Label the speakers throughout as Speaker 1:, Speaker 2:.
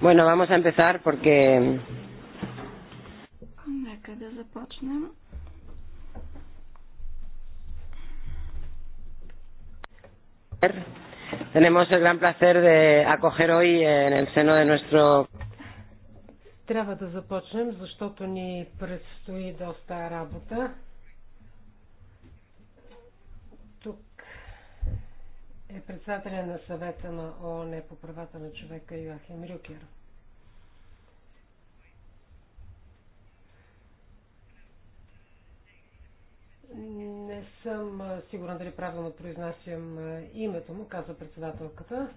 Speaker 1: Bueno, vamos a empezar porque.
Speaker 2: Нека да започнем.
Speaker 1: Tenemos el gran placer de acoger hoy en el seno de nuestro.
Speaker 3: Трябва да започнем, защото ни предстои доста работа. е председателя на съвета на ООН по правата на човека Йоахим Рюкер. Не съм сигурна дали правилно произнасям името му, каза председателката.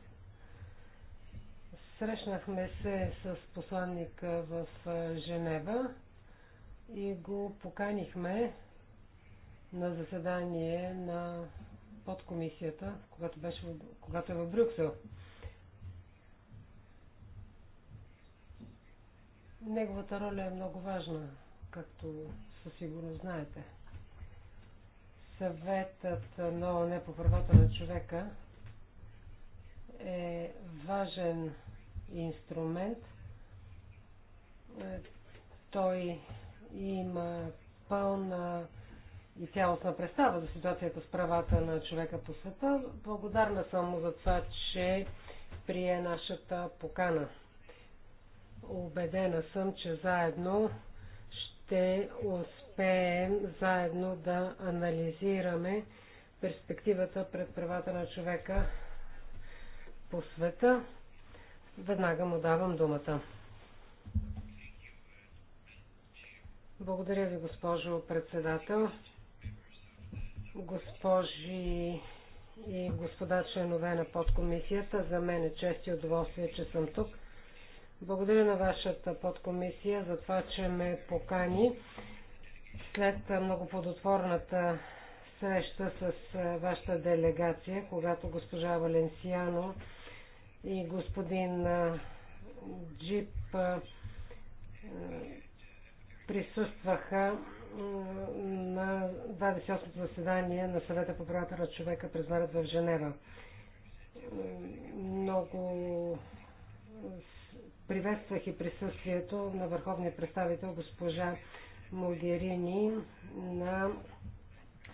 Speaker 3: Срещнахме се с посланника в Женева и го поканихме на заседание на комисията, когато, беше, когато е в Брюксел. Неговата роля е много важна, както със сигурност знаете. Съветът на не по правата на човека е важен инструмент. Е, той има пълна и цялостна представа за ситуацията с правата на човека по света. Благодарна съм му за това, че прие нашата покана. Обедена съм, че заедно ще успеем заедно да анализираме перспективата пред правата на човека по света. Веднага му давам думата. Благодаря ви, госпожо председател госпожи и господа членове на подкомисията. За мен е чест и удоволствие, че съм тук. Благодаря на вашата подкомисия за това, че ме покани след много плодотворната среща с вашата делегация, когато госпожа Валенсиано и господин Джип присъстваха на 28-то заседание на съвета по правата на човека през март в Женева. Много приветствах и присъствието на върховния представител госпожа Могерини на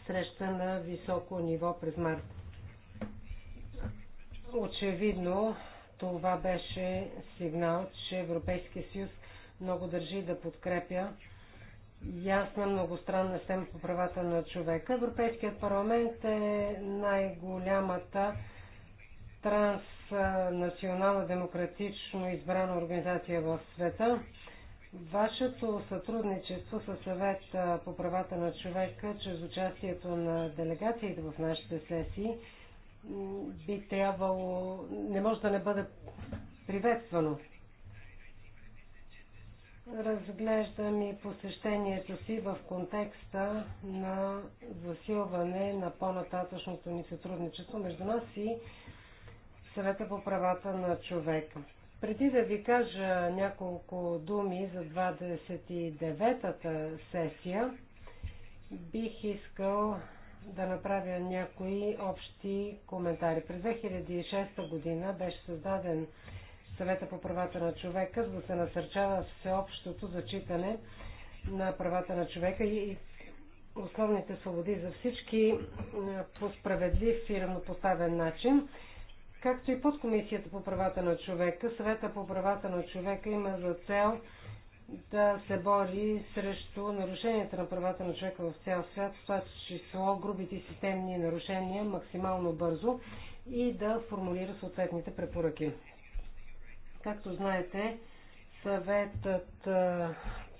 Speaker 3: среща на високо ниво през март. Очевидно, това беше сигнал, че Европейския съюз много държи да подкрепя ясна многостранна система по правата на човека. Европейският парламент е най-голямата транснационална демократично избрана организация в света. Вашето сътрудничество със съвет по правата на човека чрез участието на делегациите в нашите сесии би трябвало, не може да не бъде приветствано. Разглеждам и посещението си в контекста на засилване на по-нататъчното ни сътрудничество между нас и съвета по правата на човека. Преди да ви кажа няколко думи за 29-та сесия, бих искал да направя някои общи коментари. През 2006 година беше създаден съвета по правата на човека, за да се насърчава всеобщото зачитане на правата на човека и основните свободи за всички е, по справедлив и равнопоставен начин, както и подкомисията по правата на човека. Съвета по правата на човека има за цел да се бори срещу нарушенията на правата на човека в цял свят, в това число грубите системни нарушения максимално бързо и да формулира съответните препоръки. Както знаете, съветът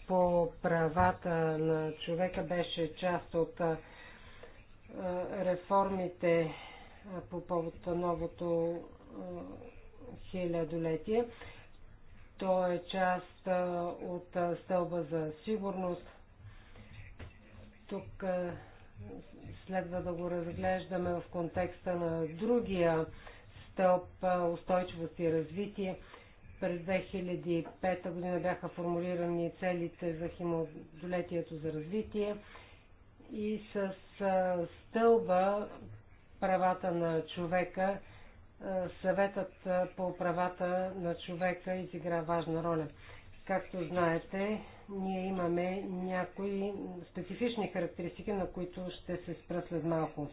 Speaker 3: по правата на човека беше част от реформите по повод на новото хилядолетие. То е част от стълба за сигурност. Тук следва да го разглеждаме в контекста на другия стълб устойчивост и развитие. През 2005 година бяха формулирани целите за химодолетието за развитие и с стълба правата на човека съветът по правата на човека изигра важна роля. Както знаете, ние имаме някои специфични характеристики, на които ще се спра след малко.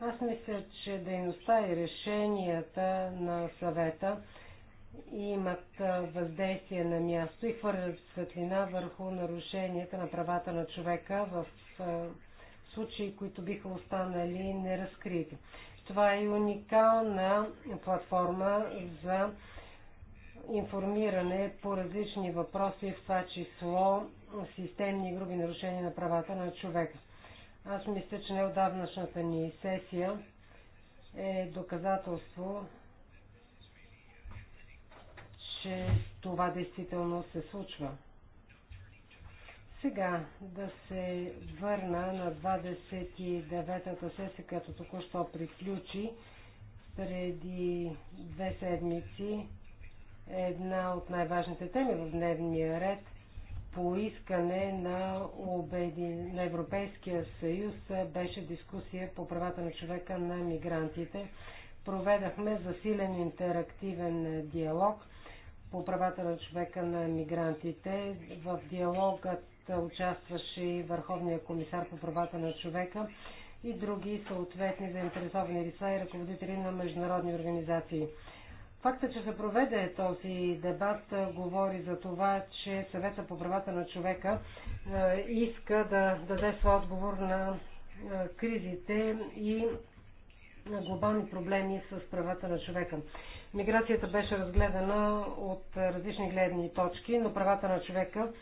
Speaker 3: Аз мисля, че дейността и решенията на съвета и имат въздействие на място и хвърлят светлина върху нарушенията на правата на човека в случаи, които биха останали неразкрити. Това е уникална платформа за информиране по различни въпроси, в това число системни и груби нарушения на правата на човека. Аз мисля, че неодавнашната ни сесия е доказателство че това действително се случва. Сега да се върна на 29-та сесия, която току-що приключи. Преди две седмици една от най-важните теми в дневния ред по искане на, обеди... на Европейския съюз беше дискусия по правата на човека на мигрантите. Проведахме засилен интерактивен диалог – по правата на човека на мигрантите. В диалогът участваше и Върховния комисар по правата на човека и други съответни заинтересовани лица и ръководители на международни организации. Факта, че се проведе този дебат, говори за това, че съвета по правата на човека иска да даде своя отговор на кризите и на глобални проблеми с правата на човека. Миграцията беше разгледана от различни гледни точки, но правата на човека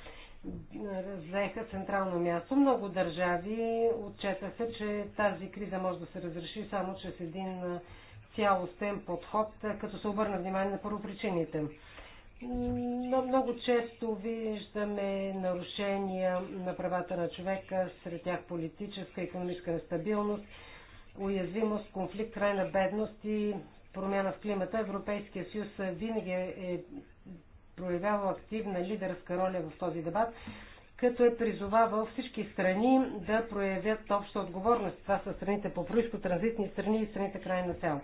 Speaker 3: взеха централно място. Много държави отчетаха, че тази криза може да се разреши само чрез един цялостен подход, като се обърна внимание на първопричините. Но много често виждаме нарушения на правата на човека, сред тях политическа и економическа нестабилност, уязвимост, конфликт, крайна бедност и промяна в климата, Европейския съюз винаги е, е проявявал активна лидерска роля в този дебат, като е призовавал всички страни да проявят обща отговорност. Това са страните по происход, транзитни страни и страните крайна цел.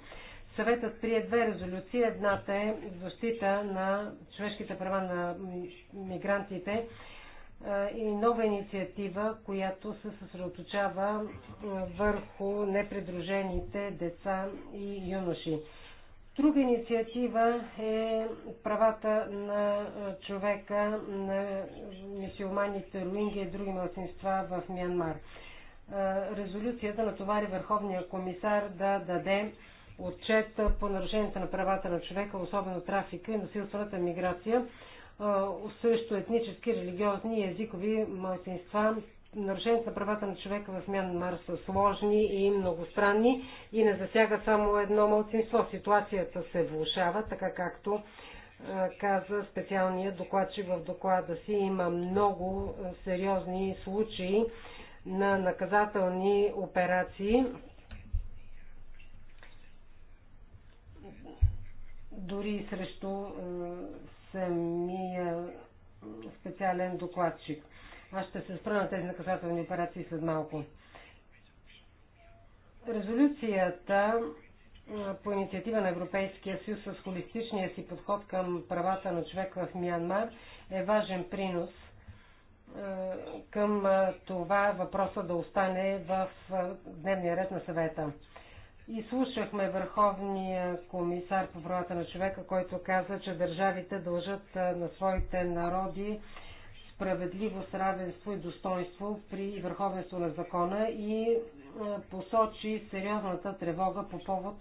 Speaker 3: Съветът прие две резолюции. Едната е защита на човешките права на мигрантите и нова инициатива, която се съсредоточава върху непридружените деца и юноши. Друга инициатива е правата на човека на мисиоманите руинги и други младсинства в Мянмар. Резолюцията натовари Върховния комисар да даде отчет по нарушенията на правата на човека, особено трафика и насилствената миграция срещу етнически, религиозни и езикови малцинства. Нарушенията на правата на човека в Мянмар са сложни и многостранни и не засягат само едно малцинство. Ситуацията се влушава, така както каза специалния докладчик в доклада си. Има много сериозни случаи на наказателни операции. Дори срещу самия специален докладчик. Аз ще се спра на тези наказателни операции след малко. Резолюцията по инициатива на Европейския съюз с холистичния си подход към правата на човек в Мянмар е важен принос към това въпроса да остане в дневния ред на съвета. И слушахме Върховния комисар по правата на човека, който каза, че държавите дължат на своите народи справедливост, равенство и достоинство при върховенство на закона и посочи сериозната тревога по повод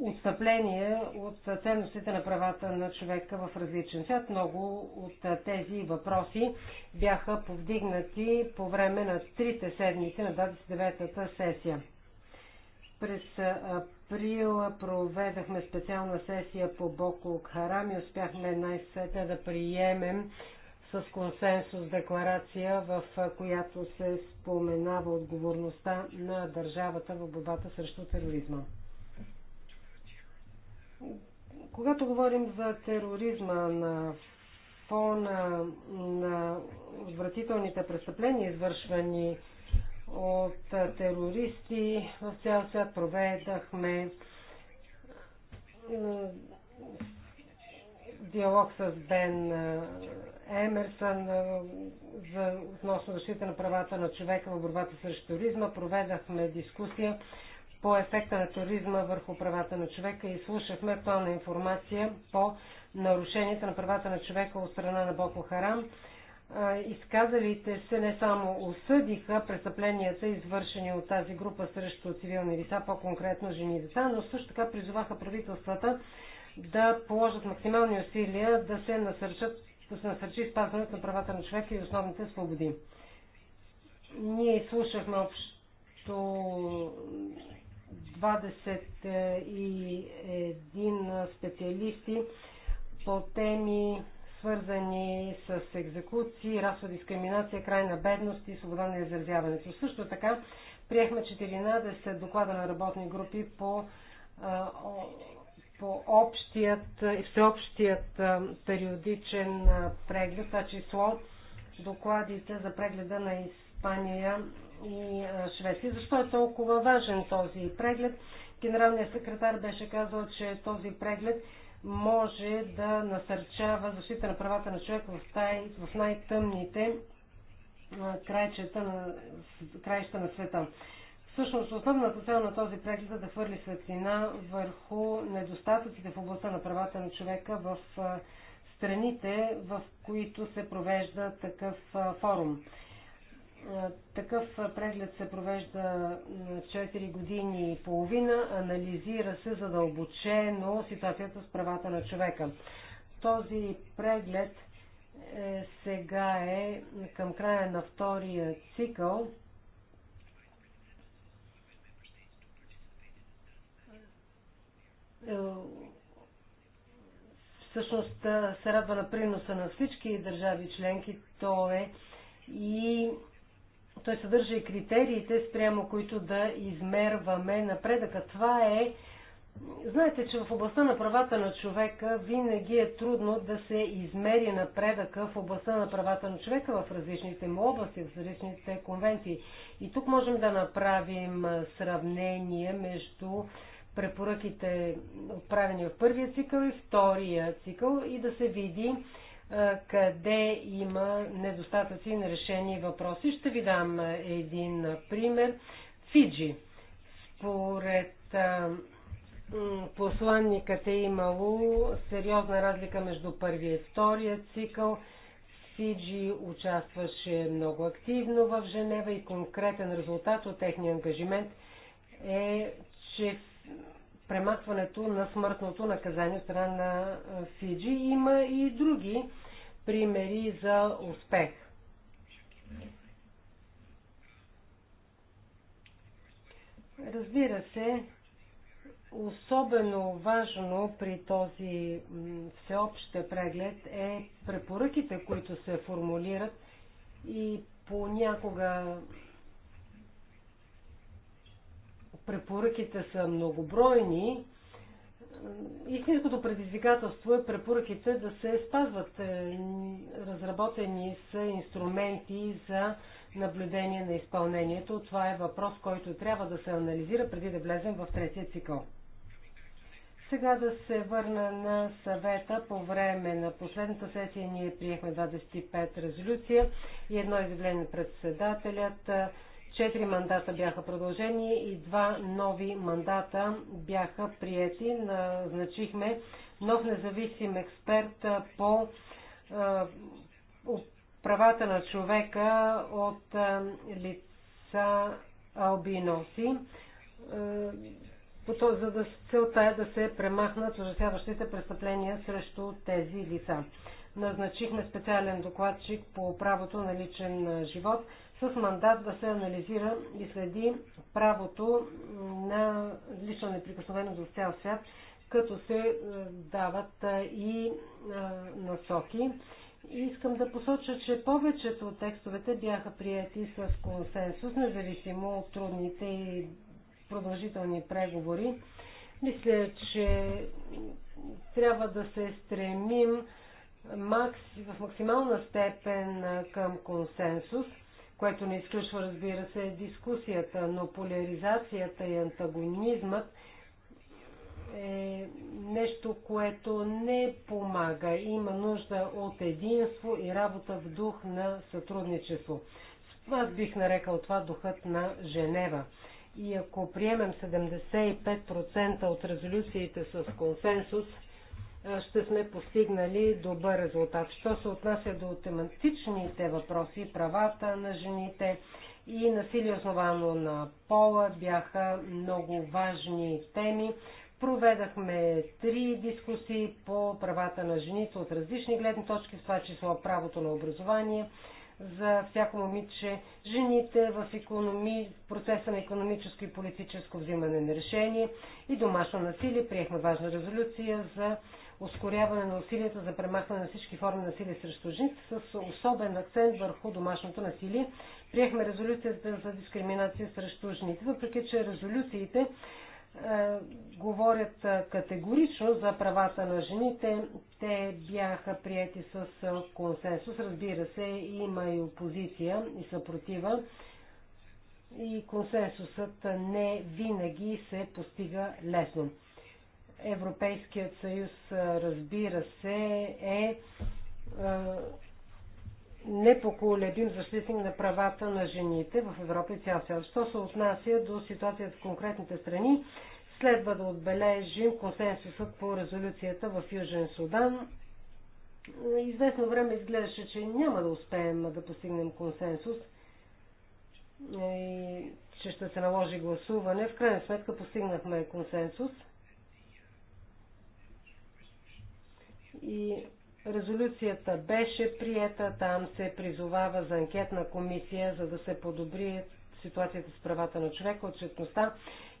Speaker 3: отстъпление от ценностите на правата на човека в различен свят. Много от тези въпроси бяха повдигнати по време на трите седмици на 29-та сесия. През април проведахме специална сесия по Боко Харам и успяхме най-сетне да приемем с консенсус декларация, в която се споменава отговорността на държавата в борбата срещу тероризма. Когато говорим за тероризма на фона на отвратителните престъпления, извършвани от терористи в цял свят, проведахме е, диалог с Бен е, Емерсън е, за относно защита на правата на човека в борбата срещу туризма. Проведахме дискусия по ефекта на туризма върху правата на човека и слушахме пълна информация по нарушенията на правата на човека от страна на Боко Харам. Изказалите се не само осъдиха престъпленията, извършени от тази група срещу цивилни лица, по-конкретно жени и деца, но също така призоваха правителствата да положат максимални усилия да се насърчат, да се насърчи спазването на правата на човека и основните свободи. Ние слушахме общо 21 специалисти по теми свързани с екзекуции, расова дискриминация, крайна бедност и свобода на изразяването. Също така приехме 14 доклада на работни групи по, по общият и всеобщият периодичен преглед, това число докладите за прегледа на Испания и е, Швеция. Защо е толкова важен този преглед? Генералният секретар беше казал, че този преглед може да насърчава защита на правата на човека в, тай, в най-тъмните е, краища на, краища на света. Всъщност основната цел на този преглед е да хвърли светлина върху недостатъците в областта на правата на човека в е, страните, в които се провежда такъв форум. Е, такъв е, преглед се провежда 4 години и половина. Анализира се задълбочено ситуацията с правата на човека. Този преглед е, сега е към края на втория цикъл. Е, всъщност се радва на приноса на всички държави членки. То е и той съдържа и критериите, спрямо които да измерваме напредъка. Това е. Знаете, че в областта на правата на човека винаги е трудно да се измери напредъка в областта на правата на човека в различните му области, в различните конвенции. И тук можем да направим сравнение между препоръките, отправени в първия цикъл и втория цикъл и да се види къде има недостатъци на решени въпроси. Ще ви дам един пример. Фиджи. Според посланникът е имало сериозна разлика между първия и втория цикъл. Фиджи участваше много активно в Женева и конкретен резултат от техния ангажимент е, че премахването на смъртното наказание от страна на Фиджи има и други примери за успех. Разбира се, особено важно при този всеобщ преглед е препоръките, които се формулират и понякога препоръките са многобройни истинското предизвикателство е препоръките да се спазват. Е, разработени са инструменти за наблюдение на изпълнението. Това е въпрос, който трябва да се анализира преди да влезем в третия цикъл. Сега да се върна на съвета. По време на последната сесия ние приехме 25 резолюция и едно изявление на председателят. Четири мандата бяха продължени и два нови мандата бяха приети. Назначихме нов независим експерт по правата на човека от лица албиноси. За да целта е да се премахнат ужасяващите престъпления срещу тези лица. Назначихме специален докладчик по правото на личен живот с мандат да се анализира и следи правото на лична неприкосновеност в цял свят, като се е, дават е, и е, насоки. Искам да посоча, че повечето от текстовете бяха прияти с консенсус, независимо от трудните и продължителни преговори. Мисля, че трябва да се стремим в максимална степен към консенсус – което не изключва, разбира се, дискусията, но поляризацията и антагонизмът е нещо, което не помага. Има нужда от единство и работа в дух на сътрудничество. Аз бих нарекал това духът на Женева. И ако приемем 75% от резолюциите с консенсус, ще сме постигнали добър резултат. Що се отнася до тематичните въпроси, правата на жените и насилие основано на пола бяха много важни теми. Проведахме три дискусии по правата на жените от различни гледни точки, в това число правото на образование за всяко момиче, жените в економи... процеса на економическо и политическо взимане на решение и домашно насилие. Приехме важна резолюция за ускоряване на усилията за премахване на всички форми на насилие срещу жените с особен акцент върху домашното насилие. Приехме резолюцията за дискриминация срещу жените, въпреки че резолюциите е, говорят е, категорично за правата на жените. Те бяха прияти с е, консенсус. Разбира се, има и опозиция и съпротива. И консенсусът не винаги се постига лесно. Европейският съюз, разбира се, е непоколебим защитник на правата на жените в Европа и цял свят. Що се отнася до ситуацията в конкретните страни, следва да отбележим консенсусът по резолюцията в Южен Судан. Известно време изглеждаше, че няма да успеем да постигнем консенсус и че ще се наложи гласуване. В крайна сметка постигнахме консенсус – и резолюцията беше приета. Там се призовава за анкетна комисия, за да се подобри ситуацията с правата на човека, отчетността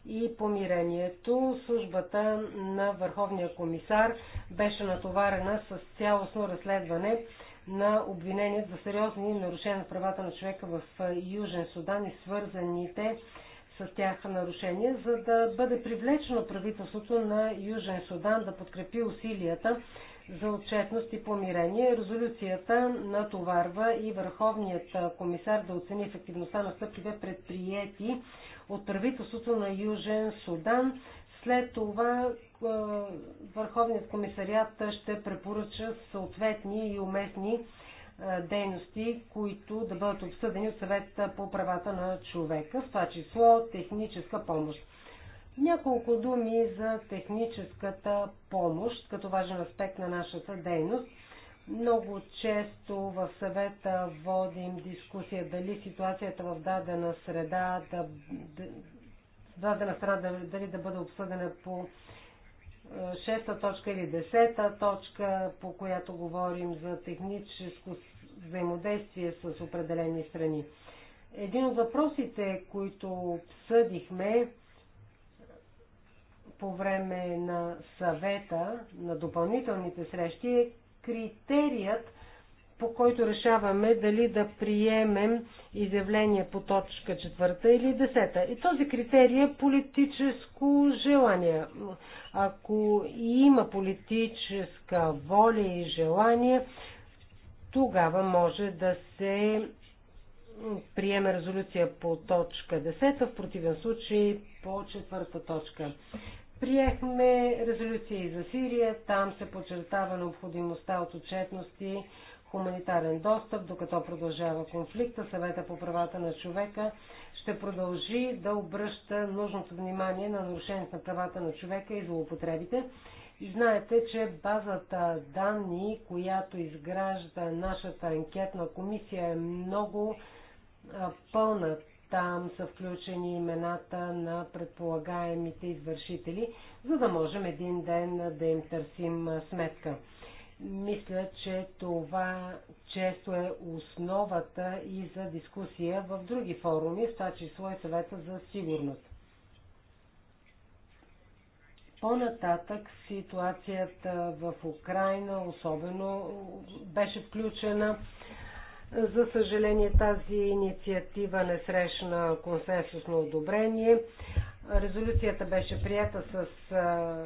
Speaker 3: и помирението. Службата на Върховния комисар беше натоварена с цялостно разследване на обвинения за сериозни нарушения на правата на човека в Южен Судан и свързаните с тях нарушения, за да бъде привлечено правителството на Южен Судан да подкрепи усилията за отчетност и помирение. Резолюцията натоварва и Върховният комисар да оцени ефективността на стъпките предприяти от правителството на Южен Судан. След това е, Върховният комисариат ще препоръча съответни и уместни е, дейности, които да бъдат обсъдени от съвета по правата на човека, в това число техническа помощ. Няколко думи за техническата помощ като важен аспект на нашата дейност. Много често в съвета водим дискусия дали ситуацията в дадена среда да, дадена страна дали да бъде обсъдена по е, шеста точка или десета точка, по която говорим за техническо взаимодействие с определени страни. Един от въпросите, които обсъдихме, по време на съвета, на допълнителните срещи, е критерият, по който решаваме дали да приемем изявление по точка четвърта или десета. И този критерий е политическо желание. Ако има политическа воля и желание, тогава може да се приеме резолюция по точка 10, в противен случай по четвърта точка. Приехме резолюции за Сирия, там се подчертава необходимостта от отчетности, хуманитарен достъп, докато продължава конфликта. Съвета по правата на човека ще продължи да обръща нужното внимание на нарушението на правата на човека и злоупотребите. И знаете, че базата данни, която изгражда нашата анкетна комисия е много пълна. Там са включени имената на предполагаемите извършители, за да можем един ден да им търсим сметка. Мисля, че това често е основата и за дискусия в други форуми, в това число и съвета за сигурност. По-нататък ситуацията в Украина особено беше включена за съжаление тази инициатива не срещна консенсусно одобрение. Резолюцията беше прията с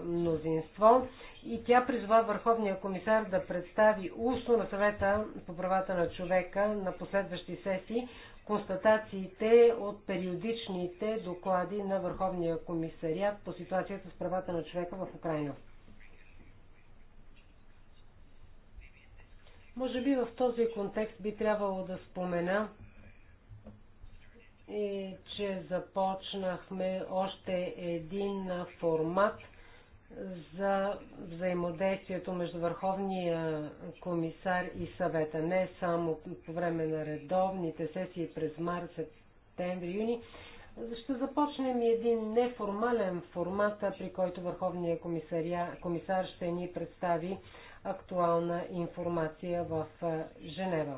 Speaker 3: мнозинство и тя призова Върховния комисар да представи устно на съвета по правата на човека на последващи сесии констатациите от периодичните доклади на Върховния комисариат по ситуацията с правата на човека в Украина. Може би в този контекст би трябвало да спомена, и че започнахме още един формат за взаимодействието между Върховния комисар и съвета. Не само по време на редовните сесии през март, септември, юни. Ще започнем и един неформален формат, при който Върховния комисар ще ни представи актуална информация в е, Женева.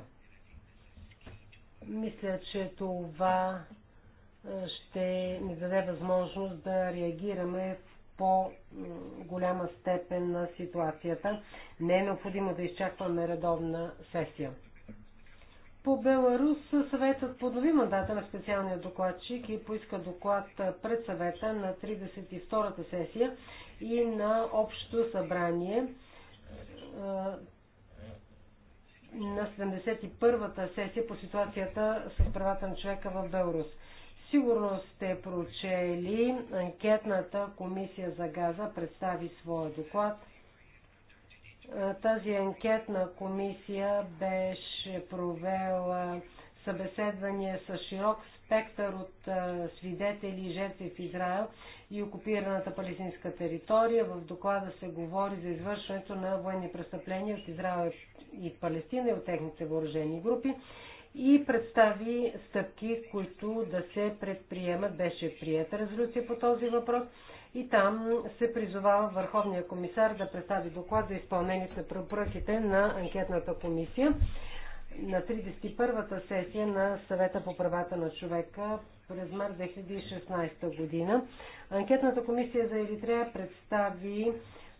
Speaker 3: Мисля, че това е, ще ни даде възможност да реагираме в по-голяма степен на ситуацията. Не е необходимо да изчакваме редовна сесия. По Беларус съветът поднови мандата на специалния докладчик и поиска доклад пред съвета на 32-та сесия и на Общото събрание е, на 71-та сесия по ситуацията с правата на човека в Белорус. Сигурно сте прочели анкетната комисия за газа представи своя доклад. Е, тази анкетна комисия беше провела събеседвания с широк спектър от свидетели и жертви в Израел и окупираната палестинска територия. В доклада се говори за извършването на военни престъпления от Израел и Палестина и от техните въоръжени групи и представи стъпки, които да се предприемат. Беше прията резолюция по този въпрос и там се призовава Върховния комисар да представи доклад за изпълнението на препоръките на анкетната комисия на 31-та сесия на съвета по правата на човека през март 2016 година. Анкетната комисия за Еритрея представи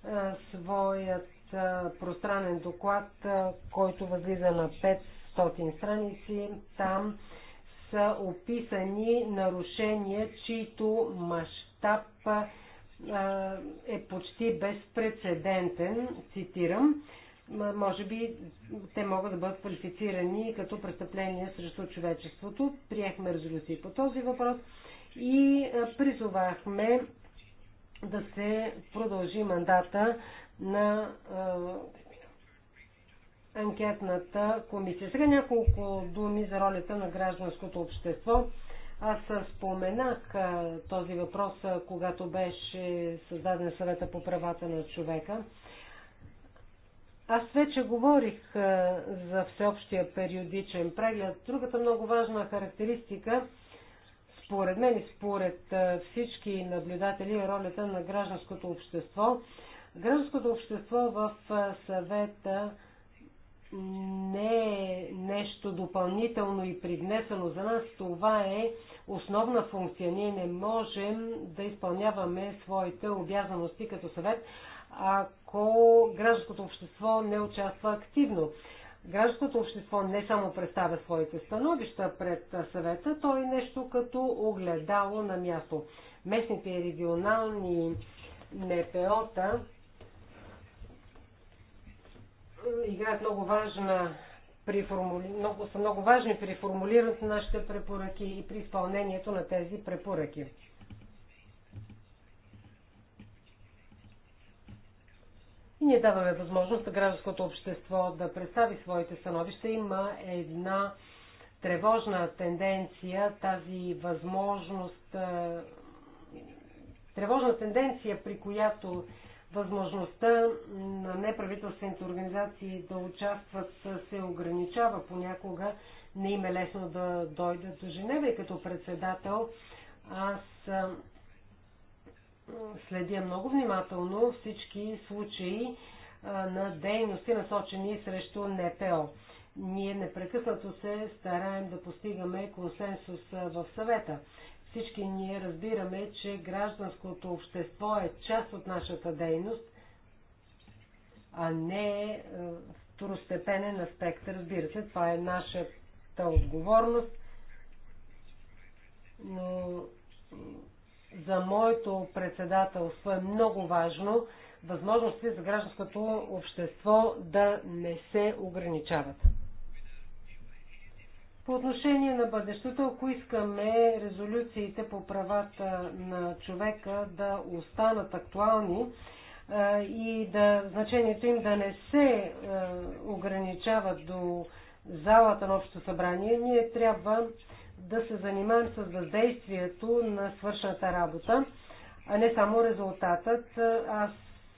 Speaker 3: а, своят а, пространен доклад, а, който възлиза на 500 страници. Там са описани нарушения, чието мащаб е почти безпредседентен, цитирам може би те могат да бъдат квалифицирани като престъпления срещу човечеството. Приехме резолюции по този въпрос и призовахме да се продължи мандата на анкетната комисия. Сега няколко думи за ролята на гражданското общество. Аз споменах този въпрос, когато беше създаден съвета по правата на човека. Аз вече говорих е, за всеобщия периодичен преглед. Другата много важна характеристика, според мен и според е, всички наблюдатели, е ролята на гражданското общество. Гражданското общество в е, съвета не е нещо допълнително и привнесено за нас. Това е основна функция. Ние не можем да изпълняваме своите обязаности като съвет, ако гражданското общество не участва активно. Гражданското общество не само представя своите становища пред съвета, то е нещо като огледало на място. Местните и регионални НПО-та играят много важна при формули... много, са много важни при формулирането на нашите препоръки и при изпълнението на тези препоръки. И ние даваме възможност на гражданското общество да представи своите становища. Има една тревожна тенденция, тази възможност, е, тревожна тенденция, при която възможността на неправителствените организации да участват е, се ограничава понякога. Не им е лесно да дойдат до Женева и като председател аз е, следя много внимателно всички случаи на дейности, насочени срещу НПО. Ние непрекъснато се стараем да постигаме консенсус в съвета. Всички ние разбираме, че гражданското общество е част от нашата дейност, а не е, второстепенен аспект. Разбира се, това е нашата отговорност, но за моето председателство е много важно възможности за гражданското общество да не се ограничават. По отношение на бъдещето, ако искаме резолюциите по правата на човека да останат актуални е, и да значението им да не се е, ограничават до залата на Общото събрание, ние трябва да се занимаем с въздействието на свършната работа, а не само резултатът. Аз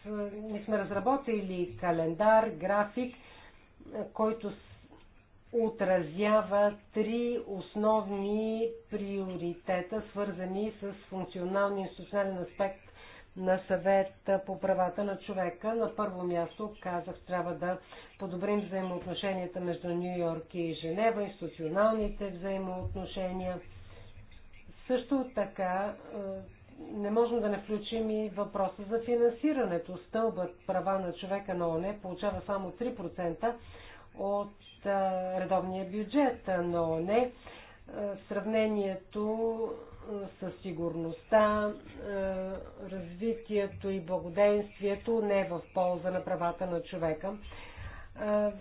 Speaker 3: е, ние сме разработили календар, график, е, който отразява три основни приоритета, свързани с функционалния и социален аспект на съвет по правата на човека. На първо място казах, трябва да подобрим взаимоотношенията между Нью Йорк и Женева, институционалните взаимоотношения. Също така е, не можем да не включим и въпроса за финансирането. Стълбът права на човека на ОНЕ получава само 3% от е, редовния бюджет на ОНЕ. В е, сравнението със сигурността, е, развитието и благоденствието не е в полза на правата на човека. Е,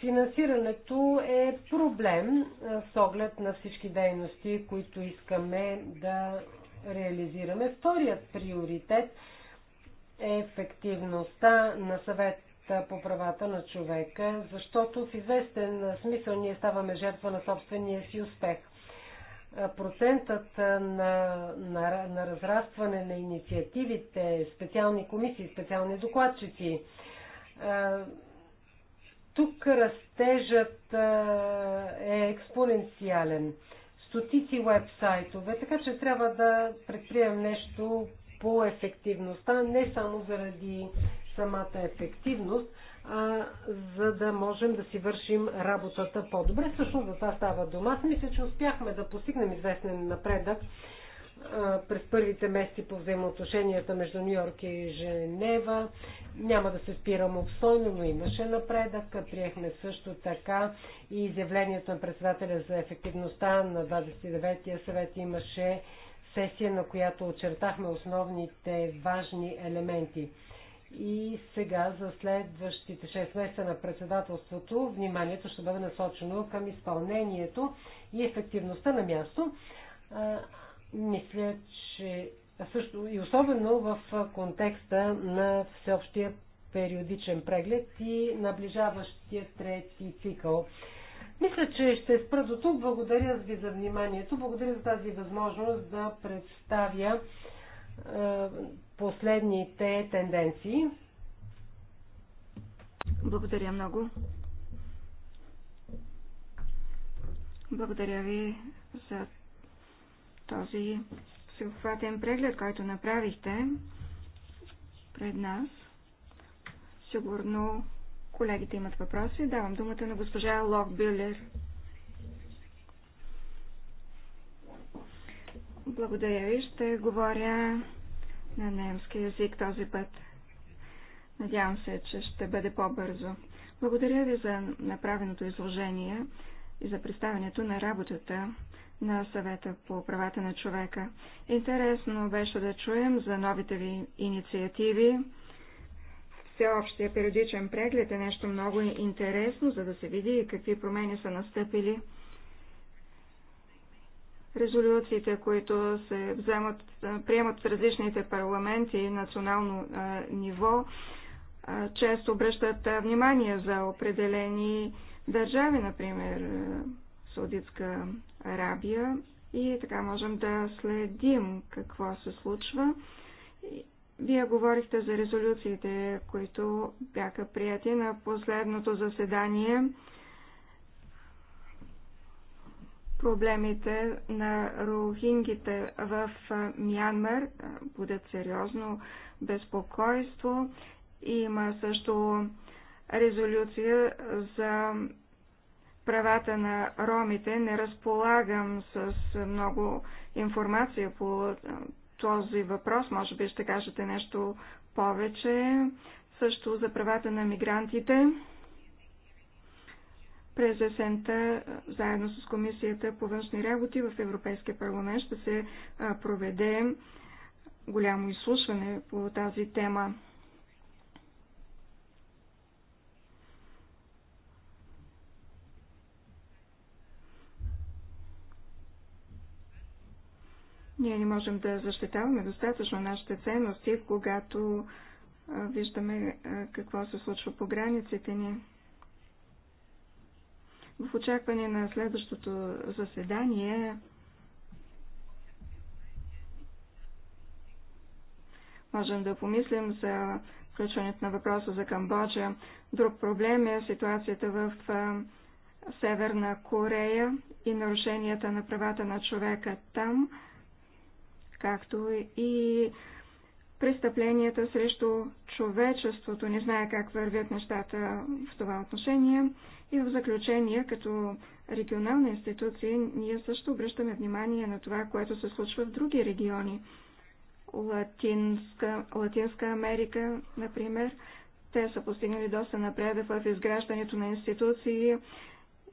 Speaker 3: финансирането е проблем е, с оглед на всички дейности, които искаме да реализираме. Вторият приоритет е ефективността на съвет по правата на човека, защото в известен смисъл ние ставаме жертва на собствения си успех процентът на, на, на разрастване на инициативите, специални комисии, специални докладчици. Тук растежът е експоненциален. Стотици вебсайтове, така че трябва да предприемем нещо по ефективността, не само заради самата ефективност, а, за да можем да си вършим работата по-добре. Всъщност за това става дума. Аз мисля, че успяхме да постигнем известен напредък а, през първите месеци по взаимоотношенията между Нью Йорк и Женева. Няма да се спирам обстойно, но имаше напредък. Приехме също така и изявлението на председателя за ефективността на 29-я съвет имаше сесия, на която очертахме основните важни елементи – и сега за следващите 6 месеца на председателството вниманието ще бъде насочено към изпълнението и ефективността на място. А, мисля, че също и особено в контекста на всеобщия периодичен преглед и наближаващия трети цикъл. Мисля, че ще спра до тук. Благодаря ви за вниманието. Благодаря за тази възможност да представя последните
Speaker 2: тенденции. Благодаря много. Благодаря ви за този всеобхватен преглед, който направихте пред нас. Сигурно колегите имат въпроси. Давам думата на госпожа Лок Бюлер. Благодаря ви. Ще говоря на немски язик този път. Надявам се, че ще бъде по-бързо. Благодаря ви за направеното изложение и за представянето на работата на съвета по правата на човека. Интересно беше да чуем за новите ви инициативи. Всеобщия периодичен преглед е нещо много интересно, за да се види какви промени са настъпили резолюциите, които се вземат, приемат в различните парламенти и национално ниво, често обръщат внимание за определени държави, например Саудитска Арабия. И така можем да следим какво се случва. Вие говорихте за резолюциите, които бяха прияти на последното заседание проблемите на рохингите в Мянмар будят сериозно безпокойство. Има също резолюция за правата на ромите. Не разполагам с много информация по този въпрос. Може би ще кажете нещо повече. Също за правата на мигрантите. През есента, заедно с Комисията по външни работи в Европейския парламент, ще се проведе голямо изслушване по тази тема. Ние не можем да защитаваме достатъчно нашите ценности, когато виждаме какво се случва по границите ни. В очакване на следващото заседание можем да помислим за включването на въпроса за Камбоджа. Друг проблем е ситуацията в Северна Корея и нарушенията на правата на човека там, както и престъпленията срещу човечеството. Не знае как вървят нещата в това отношение. И в заключение, като регионална институция, ние също обръщаме внимание на това, което се случва в други региони. Латинска, Латинска Америка, например, те са постигнали доста напредък в изграждането на институции.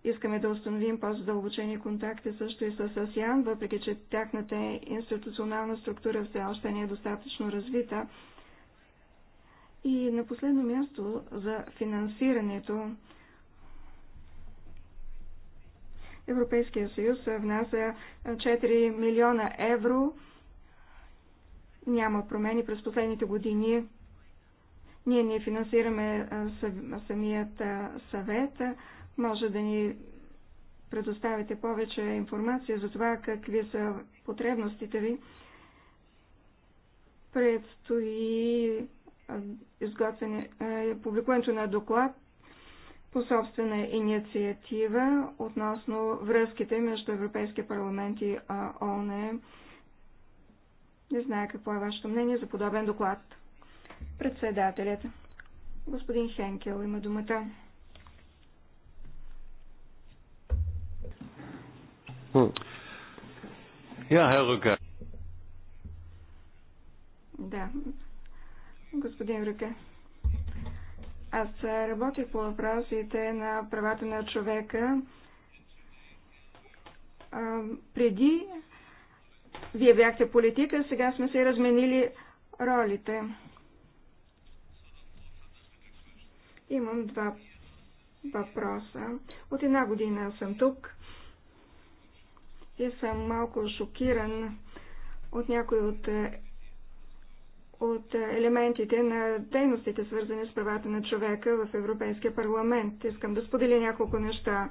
Speaker 2: Искаме да установим по-задълбочени контакти също и с АСИАН, въпреки че тяхната институционална структура все още не е достатъчно развита. И на последно място за финансирането. Европейския съюз внася 4 милиона евро. Няма промени през последните години. Ние не финансираме самият съвет. Може да ни предоставите повече информация за това какви са потребностите ви. Предстои изготвяне, публикуването на доклад по собствена инициатива относно връзките между Европейския парламент и ООН. Не знае какво е вашето мнение за подобен доклад. Председателят. Господин Хенкел има думата. Да. Господин Ръка. Аз работих по въпросите на правата на човека преди вие бяхте политика, сега сме се разменили ролите. Имам два въпроса. От една година съм тук и съм малко шокиран от някои от от е, елементите на дейностите, свързани с правата на човека в Европейския парламент. Искам да споделя няколко неща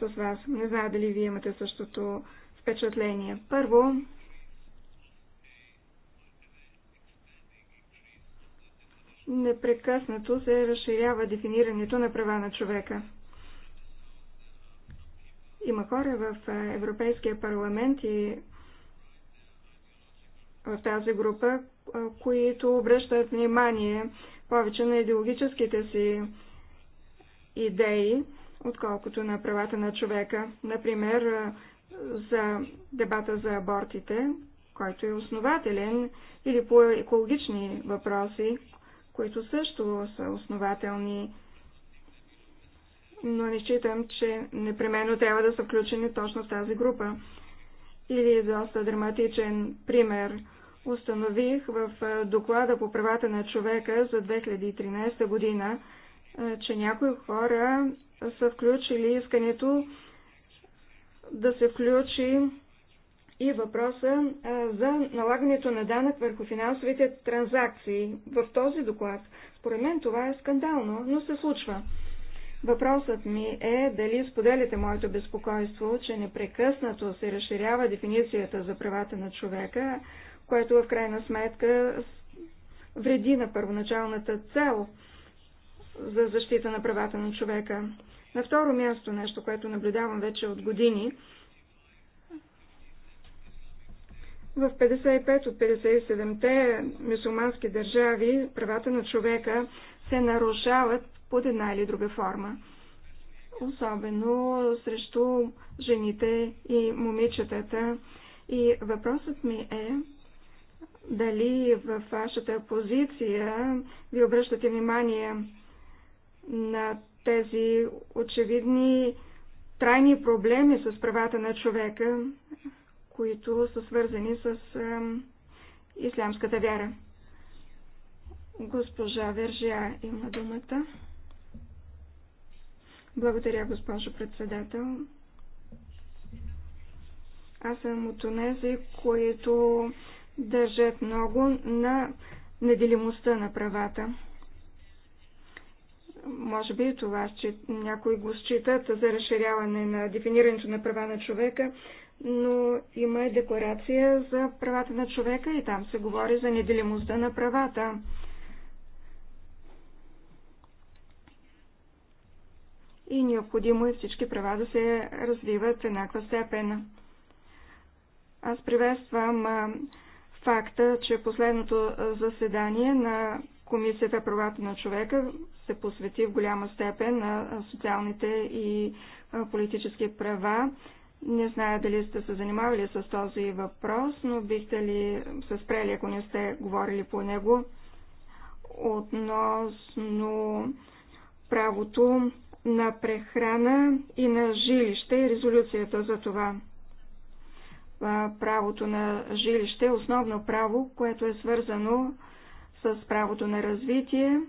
Speaker 2: с вас. Не знам дали вие имате същото впечатление. Първо, непрекъснато се разширява дефинирането на права на човека. Има хора в е, Европейския парламент и в тази група, които обръщат внимание повече на идеологическите си идеи, отколкото на правата на човека. Например, за дебата за абортите, който е основателен, или по екологични въпроси, които също са основателни, но не считам, че непременно трябва да са включени точно в тази група. Или доста драматичен пример – установих в доклада по правата на човека за 2013 година, че някои хора са включили искането да се включи и въпроса за налагането на данък върху финансовите транзакции в този доклад. Според мен това е скандално, но се случва. Въпросът ми е дали споделите моето безпокойство, че непрекъснато се разширява дефиницията за правата на човека, което в крайна сметка вреди на първоначалната цел за защита на правата на човека. На второ място нещо, което наблюдавам вече от години, в 55 от 57-те мусулмански държави правата на човека се нарушават под една или друга форма. Особено срещу жените и момичетата. И въпросът ми е дали в вашата позиция ви обръщате внимание на тези очевидни трайни проблеми с правата на човека, които са свързани с ислямската вяра. Госпожа Вержия има думата. Благодаря, госпожо председател. Аз съм от тези, които държат много на неделимостта на правата. Може би това, че някои го считат за разширяване на дефинирането на права на човека, но има и декларация за правата на човека и там се говори за неделимостта на правата. И необходимо е всички права да се развиват в еднаква степен. Аз приветствам факта, че последното заседание на Комисията правата на човека се посвети в голяма степен на социалните и политически права. Не зная дали сте се занимавали с този въпрос, но бихте ли се спрели, ако не сте говорили по него, относно правото на прехрана и на жилище и резолюцията за това правото на жилище, основно право, което е свързано с правото на развитие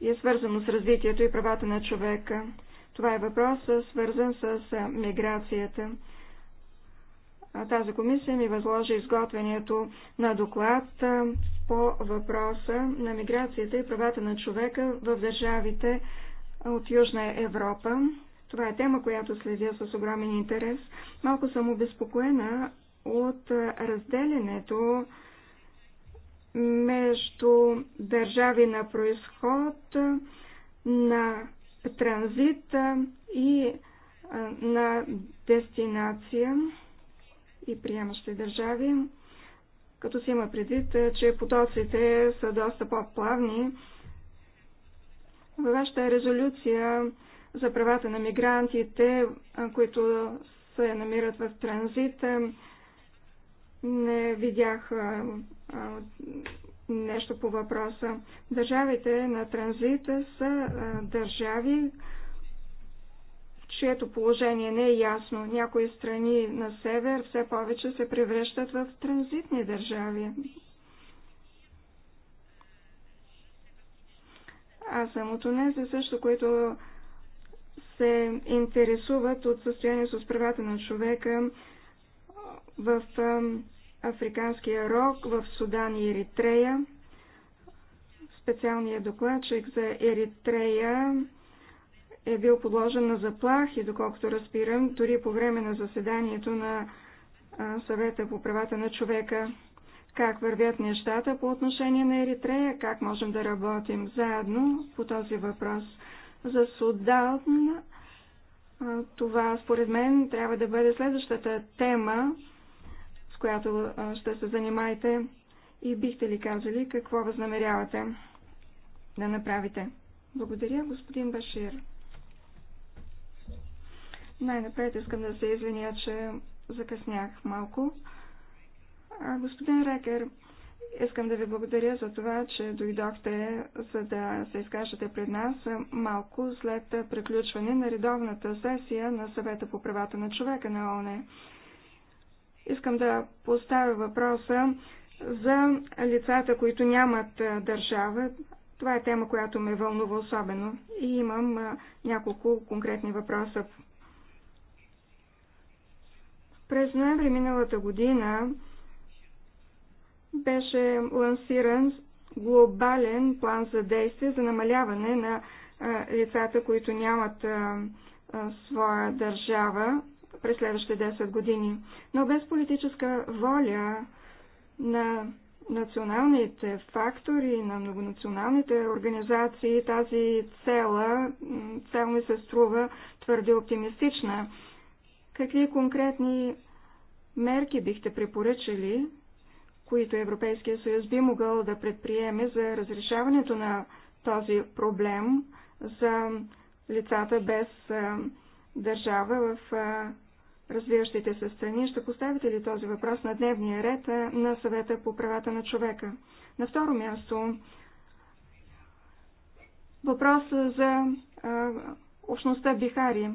Speaker 2: и е свързано с развитието и правата на човека. Това е въпрос, свързан с миграцията. Тази комисия ми възложи изготвянето на доклад по въпроса на миграцията и правата на човека в държавите от Южна Европа. Това е тема, която следя с огромен интерес. Малко съм обезпокоена от разделенето между държави на происход, на транзит и на дестинация и приемащи държави, като се има предвид, че потоците са доста по-плавни. Във вашата резолюция за правата на мигрантите, които се намират в транзит. Не видях нещо по въпроса. Държавите на транзита са държави, чието положение не е ясно. Някои страни на север все повече се превръщат в транзитни държави. Аз съм от унези също, които се интересуват от състоянието с правата на човека в Африканския рог, в Судан и Еритрея. Специалният докладчик за Еритрея е бил подложен на заплахи, доколкото разбирам, дори по време на заседанието на съвета по правата на човека. Как вървят нещата по отношение на Еритрея, как можем да работим заедно по този въпрос. За Судан това според мен трябва да бъде следващата тема, с която ще се занимаете и бихте ли казали какво възнамерявате да направите. Благодаря, господин Башир. Най-напред искам да се извиня, че закъснях малко. А, господин Рекер, Искам да ви благодаря за това, че дойдохте, за да се изкажете пред нас малко след приключване на редовната сесия на съвета по правата на човека на ОНЕ. Искам да поставя въпроса за лицата, които нямат държава. Това е тема, която ме вълнува особено и имам няколко конкретни въпроса. През ноември миналата година беше лансиран глобален план за действие за намаляване на лицата, които нямат своя държава през следващите 10 години. Но без политическа воля на националните фактори, на многонационалните организации, тази цела, цел ми се струва твърде оптимистична. Какви конкретни мерки бихте препоръчали които Европейския съюз би могъл да предприеме за разрешаването на този проблем за лицата без държава в развиващите се страни. Ще поставите ли този въпрос на дневния ред на съвета по правата на човека? На второ място, въпрос за общността Бихари.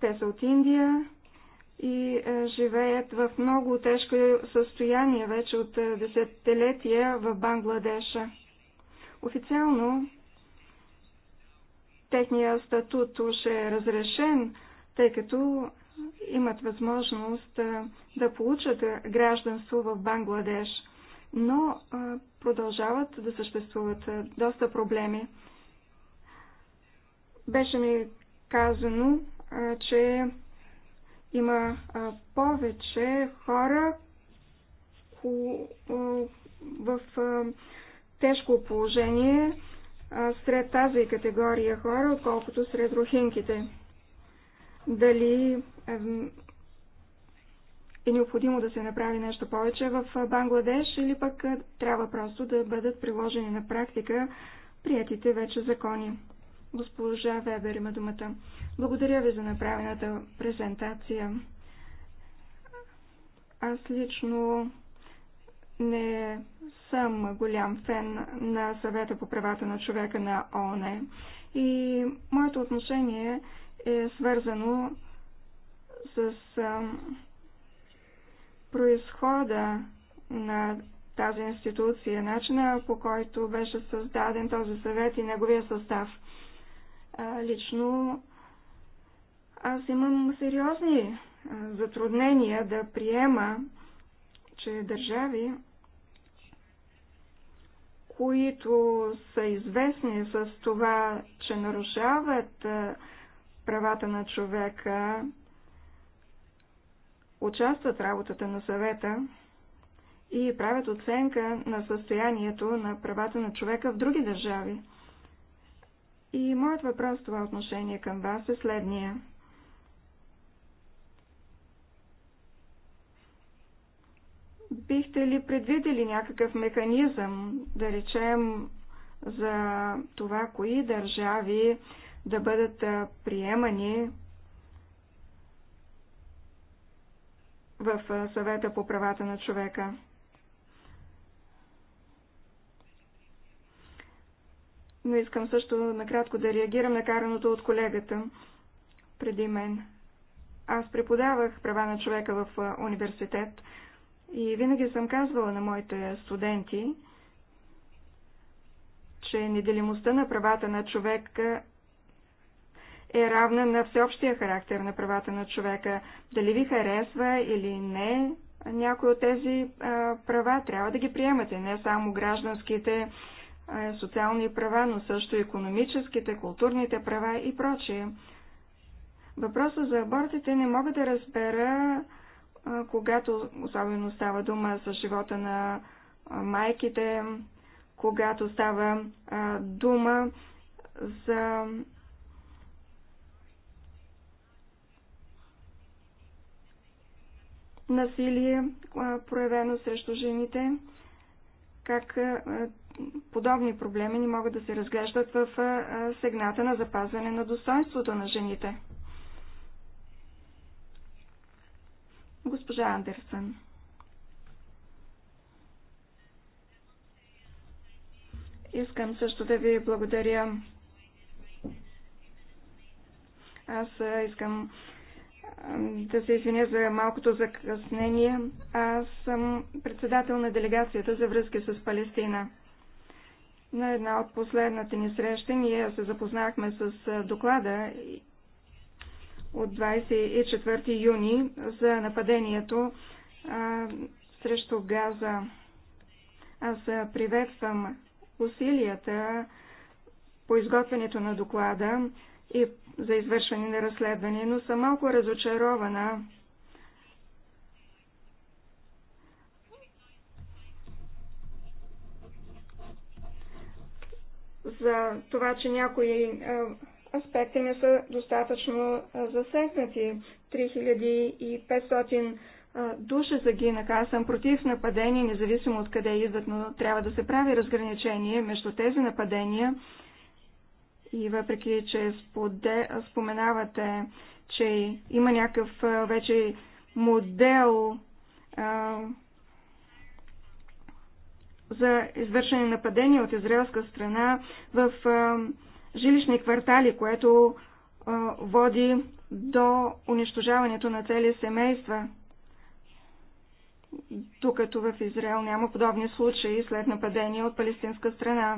Speaker 2: Те са от Индия, и е, живеят в много тежко състояние вече от е, десетилетия в Бангладеша. Официално техният статут уж е разрешен, тъй като имат възможност е, да получат гражданство в Бангладеш, но продължават да съществуват доста проблеми. Беше ми казано, че има повече хора в тежко положение сред тази категория хора, отколкото сред рухинките. Дали е необходимо да се направи нещо повече в Бангладеш или пък трябва просто да бъдат приложени на практика приятите вече закони. Госпожа Вебер има думата. Благодаря ви за направената презентация. Аз лично не съм голям фен на съвета по правата на човека на ООН. И моето отношение е свързано с произхода на тази институция, начина по който беше създаден този съвет и неговия състав лично аз имам сериозни затруднения да приема, че държави, които са известни с това, че нарушават правата на човека, участват в работата на съвета и правят оценка на състоянието на правата на човека в други държави. И моят въпрос в това отношение към вас е следния. Бихте ли предвидели някакъв механизъм, да речем, за това, кои държави да бъдат приемани в съвета по правата на човека? но искам също накратко да реагирам на караното от колегата преди мен. Аз преподавах права на човека в университет и винаги съм казвала на моите студенти, че неделимостта на правата на човека е равна на всеобщия характер на правата на човека. Дали ви харесва или не, някои от тези а, права трябва да ги приемате, не само гражданските, социални права, но също економическите, културните права и прочие. Въпроса за абортите не мога да разбера, когато особено става дума за живота на майките, когато става дума за насилие, проявено срещу жените, как подобни проблеми не могат да се разглеждат в сегната на запазване на достоинството на жените. Госпожа Андерсън. Искам също да ви благодаря. Аз искам да се извиня за малкото закъснение. Аз съм председател на делегацията за връзки с Палестина. На една от последната ни среща ние се запознахме с доклада от 24 юни за нападението а, срещу газа. Аз приветствам усилията по изготвянето на доклада и за извършване на разследване, но съм малко разочарована за това, че някои е, аспекти не са достатъчно е, засегнати. 3500 е, души загинаха. Аз съм против нападения, независимо от къде идват, но трябва да се прави разграничение между тези нападения и въпреки, че споде, споменавате, че има някакъв вече модел, за на нападения от израелска страна в жилищни квартали, което води до унищожаването на цели семейства. Докато в Израел няма подобни случаи след нападение от палестинска страна.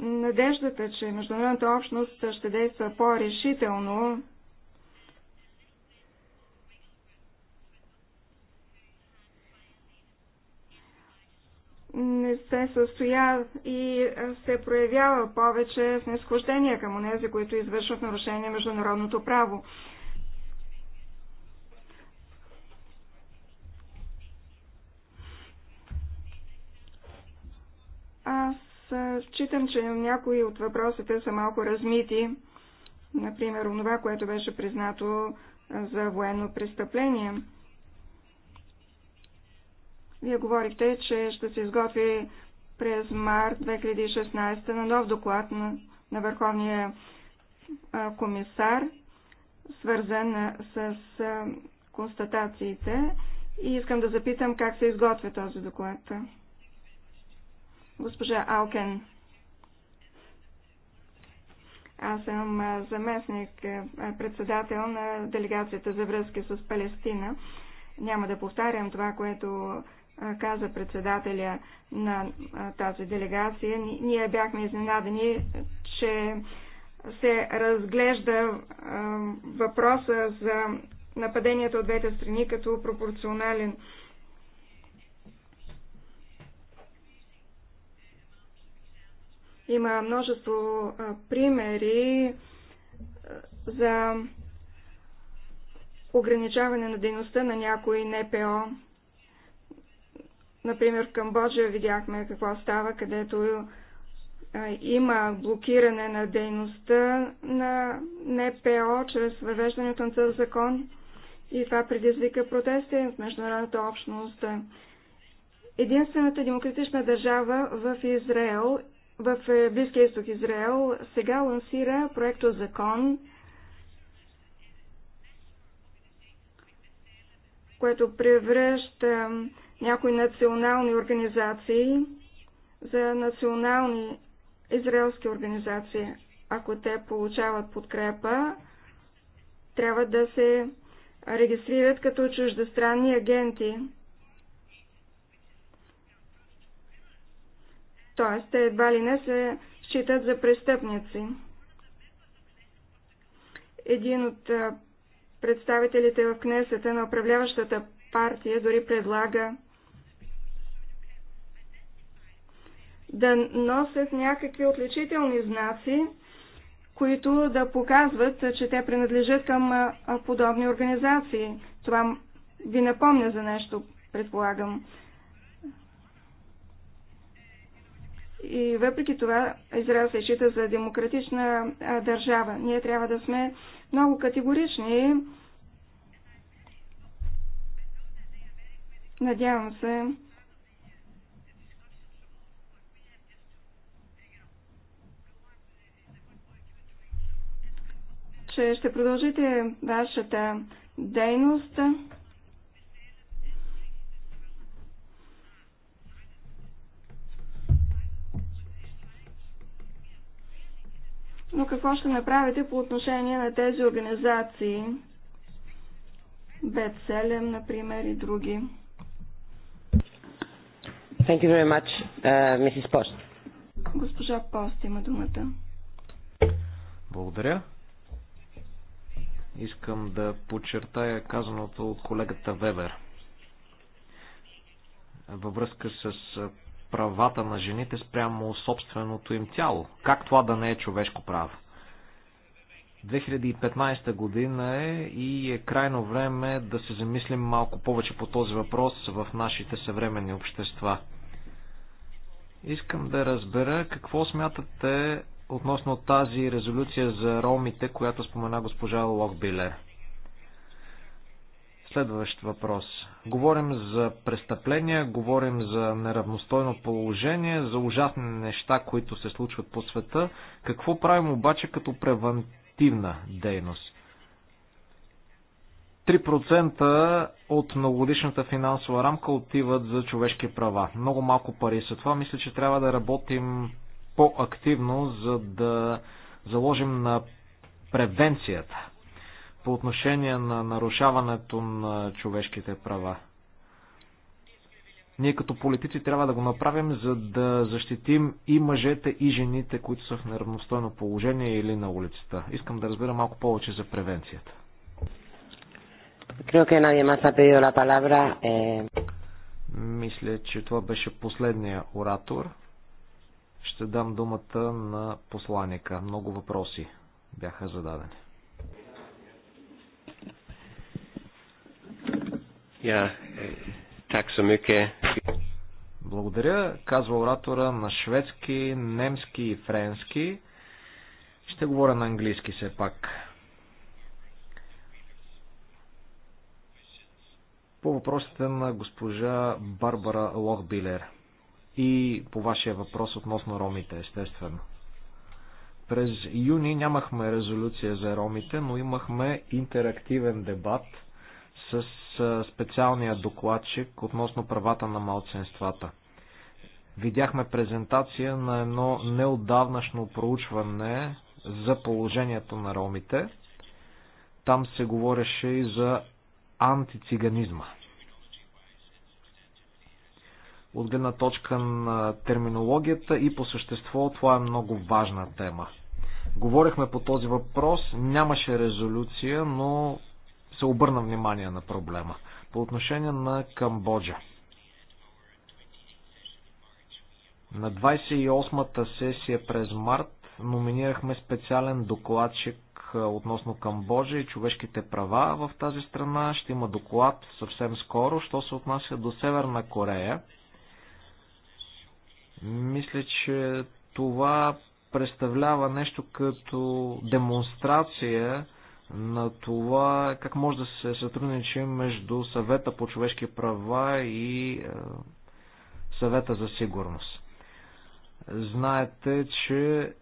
Speaker 2: Надеждата, че международната общност ще действа по-решително не се състоя и се проявява повече снисхождение към онези, които извършват нарушение на международното право. Аз считам, че някои от въпросите са малко размити. Например, онова, което беше признато за военно престъпление – вие говорихте, че ще се изготви през март 2016 на нов доклад на, на Върховния а, комисар, свързан с а, констатациите. И искам да запитам как се изготвя този доклад. Госпожа Алкен. Аз съм заместник председател на делегацията за връзки с Палестина. Няма да повтарям това, което каза председателя на тази делегация. Ние бяхме изненадани, че се разглежда въпроса за нападението от двете страни като пропорционален. Има множество примери за ограничаване на дейността на някои НПО. Например, в Камбоджа видяхме какво става, където има блокиране на дейността на НПО чрез въвеждането на цел закон и това предизвика протести в международната общност. Единствената демократична държава в Израел, в е, Близкия изток Израел, сега лансира проекто закон, което превръща някои национални организации за национални израелски организации. Ако те получават подкрепа, трябва да се регистрират като чуждестранни агенти. Тоест, те едва ли не се считат за престъпници. Един от представителите в Кнесета на управляващата партия дори предлага да носят някакви отличителни знаци, които да показват, че те принадлежат към подобни организации. Това ви напомня за нещо, предполагам. И въпреки това Израел се счита за демократична държава. Ние трябва да сме много категорични. Надявам се, че ще продължите вашата дейност. Но какво ще направите по отношение на тези организации? бет например, и други.
Speaker 1: Thank you very much, uh, Mrs. Post.
Speaker 2: Госпожа Пост има думата.
Speaker 1: Благодаря. Искам да
Speaker 4: подчертая казаното от колегата Вебер във връзка с правата на жените спрямо собственото им тяло. Как това да не е човешко право? 2015 година е и е крайно време да се замислим малко повече по този въпрос в нашите съвременни общества. Искам да разбера какво смятате относно тази резолюция за ромите, която спомена госпожа Локбиле. Следващ въпрос. Говорим за престъпления, говорим за неравностойно положение, за ужасни неща, които се случват по света. Какво правим обаче като превентивна дейност? 3% от многогодишната финансова рамка отиват за човешки права. Много малко пари са това. Мисля, че трябва да работим по-активно, за да заложим на превенцията по отношение на нарушаването на човешките права. Ние като политици трябва да го направим, за да защитим и мъжете, и жените, които са в неравностойно положение или на улицата. Искам да разбера малко повече за превенцията.
Speaker 1: Creo que nadie más ha pedido la palabra.
Speaker 4: Eh. Мисля, че това беше последния оратор. Ще дам думата на посланика. Много въпроси бяха зададени. Yeah. Tack е, Благодаря, казва оратора на шведски, немски и френски. Ще говоря на английски все пак. По въпросите на госпожа Барбара Лохбилер – и по вашия въпрос относно ромите, естествено. През юни нямахме резолюция за ромите, но имахме интерактивен дебат с специалния докладчик относно правата на малцинствата. Видяхме презентация на едно неотдавнашно проучване за положението на ромите. Там се говореше и за антициганизма от гледна точка на терминологията и по същество това е много важна тема. Говорихме по този въпрос, нямаше резолюция, но се обърна внимание на проблема. По отношение на Камбоджа. На 28-та сесия през март номинирахме специален докладчик относно Камбоджа и човешките права в тази страна. Ще има доклад съвсем скоро, що се отнася до Северна Корея. Мисля, че това представлява нещо като демонстрация на това как може да се сътрудничи между съвета по човешки права и е, съвета за сигурност. Знаете, че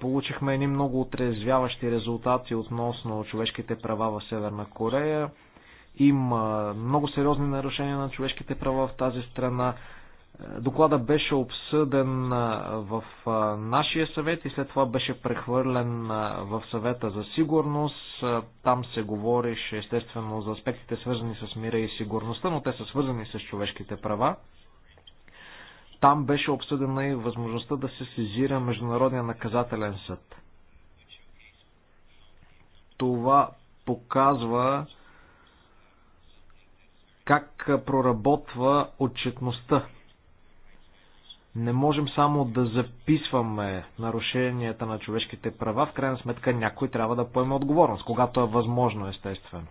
Speaker 4: получихме едни много отрезвяващи резултати относно човешките права в Северна Корея. Има много сериозни нарушения на човешките права в тази страна. Доклада беше обсъден в нашия съвет и след това беше прехвърлен в съвета за сигурност. Там се говореше естествено за аспектите свързани с мира и сигурността, но те са свързани с човешките права. Там беше обсъдена и възможността да се сезира Международния наказателен съд. Това показва как проработва отчетността не можем само да записваме нарушенията на човешките права. В крайна сметка някой трябва да поеме отговорност, когато е възможно, естествено.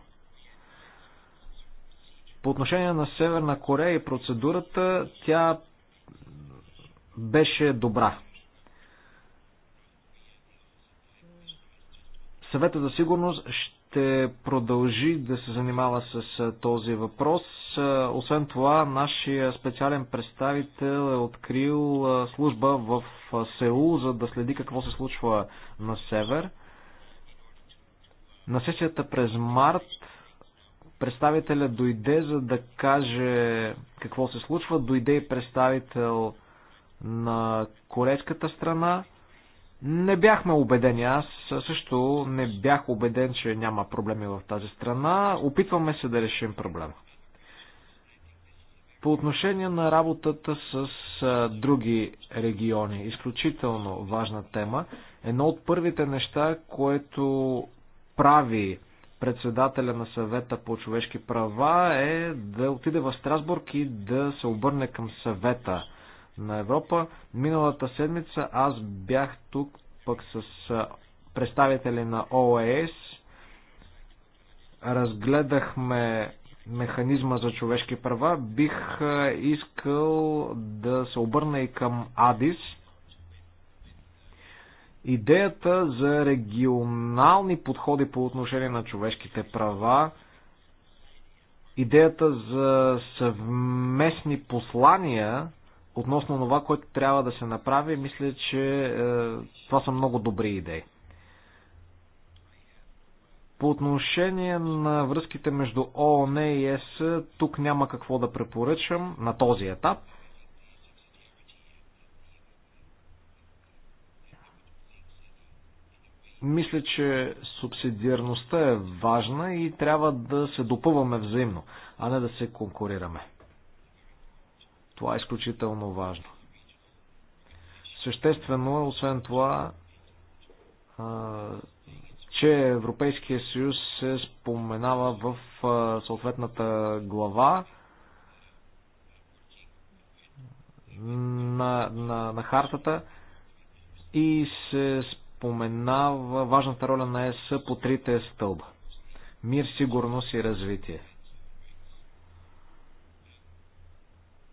Speaker 4: По отношение на Северна Корея и процедурата, тя беше добра. Съвета за сигурност ще ще продължи да се занимава с този въпрос. Освен това, нашия специален представител е открил служба в Сеул, за да следи какво се случва на север. На сесията през март представителя дойде, за да каже какво се случва. Дойде и представител на корейската страна не бяхме убедени. Аз също не бях убеден, че няма проблеми в тази страна. Опитваме се да решим проблема. По отношение на работата с а, други региони, изключително важна тема, едно от първите неща, което прави председателя на съвета по човешки права е да отиде в Страсбург и да се обърне към съвета на Европа. Миналата седмица аз бях тук пък с представители на ОАС. Разгледахме механизма за човешки права. Бих искал да се обърна и към АДИС. Идеята за регионални подходи по отношение на човешките права идеята за съвместни послания относно това, което трябва да се направи, мисля, че е, това са много добри идеи. По отношение на връзките между ООН и ЕС, тук няма какво да препоръчам на този етап. Мисля, че субсидиарността е важна и трябва да се допъваме взаимно, а не да се конкурираме. Това е изключително важно. Съществено е, освен това, че Европейския съюз се споменава в съответната глава на, на, на хартата и се споменава важната роля на ЕС по трите стълба. Мир, сигурност и развитие.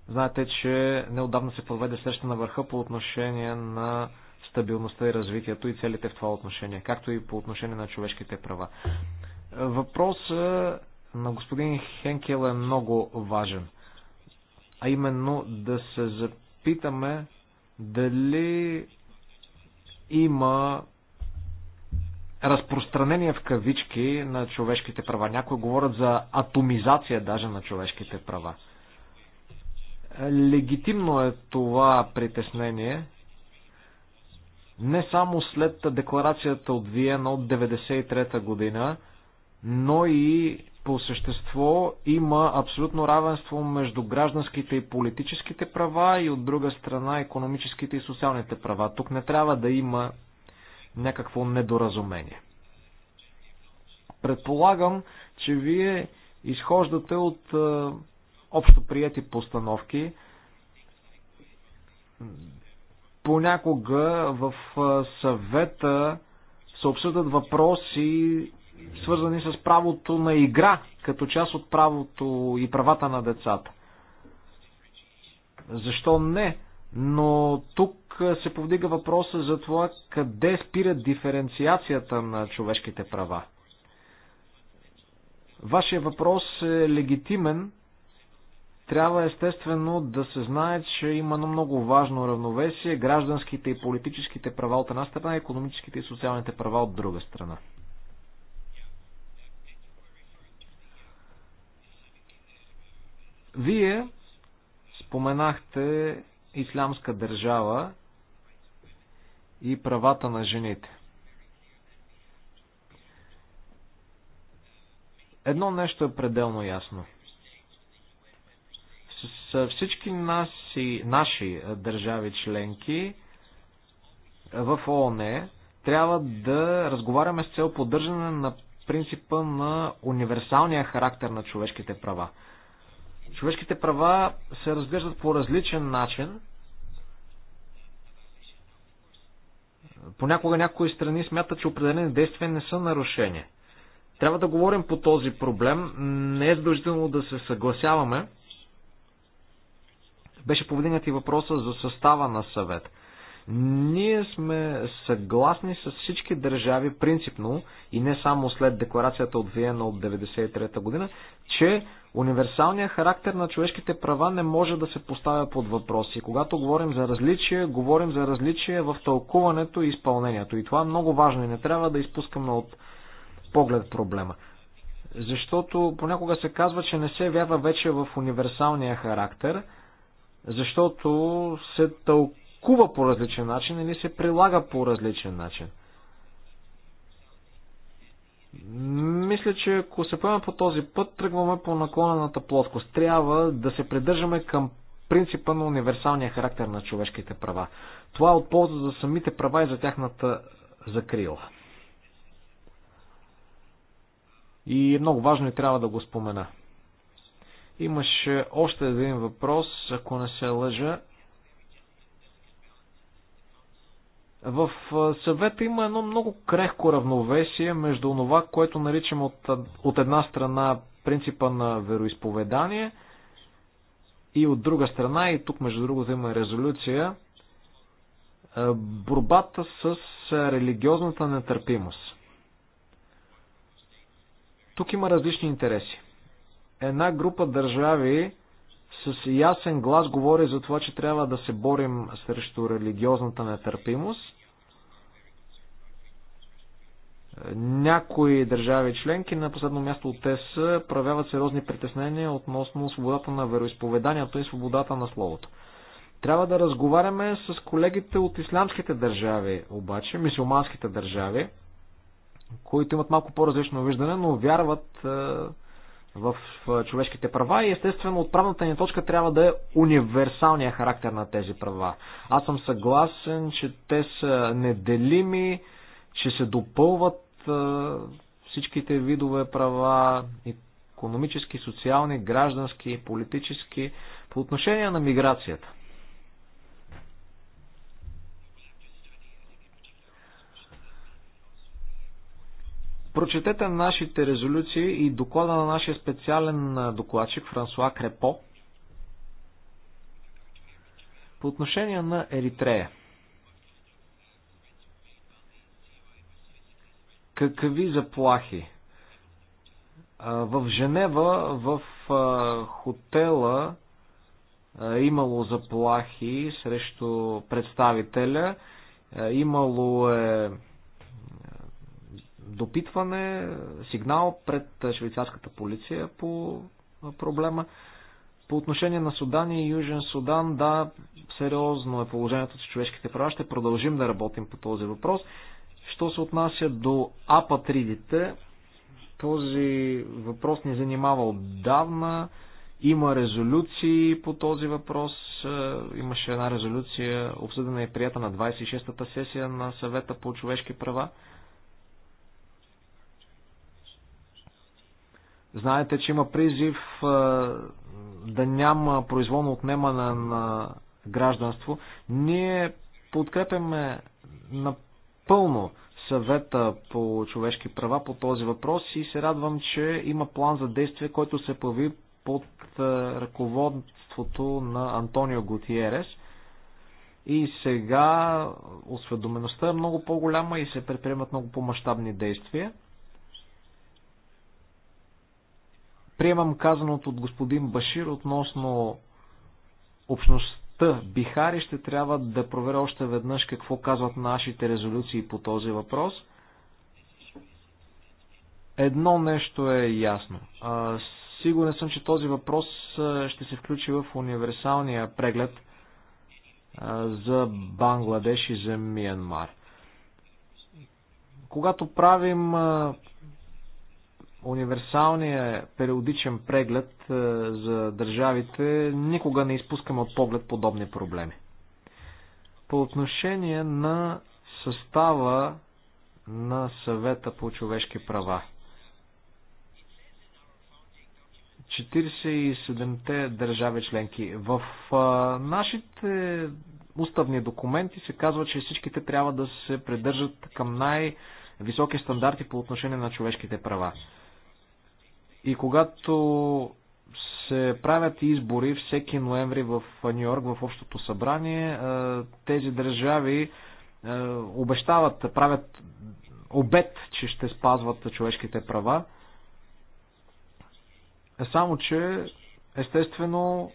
Speaker 4: Знаете, че неодавна се проведе среща на върха по отношение на стабилността и развитието и целите в това отношение, както и по отношение на човешките права. Въпросът на господин Хенкел е много важен. А именно да се запитаме дали има разпространение в кавички на човешките права. Някои говорят за атомизация даже на човешките права. Легитимно е това притеснение. Не само след декларацията от Виена от 1993 година, но и по същество има абсолютно равенство между гражданските и политическите права и от друга страна економическите и социалните права. Тук не трябва да има някакво недоразумение. Предполагам, че вие изхождате от общо прияти постановки. Понякога в съвета се обсъдят въпроси, свързани с правото на игра, като част от правото и правата на децата. Защо не? Но тук се повдига въпроса за това къде спира диференциацията на човешките права. Вашия въпрос е легитимен, трябва естествено да се знае, че има едно много важно равновесие гражданските и политическите права от една страна, економическите и социалните права от друга страна. Вие споменахте ислямска държава и правата на жените. Едно нещо е пределно ясно – с всички наши, наши държави членки в ООН трябва да разговаряме с цел поддържане на принципа на универсалния характер на човешките права. Човешките права се разглеждат по различен начин. Понякога някои страни смятат, че определени действия не са нарушения. Трябва да говорим по този проблем. Не е задължително да се съгласяваме, беше повдигнат и въпроса за състава на съвет. Ние сме съгласни с всички държави принципно и не само след декларацията от Виена от 1993 година, че универсалният характер на човешките права не може да се поставя под въпрос. И когато говорим за различие, говорим за различие в тълкуването и изпълнението. И това е много важно и не трябва да изпускаме от поглед проблема. Защото понякога се казва, че не се вява вече в универсалния характер – защото се тълкува по различен начин или се прилага по различен начин. Мисля, че ако се поемем по този път, тръгваме по наклонената плоскост. Трябва да се придържаме към принципа на универсалния характер на човешките права. Това е от полза за самите права и за тяхната закрила. И е много важно и трябва да го спомена. Имаше още един въпрос, ако не се лъжа. В съвета има едно много крехко равновесие между това, което наричам от, от една страна принципа на вероисповедание и от друга страна, и тук между другото има резолюция, борбата с религиозната нетърпимост. Тук има различни интереси. Една група държави с ясен глас говори за това, че трябва да се борим срещу религиозната нетърпимост. Някои държави членки, на последно място от ТЕС, правяват сериозни притеснения относно свободата на вероисповеданието и свободата на словото. Трябва да разговаряме с колегите от ислямските държави, обаче, мисиоманските държави, които имат малко по-различно виждане, но вярват е, в човешките права и естествено отправната ни точка трябва да е универсалния характер на тези права. Аз съм съгласен, че те са неделими, че се допълват всичките видове права, економически, социални, граждански, политически, по отношение на миграцията. Прочетете нашите резолюции и доклада на нашия специален докладчик Франсуа Крепо по отношение на Еритрея. Какви заплахи? В Женева, в хотела имало заплахи срещу представителя, имало е допитване, сигнал пред швейцарската полиция по проблема. По отношение на Судан и Южен Судан, да, сериозно е положението с човешките права. Ще продължим да работим по този въпрос. Що се отнася до апатридите, този въпрос ни занимава отдавна. Има резолюции по този въпрос. Е, имаше една резолюция, обсъдена и прията на 26-та сесия на съвета по човешки права. Знаете, че има призив да няма произволно отнемане на гражданство. Ние подкрепяме напълно съвета по човешки права по този въпрос и се радвам, че има план за действие, който се появи под ръководството на Антонио Гутиерес. И сега осведомеността е много по-голяма и се предприемат много по-масштабни действия. Приемам казаното от господин Башир относно общността Бихари. Ще трябва да проверя още веднъж какво казват нашите резолюции по този въпрос. Едно нещо е ясно. Сигурен съм, че този въпрос ще се включи в универсалния преглед за Бангладеш и за Миянмар. Когато правим универсалния периодичен преглед е, за държавите никога не изпускаме от поглед подобни проблеми. По отношение на състава на съвета по човешки права. 47-те държави членки. В а, нашите уставни документи се казва, че всичките трябва да се придържат към най-високи стандарти по отношение на човешките права. И когато се правят избори всеки ноември в Нью Йорк, в Общото събрание, тези държави обещават, правят обед, че ще спазват човешките права. Само, че естествено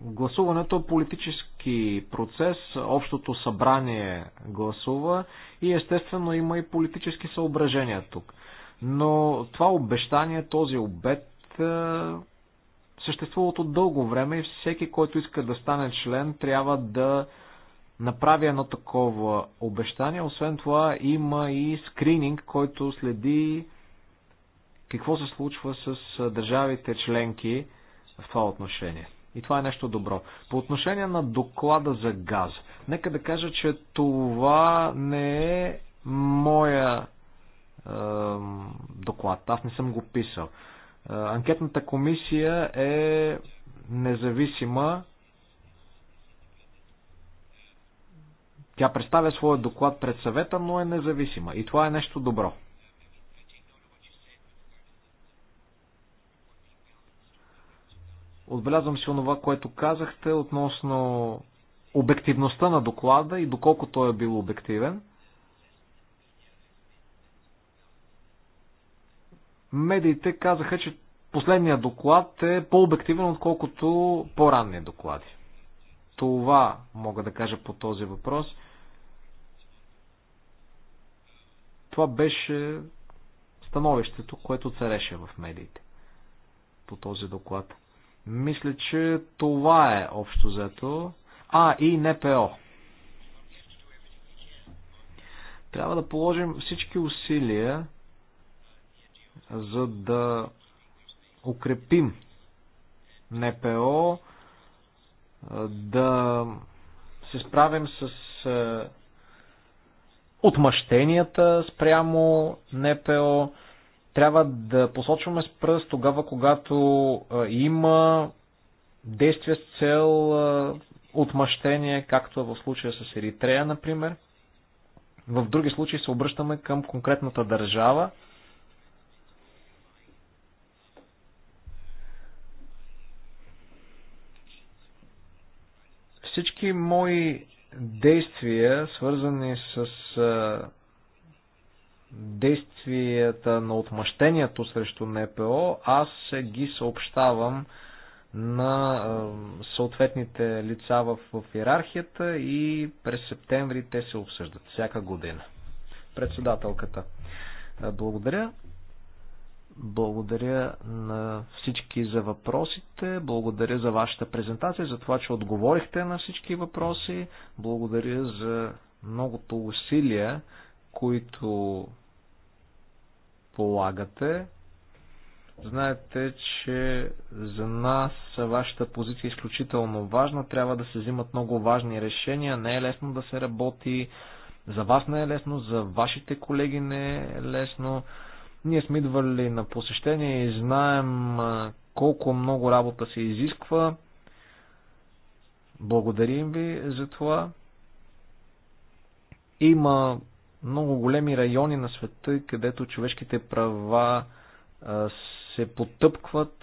Speaker 4: гласуването е политически процес, общото събрание гласува и естествено има и политически съображения тук. Но това обещание, този обед е, съществуват от дълго време и всеки, който иска да стане член, трябва да направи едно такова обещание. Освен това има и скрининг, който следи какво се случва с е, държавите членки в това отношение. И това е нещо добро. По отношение на доклада за газ, нека да кажа, че това не е моя доклад. Аз не съм го писал. Анкетната комисия е независима. Тя представя своя доклад пред съвета, но е независима. И това е нещо добро. Отбелязвам си онова, което казахте относно обективността на доклада и доколко той е бил обективен. Медиите казаха, че последния доклад е по-обективен, отколкото по-ранни доклади. Това мога да кажа по този въпрос. Това беше становището, което цареше в медиите по този доклад. Мисля, че това е общо взето. А, и НПО. Трябва да положим всички усилия за да укрепим НПО, да се справим с е, отмъщенията спрямо НПО. Трябва да посочваме с пръст тогава, когато е, има действие с цел е, отмъщение, както в случая с Еритрея, например. В други случаи се обръщаме към конкретната държава Всички мои действия, свързани с действията на отмъщението срещу НПО, аз ги съобщавам на съответните лица в, в иерархията и през септември те се обсъждат всяка година. Председателката. Благодаря. Благодаря на всички за въпросите, благодаря за вашата презентация, за това, че отговорихте на всички въпроси, благодаря за многото усилия, които полагате. Знаете, че за нас вашата позиция е изключително важна. Трябва да се взимат много важни решения. Не е лесно да се работи. За вас не е лесно, за вашите колеги не е лесно. Ние сме идвали на посещение и знаем колко много работа се изисква. Благодарим ви за това. Има много големи райони на света, където човешките права се потъпкват.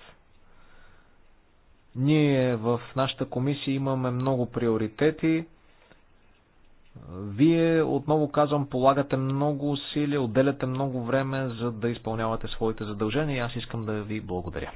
Speaker 4: Ние в нашата комисия имаме много приоритети. Вие, отново казвам, полагате много усилия, отделяте много време, за да изпълнявате своите задължения и аз искам да ви благодаря.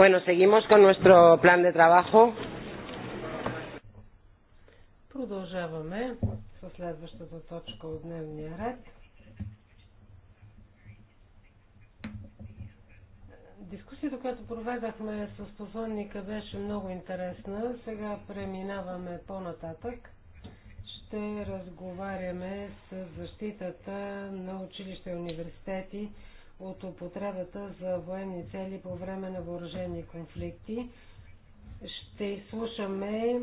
Speaker 1: Bueno, seguimos con nuestro plan de trabajo.
Speaker 3: Продължаваме с следващата точка от дневния ред. Дискусията, която проведахме с позонника, беше много интересна. Сега преминаваме по-нататък. Ще разговаряме с защитата на училища и университети от употребата за военни цели по време на въоръжени конфликти. Ще изслушаме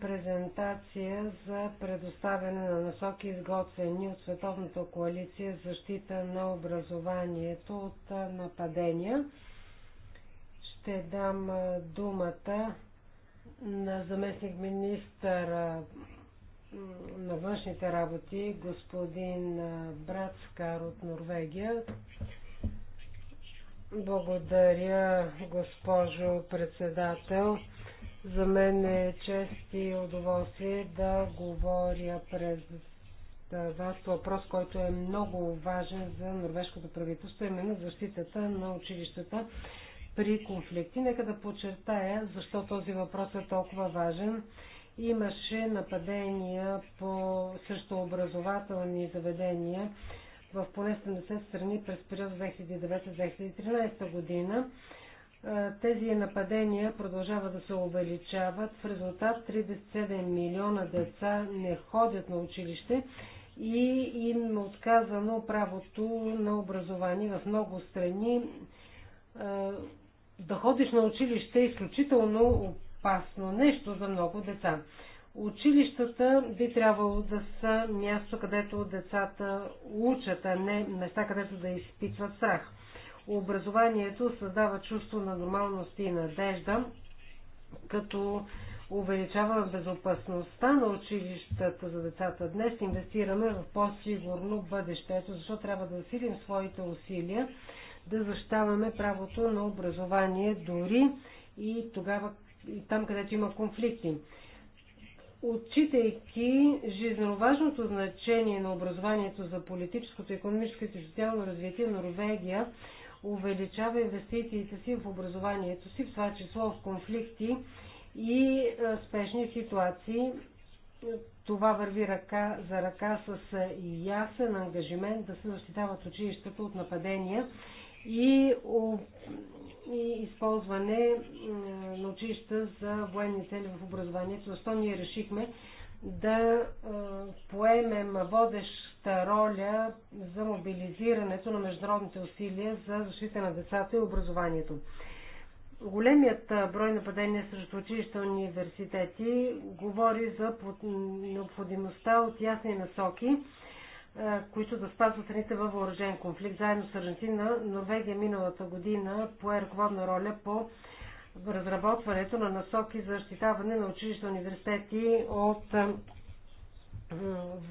Speaker 3: презентация за предоставяне на насоки, изготвени от Световната коалиция за защита на образованието от нападения. Ще дам думата на заместник министър на външните работи, господин Братскар от Норвегия. Благодаря, госпожо председател. За мен е чест и удоволствие да говоря през вас въпрос, който е много важен за норвежкото правителство, именно защитата на училищата при конфликти. Нека да подчертая защо този въпрос е толкова важен. Имаше нападения по също образователни заведения в поне 70 страни през период 2009-2013 година. Тези нападения продължават да се увеличават. В резултат 37 милиона деца не ходят на училище и им е отказано правото на образование в много страни. Да ходиш на училище е изключително опасно нещо за много деца. Училищата би трябвало да са място, където децата учат, а не места, където да изпитват страх. Образованието създава чувство на нормалност и надежда, като увеличава безопасността на училищата за децата. Днес инвестираме в по-сигурно бъдещето, защото трябва да усилим своите усилия да защитаваме правото на образование дори и тогава и там, където има конфликти отчитайки жизненоважното значение на образованието за политическото, економическото и социално развитие, Норвегия увеличава инвестициите си в образованието си, в това число в конфликти и е, спешни ситуации. Това върви ръка за ръка с ясен ангажимент да се защитават училищата от нападения и, и използване на училища за военни цели в образованието. Защо ние решихме да поемем водеща роля за мобилизирането на международните усилия за защита на децата и образованието. Големият брой нападения срещу училища и университети говори за необходимостта от ясни насоки които да спазват страните във въоръжен конфликт. Заедно с Аржентина, Норвегия миналата година пое ръководна роля по разработването на насоки за защитаване на училища университети от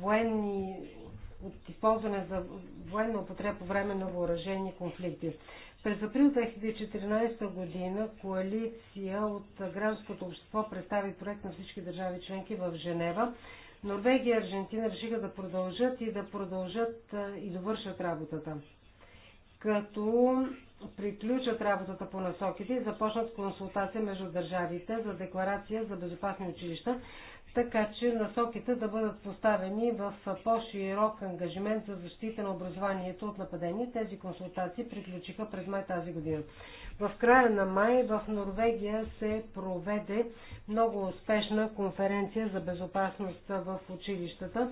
Speaker 3: военни от използване за военна употреба по време на въоръжени конфликти. През април 2014 година коалиция от гражданското общество представи проект на всички държави членки в Женева Норвегия и Аржентина решиха да продължат и да продължат и довършат работата. Като приключат работата по насоките и започнат консултация между държавите за декларация за безопасни училища, така че насоките да бъдат поставени в по-широк ангажимент за защита на образованието от нападение. Тези консултации приключиха през май тази година. В края на май в Норвегия се проведе много успешна конференция за безопасност в училищата.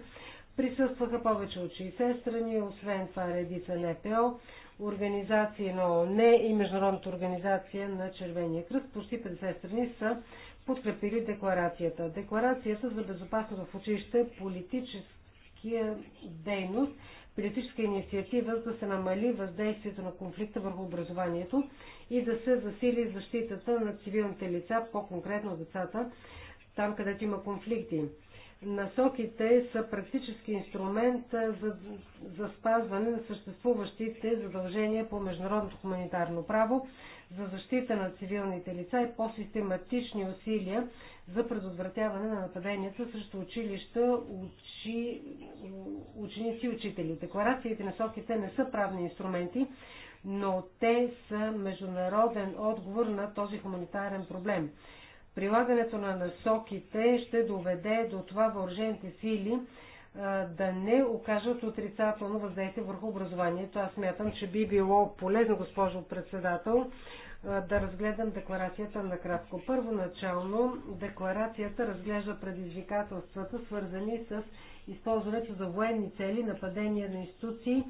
Speaker 3: Присъстваха повече от 60 страни, освен това редица НПО, организации на не и Международната организация на Червения кръст. Почти 50 страни са подкрепили декларацията. Декларацията за безопасност в училище е политическия дейност, политическа инициатива, за да се намали въздействието на конфликта върху образованието и да се засили защитата на цивилните лица, по-конкретно децата, там където има конфликти. Насоките са практически инструмент за, за спазване на съществуващите задължения по международното хуманитарно право, за защита на цивилните лица и по-систематични усилия за предотвратяване на нападенията срещу училища, учи, ученици и учители. Декларациите и насоките не са правни инструменти, но те са международен отговор на този хуманитарен проблем. Прилагането на насоките ще доведе до това въоръжените сили да не окажат отрицателно въздействие върху образованието. Аз смятам, че би било полезно, госпожо председател, да разгледам декларацията накратко. Първоначално декларацията разглежда предизвикателствата, свързани с използването за военни цели, нападения на институции,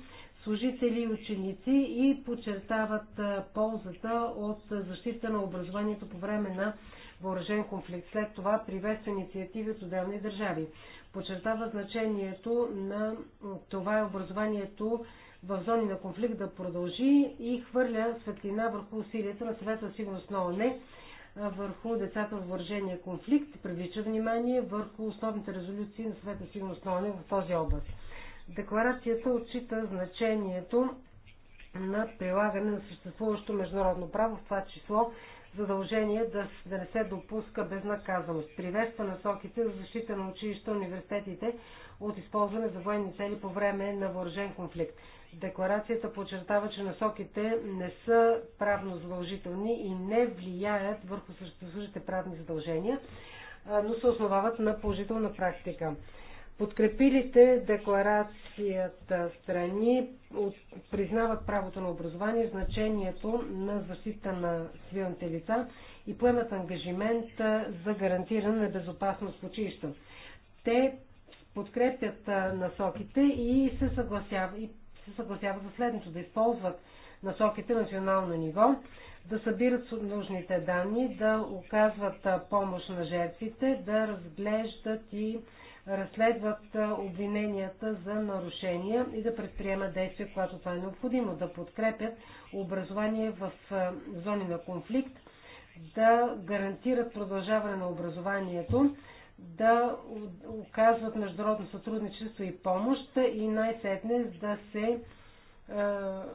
Speaker 3: служители и ученици и подчертават ползата от защита на образованието по време на въоръжен конфликт. След това приветства инициативи от отделни държави. Подчертава значението на това е образованието в зони на конфликт да продължи и хвърля светлина върху усилията на съвета сигурност на ОНЕ върху децата в въоръжения конфликт, привлича внимание върху основните резолюции на съвета сигурност на ОНЕ в този област. Декларацията отчита значението на прилагане на съществуващо международно право, в това число задължение да, да не се допуска безнаказаност. Приветства насоките за защита на училища, университетите от използване за военни цели по време на въоръжен конфликт. Декларацията подчертава, че насоките не са правно задължителни и не влияят върху съществуващите правни задължения, но се основават на положителна практика. Подкрепилите декларацията страни признават правото на образование, значението на защита на свилните лица и поемат ангажимент за гарантиране на безопасност в училище. Те подкрепят насоките и се съгласяват и се съгласяват за следното, да използват насоките на национално ниво, да събират нужните данни, да оказват помощ на жертвите, да разглеждат и разследват обвиненията за нарушения и да предприемат действия, когато това е необходимо, да подкрепят образование в зони на конфликт, да гарантират продължаване на образованието, да оказват международно сътрудничество и помощ и най-сетне да се е,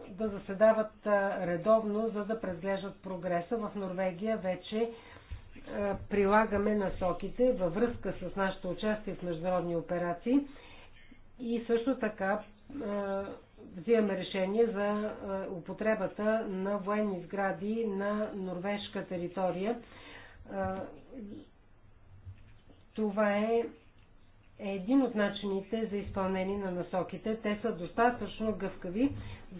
Speaker 3: да заседават е, редовно, за да предглеждат прогреса. В Норвегия вече е, прилагаме насоките във връзка с нашето участие в международни операции и също така взимаме решение за употребата на военни сгради на норвежка територия това е един от начините за изпълнение на насоките. Те са достатъчно гъвкави,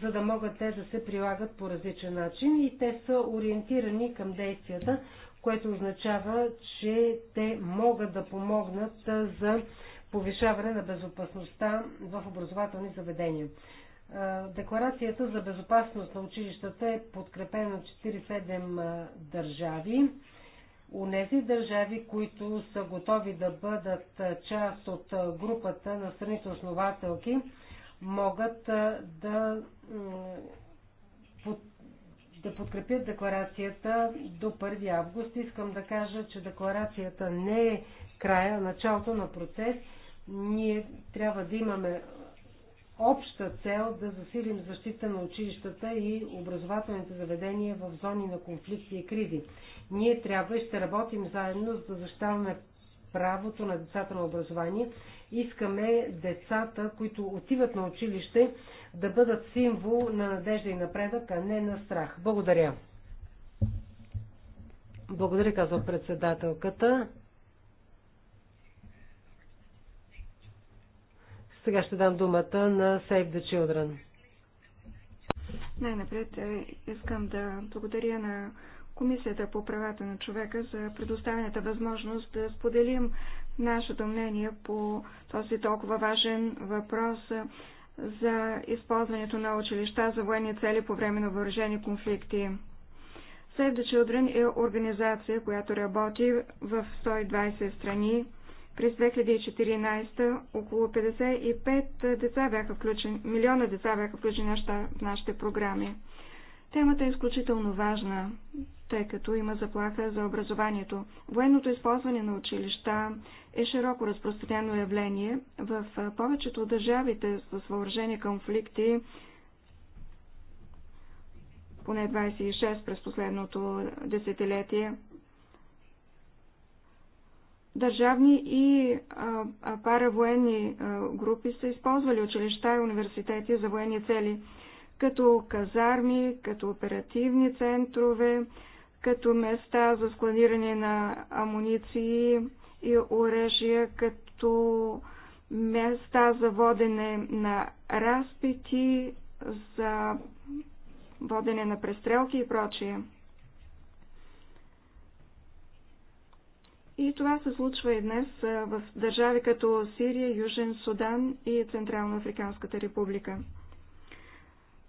Speaker 3: за да могат те да се прилагат по различен начин и те са ориентирани към действията, което означава, че те могат да помогнат за повишаване на безопасността в образователни заведения. Декларацията за безопасност на училищата е подкрепена от 47 държави. Унези държави, които са готови да бъдат част от групата на страните основателки, могат да, да подкрепят декларацията до 1 август. Искам да кажа, че декларацията не е края, началото на процес. Ние трябва да имаме обща цел да засилим защита на училищата и образователните заведения в зони на конфликти и кризи. Ние трябва и ще работим заедно за да защитаваме правото на децата на образование. Искаме децата, които отиват на училище, да бъдат символ на надежда и напредък, а не на страх. Благодаря. Благодаря, казва председателката. Сега ще дам думата на Save the Children.
Speaker 2: Най-напред е, искам да благодаря на Комисията по правата на човека за предоставената възможност да споделим нашето мнение по този толкова важен въпрос за използването на училища за военни цели по време на въоръжени конфликти. Save the Children е организация, която работи в 120 страни през 2014 около 55 деца бяха включени, милиона деца бяха включени в нашите програми. Темата е изключително важна, тъй като има заплаха за образованието. Военното използване на училища е широко разпространено явление. В повечето от държавите с въоръжени конфликти, поне 26 през последното десетилетие, държавни и паравоенни групи са използвали училища и университети за военни цели, като казарми, като оперативни центрове, като места за складиране на амуниции и оръжия, като места за водене на разпити, за водене на престрелки и прочие. И това се случва и днес в държави като Сирия, Южен Судан и Централно Африканската република.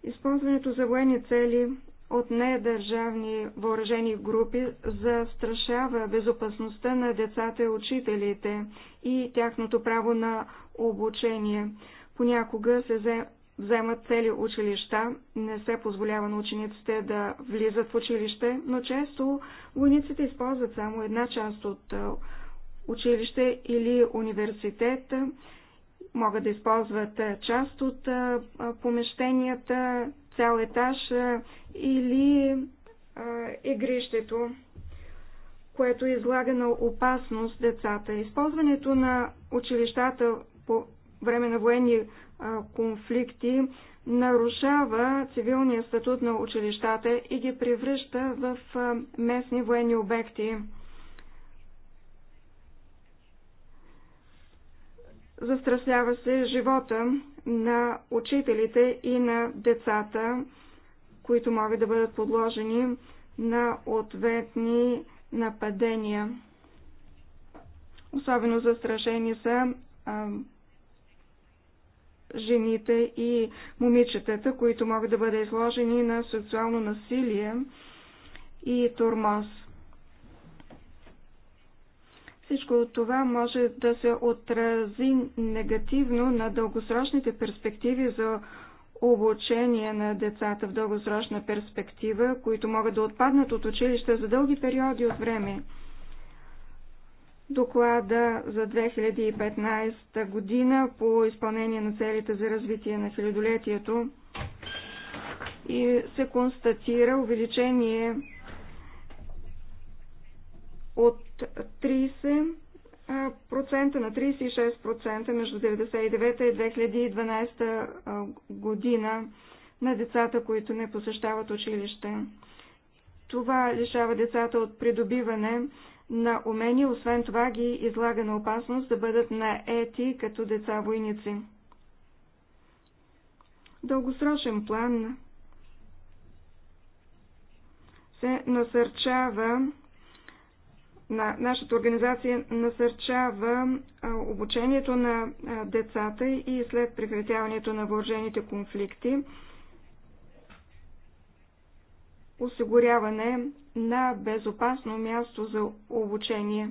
Speaker 2: Използването за военни цели от недържавни въоръжени групи застрашава безопасността на децата и учителите и тяхното право на обучение. Понякога се вземат цели училища, не се позволява на учениците да влизат в училище, но често войниците използват само една част от училище или университет, могат да използват част от помещенията, цял етаж или игрището, което излага на опасност децата. Използването на училищата по време на военни конфликти, нарушава цивилния статут на училищата и ги превръща в местни военни обекти. Застрасява се живота на учителите и на децата, които могат да бъдат подложени на ответни нападения. Особено застрашени са жените и момичетата, които могат да бъдат изложени на сексуално насилие и тормоз. Всичко това може да се отрази негативно на дългосрочните перспективи за обучение на децата в дългосрочна перспектива, които могат да отпаднат от училище за дълги периоди от време доклада за 2015 година по изпълнение на целите за развитие на хилядолетието и се констатира увеличение от 30% на 36% между 1999 и 2012 година на децата, които не посещават училище. Това лишава децата от придобиване на умения, освен това ги излага на опасност да бъдат наети като деца-войници. Дългосрочен план се насърчава на нашата организация насърчава обучението на децата и след прекратяването на въоръжените конфликти, осигуряване на безопасно място за обучение,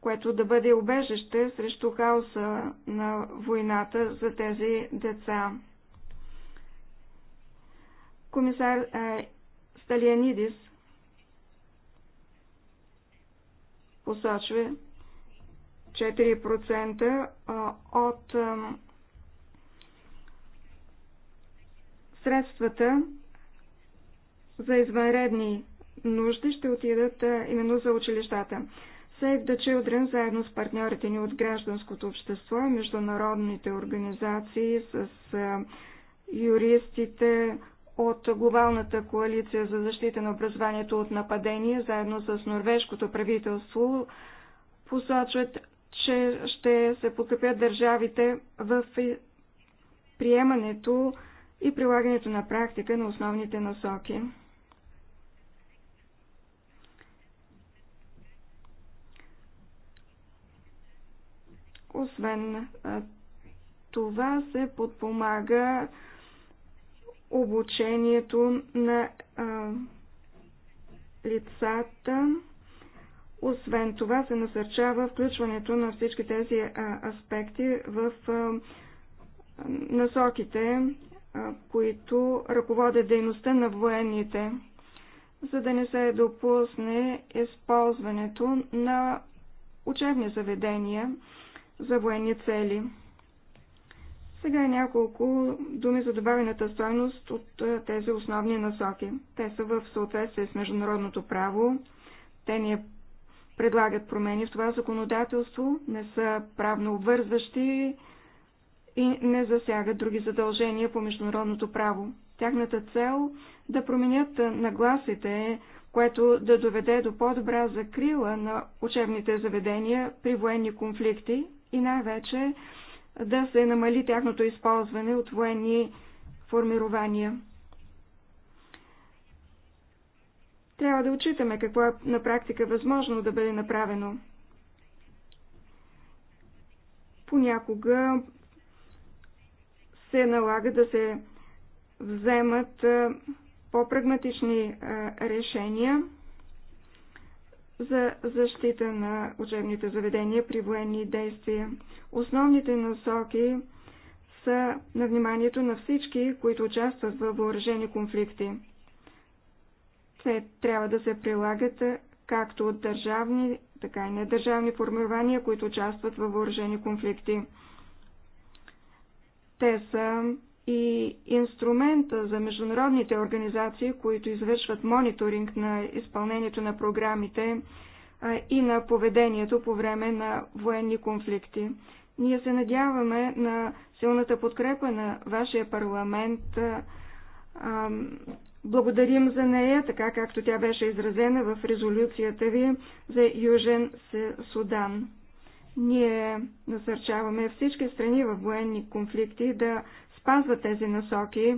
Speaker 2: което да бъде убежище срещу хаоса на войната за тези деца. Комисар е, Сталианидис посочва 4% от средствата за извънредни нужди ще отидат именно за училищата. Save the Children заедно с партньорите ни от гражданското общество и международните организации, с юристите от Глобалната коалиция за защита на образованието от нападение, заедно с норвежкото правителство, посочват, че ще се подкрепят държавите в приемането и прилагането на практика на основните насоки. Освен това се подпомага обучението на а, лицата. Освен това се насърчава включването на всички тези а, аспекти в а, насоките, а, които ръководят дейността на военните, за да не се допусне използването на учебни заведения за военни цели. Сега е няколко думи за добавената стойност от е, тези основни насоки. Те са в съответствие с международното право. Те ни предлагат промени в това законодателство, не са правно обвързващи и не засягат други задължения по международното право. Тяхната цел да променят нагласите, което да доведе до по-добра закрила на учебните заведения при военни конфликти и най-вече да се намали тяхното използване от военни формирования. Трябва да отчитаме какво е на практика възможно да бъде направено. Понякога се налага да се вземат по-прагматични решения за защита на учебните заведения при военни действия. Основните насоки са на вниманието на всички, които участват във въоръжени конфликти. Те трябва да се прилагат както от държавни, така и недържавни формирования, които участват във въоръжени конфликти. Те са и инструмента за международните организации, които извършват мониторинг на изпълнението на програмите и на поведението по време на военни конфликти. Ние се надяваме на силната подкрепа на вашия парламент. Благодарим за нея, така както тя беше изразена в резолюцията ви за Южен Судан. Ние насърчаваме всички страни в военни конфликти да спазва тези насоки,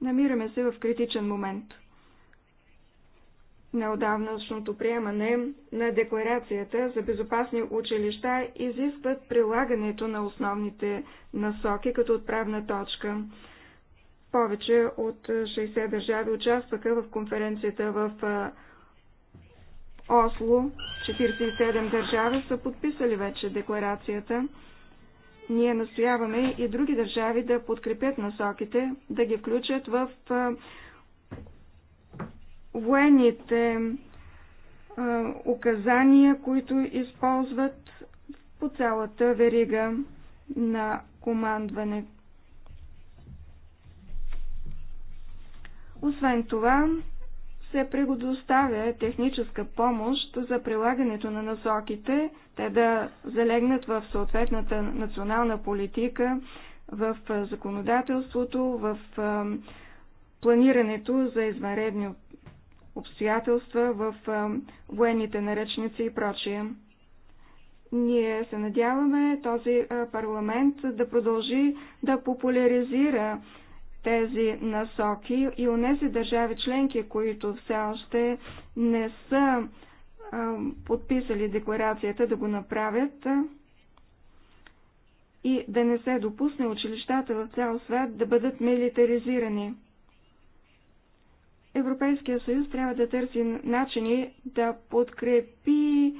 Speaker 2: намираме се в критичен момент. Неодавнашното приемане на Декларацията за безопасни училища изискват прилагането на основните насоки като отправна точка. Повече от 60 държави участваха в конференцията в Осло. 47 държави са подписали вече декларацията. Ние настояваме и други държави да подкрепят насоките, да ги включат в военните указания, които използват по цялата верига на командване. Освен това, се предоставя техническа помощ за прилагането на насоките, те да залегнат в съответната национална политика, в законодателството, в планирането за извънредни обстоятелства, в военните наръчници и прочие. Ние се надяваме този парламент да продължи да популяризира тези насоки и у нези държави членки, които все още не са подписали декларацията да го направят и да не се допусне училищата в цял свят да бъдат милитаризирани. Европейския съюз трябва да търси начини да подкрепи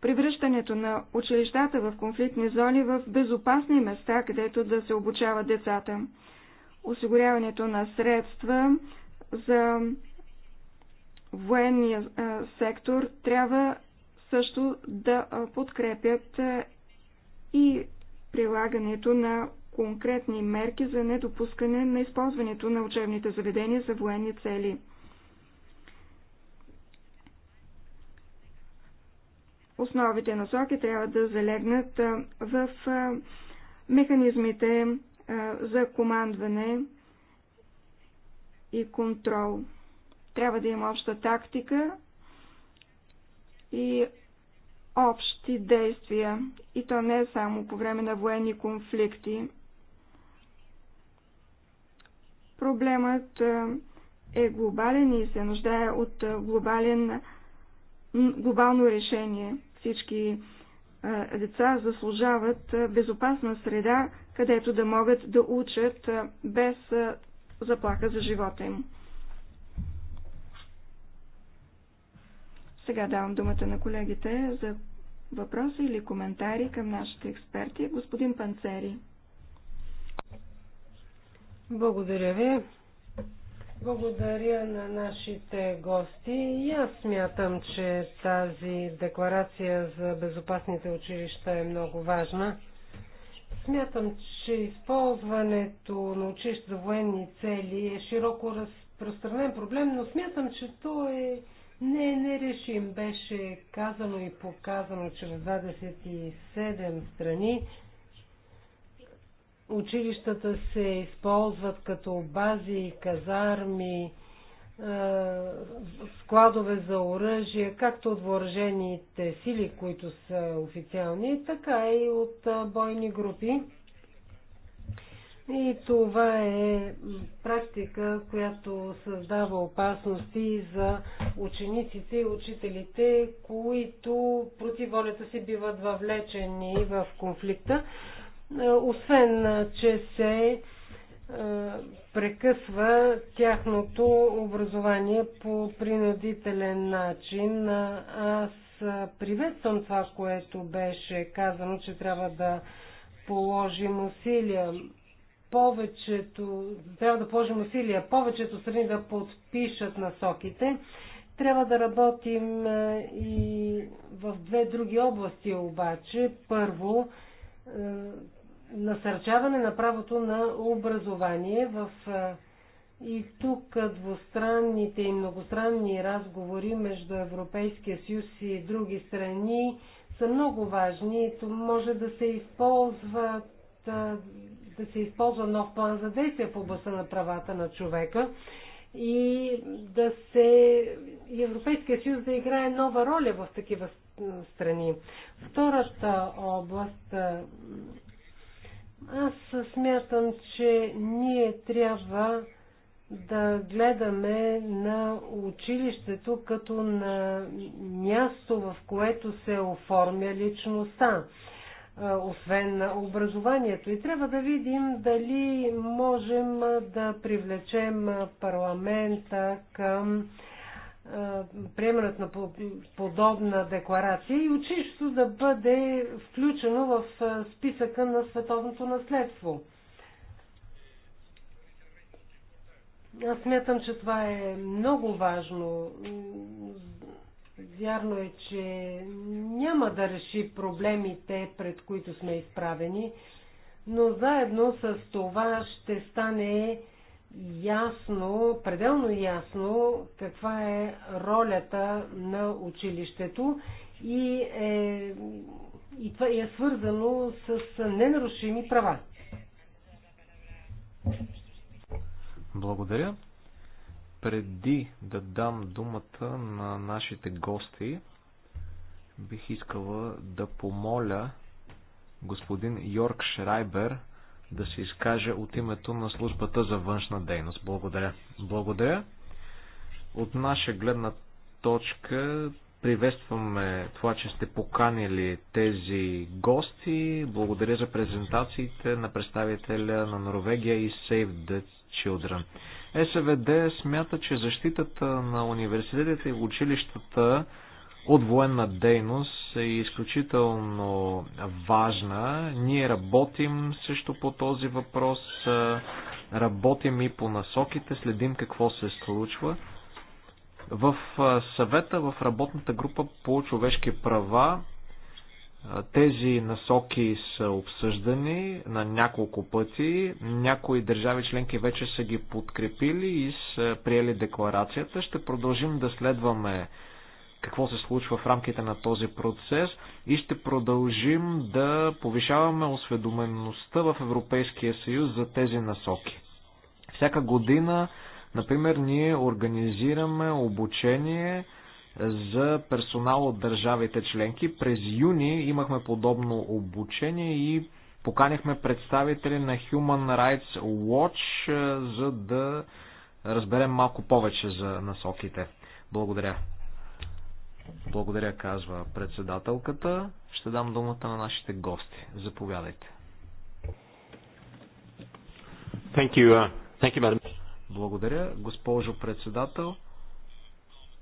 Speaker 2: превръщането на училищата в конфликтни зони в безопасни места, където да се обучават децата, осигуряването на средства за военния сектор трябва също да подкрепят и прилагането на конкретни мерки за недопускане на използването на учебните заведения за военни цели. Основите насоки трябва да залегнат в механизмите за командване и контрол. Трябва да има обща тактика и общи действия, и то не само по време на военни конфликти. Проблемът е глобален и се нуждае от глобален, глобално решение. Всички деца заслужават безопасна среда, където да могат да учат без заплаха за живота им. Сега давам думата на колегите за въпроси или коментари към нашите експерти. Господин Панцери. Благодаря ви.
Speaker 3: Благодаря на нашите гости. И аз смятам, че тази декларация за безопасните училища е много важна. Смятам, че използването на училища за военни цели е широко разпространен проблем, но смятам, че то е не е нерешим. Беше казано и показано, че в 27 страни училищата се използват като бази, казарми, е, складове за оръжие, както от въоръжените сили, които са официални, така и от е, бойни групи. И това е практика, която създава опасности за учениците и учителите, които против волята си биват въвлечени в конфликта. Е, освен че се е, прекъсва тяхното образование по принудителен начин. Аз приветствам това, което беше казано, че трябва да положим усилия. Повечето, трябва да положим усилия. Повечето страни да подпишат насоките. Трябва да работим и в две други области обаче. Първо, е, насърчаване на правото на образование в и тук двустранните и многостранни разговори между Европейския съюз и други страни са много важни То може да се използват да се използва нов план за действие в областта на правата на човека и да се и Европейския съюз да играе нова роля в такива страни. Втората област аз смятам, че ние трябва да гледаме на училището като на място, в което се оформя личността, освен на образованието. И трябва да видим дали можем да привлечем парламента към приемането на подобна декларация и училището да бъде включено в списъка на световното наследство. Аз смятам, че това е много важно. Вярно е, че няма да реши проблемите, пред които сме изправени, но заедно с това ще стане ясно, пределно ясно каква е ролята на училището и е, и това е свързано с ненарушими права.
Speaker 4: Благодаря. Преди да дам думата на нашите гости, бих искала да помоля господин Йорк Шрайбер да се изкаже от името на службата за външна дейност. Благодаря. Благодаря. От наша гледна точка приветстваме това, че сте поканили тези гости. Благодаря за презентациите на представителя на Норвегия и Save the Children. СВД смята, че защитата на университетите и училищата от военна дейност е изключително важна. Ние работим също по този въпрос, работим и по насоките, следим какво се случва. В съвета, в работната група по човешки права, тези насоки са обсъждани на няколко пъти. Някои държави членки вече са ги подкрепили и са приели декларацията. Ще продължим да следваме какво се случва в рамките на този процес и ще продължим да повишаваме осведомеността в Европейския съюз за тези насоки. Всяка година, например, ние организираме обучение за персонал от държавите членки. През юни имахме подобно обучение и поканихме представители на Human Rights Watch, за да разберем малко повече за насоките. Благодаря. Благодаря, казва председателката. Ще дам думата на нашите гости. Заповядайте. Thank you. Uh, thank you, Благодаря, госпожо председател.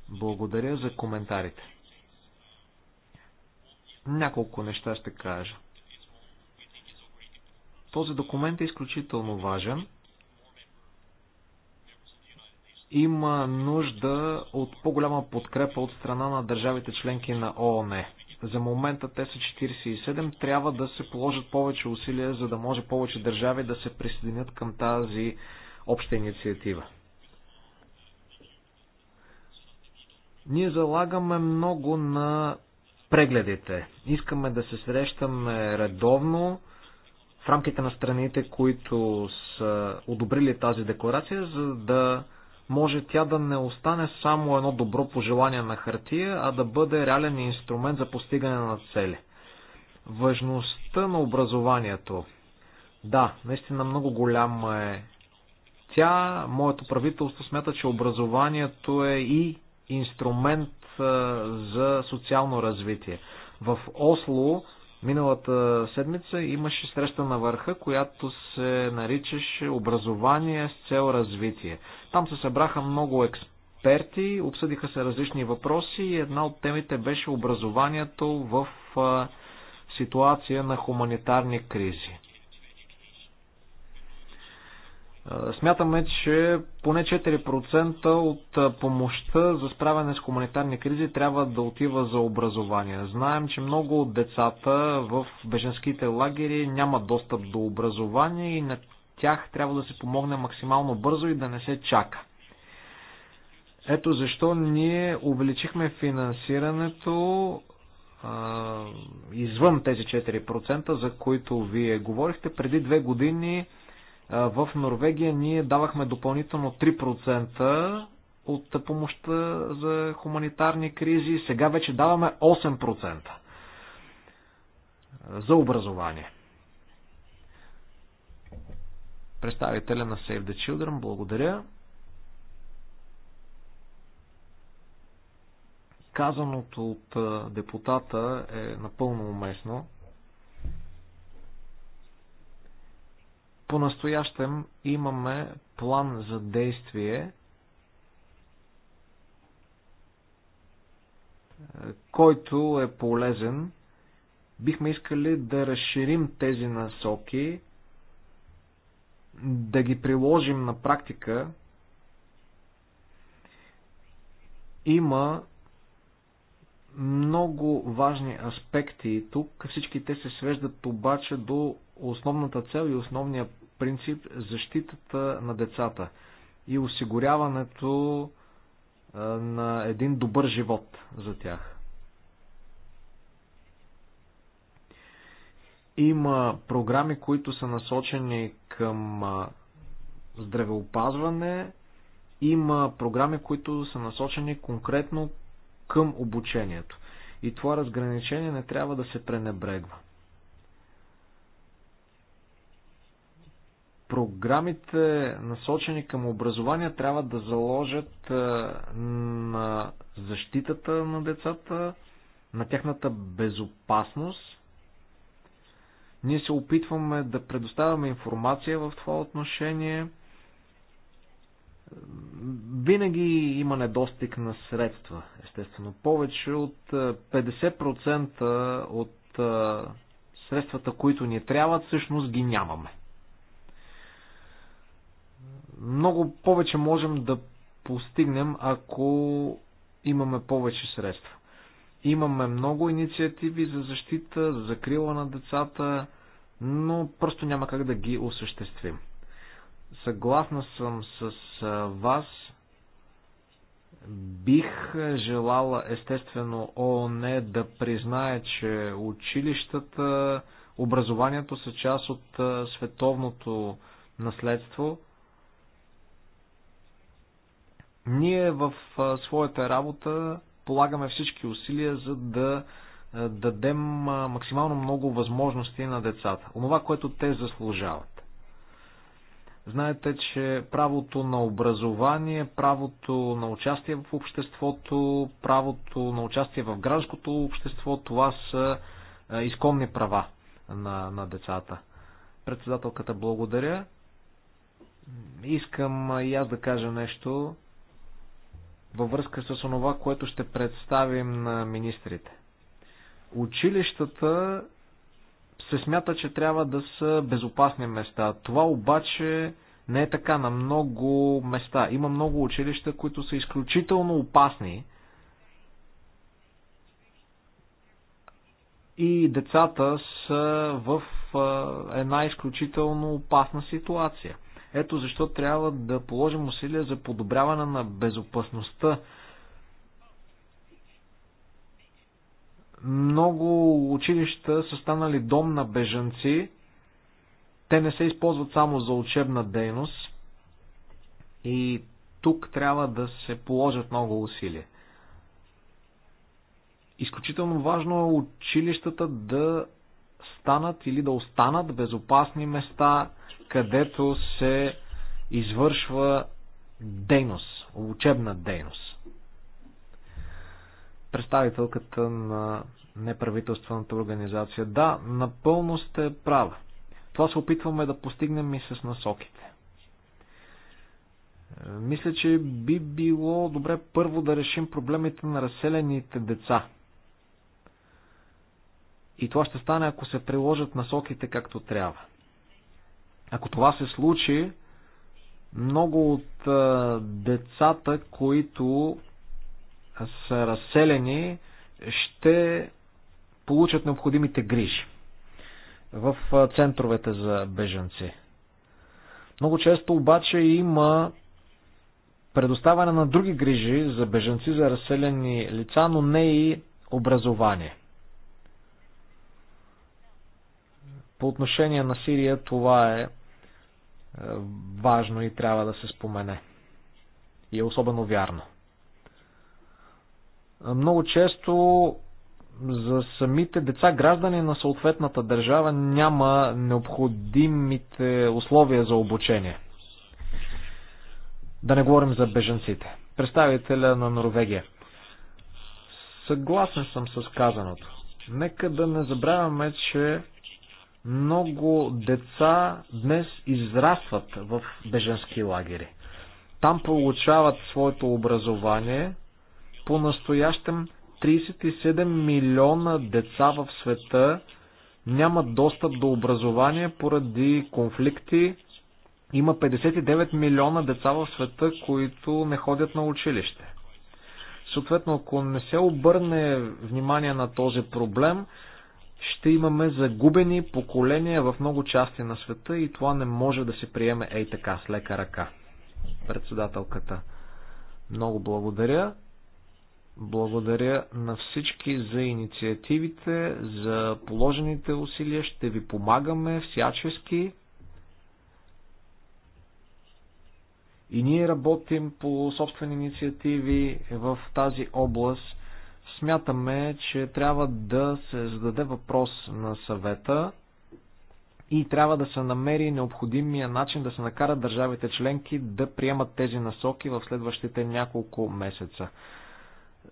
Speaker 4: Благодаря за коментарите. Няколко неща ще кажа. Този документ е изключително важен има нужда от по-голяма подкрепа от страна на държавите членки на ООН. За момента те са 47. Трябва да се положат повече усилия, за да може повече държави да се присъединят към тази обща инициатива. Ние залагаме много на прегледите. Искаме да се срещаме редовно в рамките на страните, които са одобрили тази декларация, за да може тя да не остане само едно добро пожелание на хартия, а да бъде реален инструмент за постигане на цели. Важността на образованието. Да, наистина много голяма е. Тя, моето правителство, смята, че образованието е и инструмент за социално развитие. В Осло миналата седмица имаше среща на върха, която се наричаше образование с цел развитие. Там се събраха много експерти, обсъдиха се различни въпроси и една от темите беше образованието в ситуация на хуманитарни кризи. Смятаме, че поне 4% от помощта за справяне с хуманитарни кризи трябва да отива за образование. Знаем, че много от децата в беженските лагери нямат достъп до образование и на тях трябва да се помогне максимално бързо и да не се чака. Ето защо ние увеличихме финансирането а, извън тези 4%, за които вие говорихте. Преди две години а, в Норвегия ние давахме допълнително 3% от помощта за хуманитарни кризи. Сега вече даваме 8% за образование представителя на Save the Children. Благодаря. Казаното от депутата е напълно уместно. По-настоящем имаме план за действие, е, който е полезен. Бихме искали да разширим тези насоки да ги приложим на практика, има много важни аспекти тук. Всички те се свеждат обаче до основната цел и основния принцип защитата на децата и осигуряването на един добър живот за тях. Има програми, които са насочени към здравеопазване, има програми, които са насочени конкретно към обучението. И това разграничение не трябва да се пренебрегва. Програмите, насочени към образование, трябва да заложат на защитата на децата, на тяхната безопасност ние се опитваме да предоставяме информация в това отношение. Винаги има недостиг на средства, естествено. Повече от 50% е, от е, средствата, които ни трябват, всъщност ги нямаме. Много повече можем да постигнем, ако имаме повече средства. Имаме много инициативи за защита, за закрила на децата, но просто няма как да ги осъществим. Съгласна съм с вас. Бих желала естествено ООН да признае, че училищата, образованието са част от световното наследство. Ние в своята работа полагаме всички усилия, за да е, дадем е, максимално много възможности на децата. Онова, което те заслужават. Знаете, че правото на образование, правото на участие в обществото, правото на участие в гражданското общество, това са е, изконни права на, на децата. Председателката, благодаря. Искам и аз да кажа нещо във връзка с онова, което ще представим на министрите. Училищата се смята, че трябва да са безопасни места. Това обаче не е така на много места. Има много училища, които са изключително опасни. И децата са в една изключително опасна ситуация. Ето защо трябва да положим усилия за подобряване на безопасността. Много училища са станали дом на бежанци. Те не се използват само за учебна дейност. И тук трябва да се положат много усилия. Изключително важно е училищата да станат или да останат безопасни места, където се извършва дейност, учебна дейност. Представителката на неправителствената организация. Да, напълно сте права. Това се опитваме да постигнем и с насоките. Мисля, че би било добре първо да решим проблемите на разселените деца. И това ще стане, ако се приложат насоките както трябва. Ако това се случи, много от децата, които са разселени, ще получат необходимите грижи в центровете за бежанци. Много често обаче има предоставяне на други грижи за бежанци, за разселени лица, но не и образование. По отношение на Сирия това е важно и трябва да се спомене. И е особено вярно. Много често за самите деца, граждани на съответната държава, няма необходимите условия за обучение. Да не говорим за беженците. Представителя на Норвегия. Съгласен съм с казаното. Нека да не забравяме, че много деца днес израстват в беженски лагери. Там получават своето образование. По-настоящем 37 милиона деца в света нямат достъп до образование поради конфликти. Има 59 милиона деца в света, които не ходят на училище. Съответно, ако не се обърне внимание на този проблем, ще имаме загубени поколения в много части на света и това не може да се приеме ей така, с лека ръка. Председателката. Много благодаря. Благодаря на всички за инициативите, за положените усилия. Ще ви помагаме всячески. И ние работим по собствени инициативи в тази област смятаме, че трябва да се зададе въпрос на съвета и трябва да се намери необходимия начин да се накарат държавите членки да приемат тези насоки в следващите няколко месеца.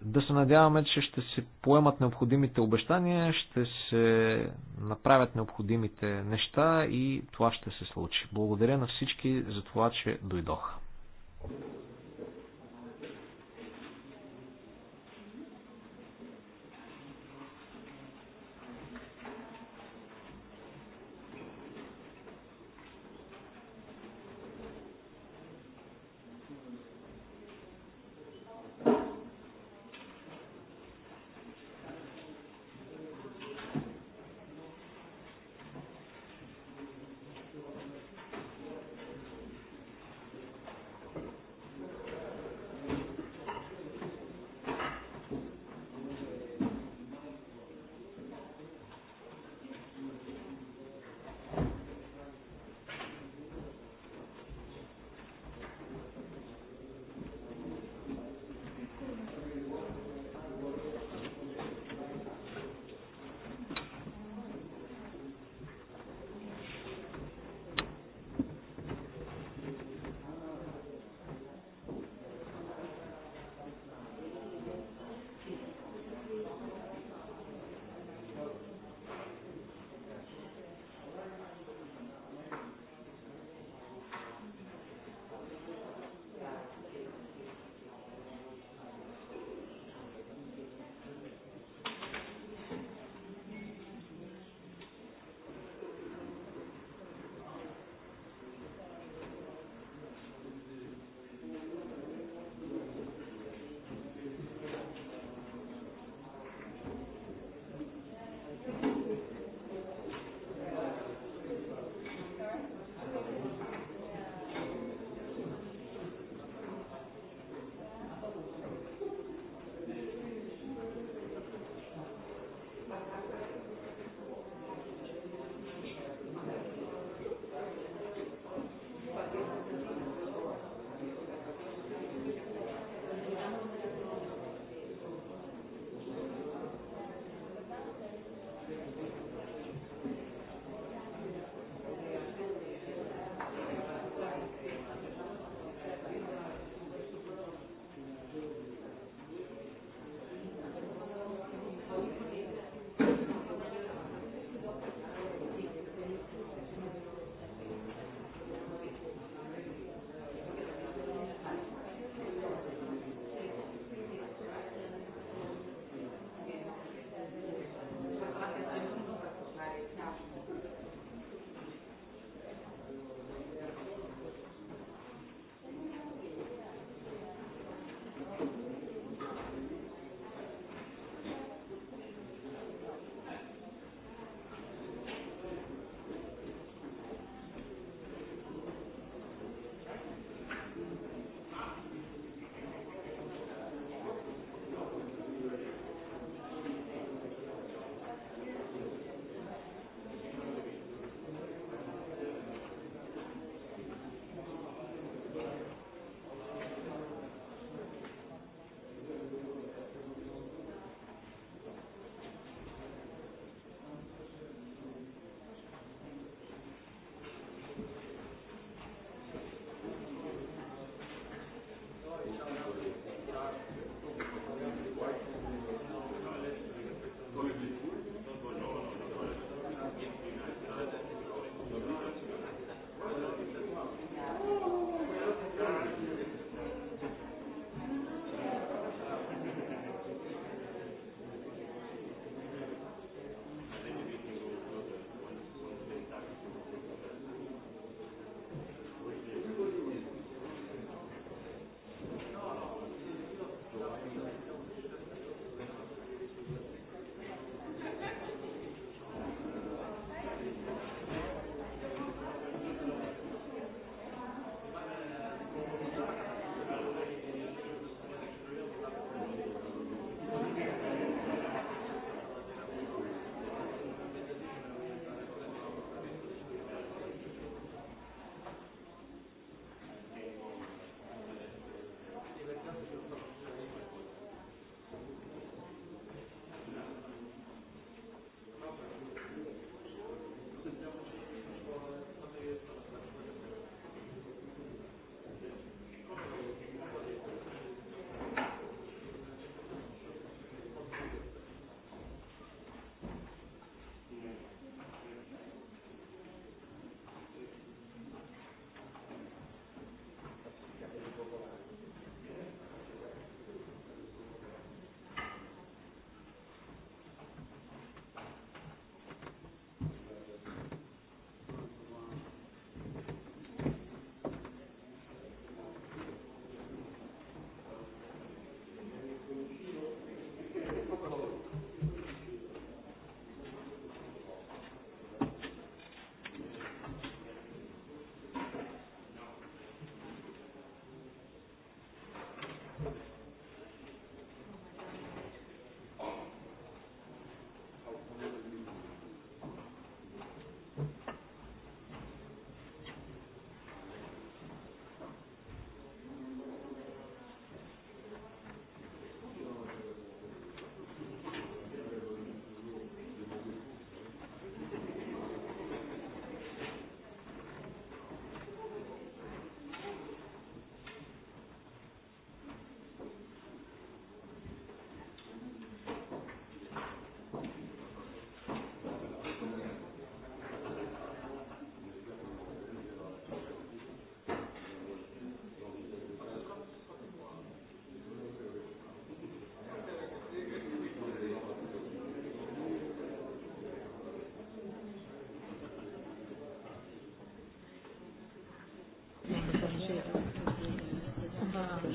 Speaker 4: Да се надяваме, че ще се поемат необходимите обещания, ще се направят необходимите неща и това ще се случи. Благодаря на всички за това, че дойдоха.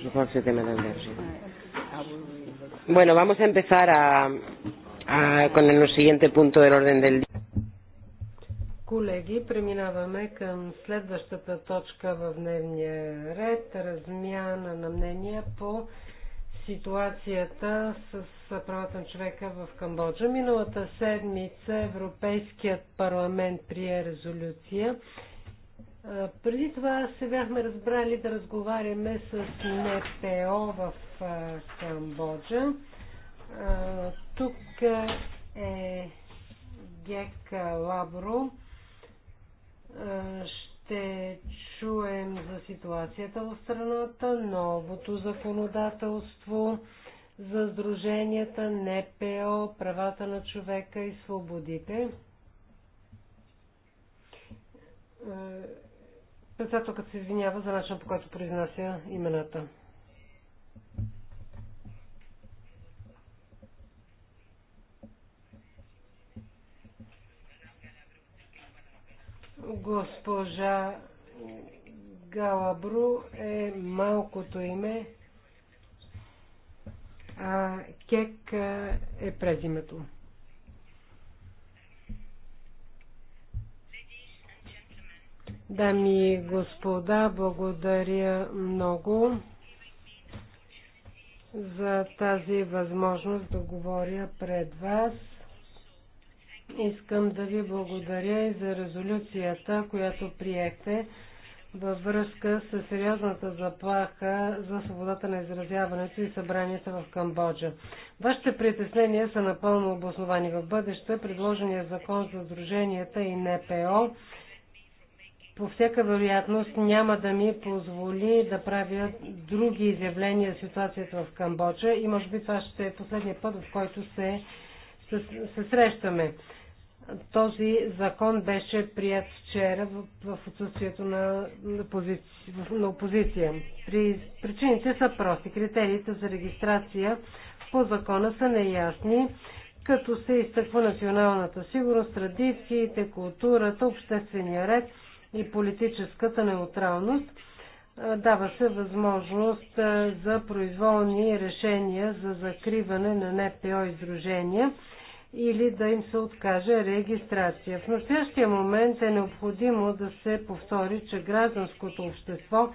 Speaker 5: Je crois que c'était Madame Berger.
Speaker 1: Bueno, vamos a empezar a, a, con el siguiente punto del orden del día.
Speaker 3: Колеги, преминаваме към следващата точка в дневния ред размяна на мнения по ситуацията с правата на човека в Камбоджа. Миналата седмица Европейският парламент прие резолюция преди това се бяхме разбрали да разговаряме с НПО в Камбоджа. Тук е Гек Лабро. Ще чуем за ситуацията в страната, новото законодателство за сдруженията НПО, правата на човека и свободите Председателката се извинява за начина по който произнася имената. Госпожа Галабру е малкото име, а Кек е презимето. Дами и господа, благодаря много за тази възможност да говоря пред вас. Искам да ви благодаря и за резолюцията, която приехте във връзка с сериозната заплаха за свободата на изразяването и събранията в Камбоджа. Вашите притеснения са напълно обосновани в бъдеще. Предложения закон за сдруженията и НПО по всяка вероятност няма да ми позволи да правя други изявления за ситуацията в Камбоджа и може би това ще е последния път, в който се, се, се срещаме. Този закон беше прият вчера в, в отсъствието на, на, пози, на опозиция. При, причините са прости. Критериите за регистрация по закона са неясни като се изтъква националната сигурност, традициите, културата, обществения ред – и политическата неутралност. Дава се възможност за произволни решения за закриване на НПО издружения или да им се откаже регистрация. В настоящия момент е необходимо да се повтори, че гражданското общество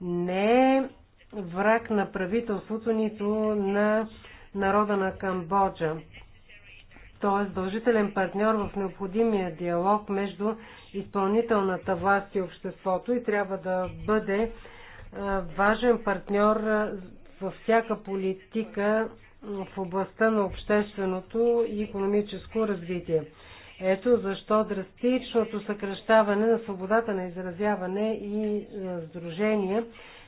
Speaker 3: не е враг на правителството, нито на народа на Камбоджа. Той е задължителен партньор в необходимия диалог между изпълнителната власт и обществото и трябва да бъде важен партньор във всяка политика в областта на общественото и економическо развитие. Ето защо драстичното съкръщаване на свободата на изразяване и сдружение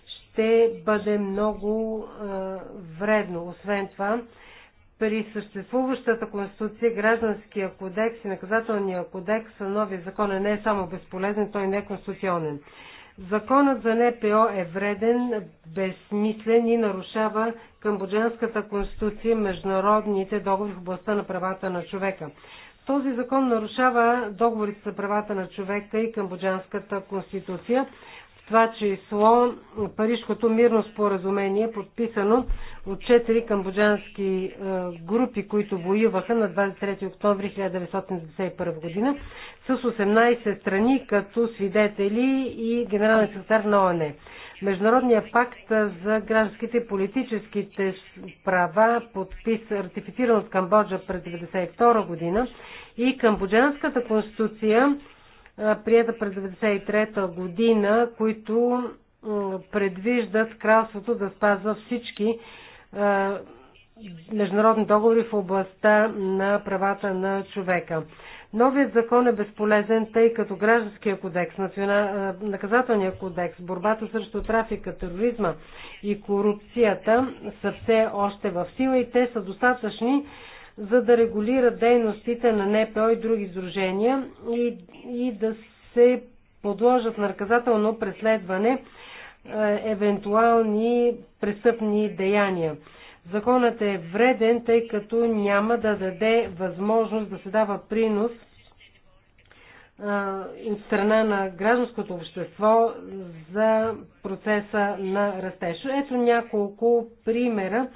Speaker 3: ще бъде много вредно. Освен това, при съществуващата конституция, гражданския кодекс и наказателния кодекс са нови закон не е само безполезен, той не е конституционен. Законът за НПО е вреден, безсмислен и нарушава Камбоджанската конституция международните договори в областта на правата на човека. Този закон нарушава договорите за правата на човека и Камбоджанската конституция това число Парижското мирно споразумение, подписано от четири камбоджански е, групи, които воюваха на 23 октомври 1991 година, с 18 страни като свидетели и генерален секретар на ОНЕ. Международният пакт за гражданските и политическите права, подпис, ратифициран от Камбоджа през 1992 година и Камбоджанската конституция, прията през 1993 година, които предвиждат кралството да спазва всички международни договори в областта на правата на човека. Новият закон е безполезен, тъй като Гражданския кодекс, национал Наказателния кодекс, борбата срещу трафика, тероризма и корупцията са все още в сила и те са достатъчни, за да регулира дейностите на НПО и други сдружения и, и да се подложат на наказателно преследване е, евентуални престъпни деяния. Законът е вреден, тъй като няма да даде възможност да се дава принос е, от страна на гражданското общество за процеса на растеж. Ето няколко примера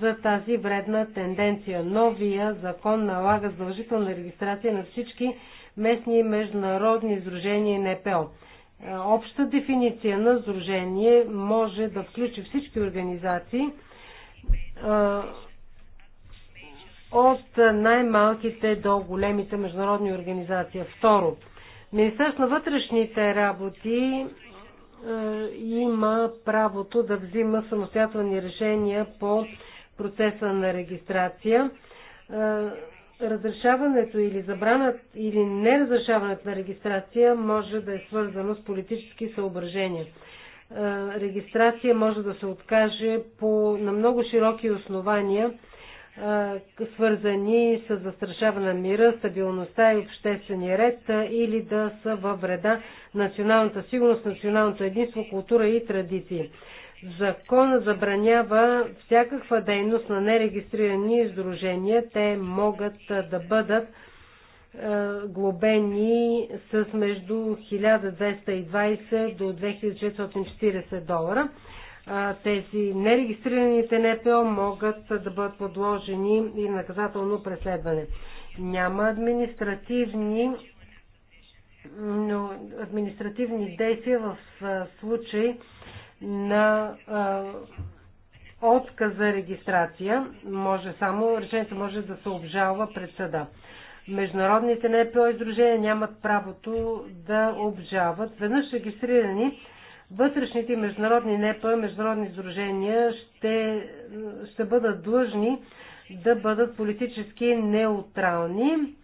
Speaker 3: за тази вредна тенденция. Новия закон налага задължителна регистрация на всички местни и международни издружения и НПО. Е, обща дефиниция на сдружение може да включи всички организации е, от най-малките до големите международни организации. Второ, Министерство на вътрешните работи е, има правото да взима самостоятелни решения по процеса на регистрация. Разрешаването или забрана, или неразрешаването на регистрация може да е свързано с политически съображения. Регистрация може да се откаже по, на много широки основания, свързани с застрашаване на мира, стабилността и обществения ред или да са във вреда националната сигурност, националното единство, култура и традиции. Закона забранява всякаква дейност на нерегистрирани издружения. Те могат да бъдат глобени с между 1220 до 2440 долара. Тези нерегистрираните НПО могат да бъдат подложени и наказателно преследване. Няма административни, но административни действия в случай, на отказ за регистрация. Може само, решението може да се обжалва пред съда. Международните НПО издружения нямат правото да обжават. Веднъж регистрирани, вътрешните международни НПО, международни издружения ще, ще бъдат длъжни да бъдат политически неутрални.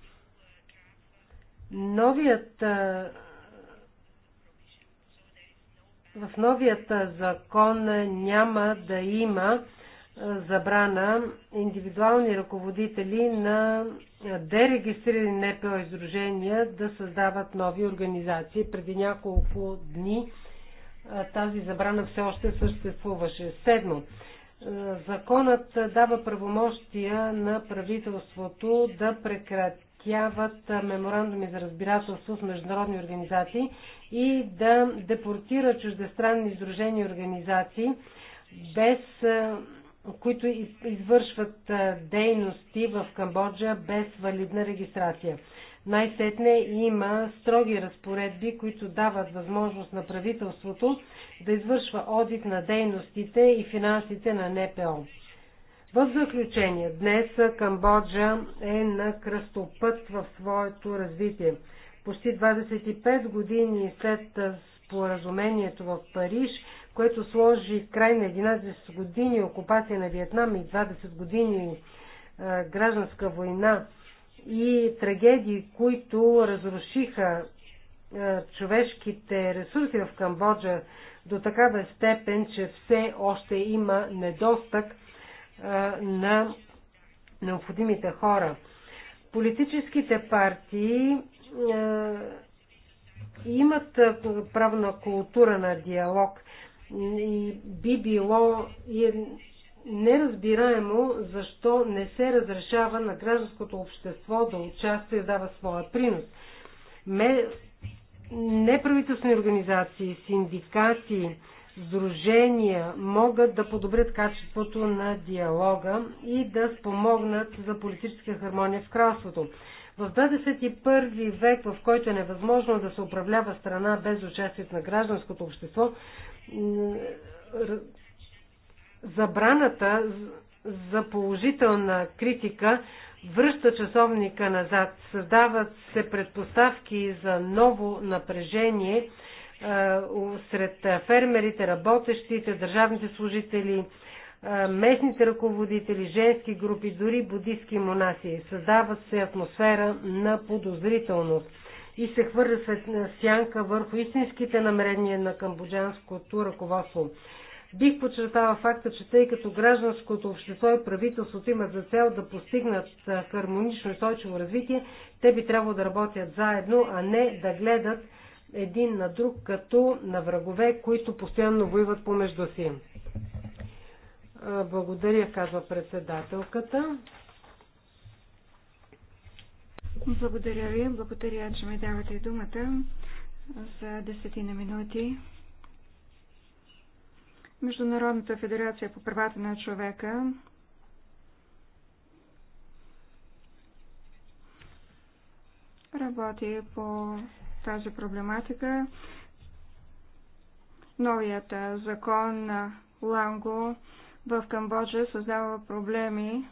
Speaker 3: Новият в новият закон няма да има забрана индивидуални ръководители на дерегистрирани НПО издружения да създават нови организации. Преди няколко дни тази забрана все още съществуваше. Седмо, законът дава правомощия на правителството да прекратяват меморандуми за разбирателство с международни организации и да депортира чуждестранни издружени организации, без, които извършват дейности в Камбоджа без валидна регистрация. Най-сетне има строги разпоредби, които дават възможност на правителството да извършва одит на дейностите и финансите на НПО. В заключение, днес Камбоджа е на кръстопът в своето развитие – почти 25 години след споразумението в Париж, което сложи край на 11 години окупация на Виетнам и 20 години гражданска война и трагедии, които разрушиха човешките ресурси в Камбоджа до такава степен, че все още има недостъг на необходимите хора. Политическите партии е, имат е, право на култура на диалог и би било е неразбираемо защо не се разрешава на гражданското общество да участва и дава своя принос. Ме... Неправителствени организации, синдикати, сдружения могат да подобрят качеството на диалога и да спомогнат за политическа хармония в кралството. В 21 век, в който е невъзможно да се управлява страна без участието на гражданското общество, забраната за положителна критика връща часовника назад, създават се предпоставки за ново напрежение сред фермерите, работещите, държавните служители, местните ръководители, женски групи, дори будистки монаси. Създава се атмосфера на подозрителност и се хвърля сянка върху истинските намерения на камбоджанското ръководство. Бих подчертава факта, че тъй като гражданското общество и правителството имат за цел да постигнат хармонично и устойчиво развитие, те би трябвало да работят заедно, а не да гледат един на друг като на врагове, които постоянно воюват помежду си. Благодаря, казва председателката.
Speaker 2: Благодаря ви. Благодаря, че ми давате думата за десетина минути. Международната федерация по правата на човека работи по тази проблематика. Новият закон на Ланго в Камбоджа създава проблеми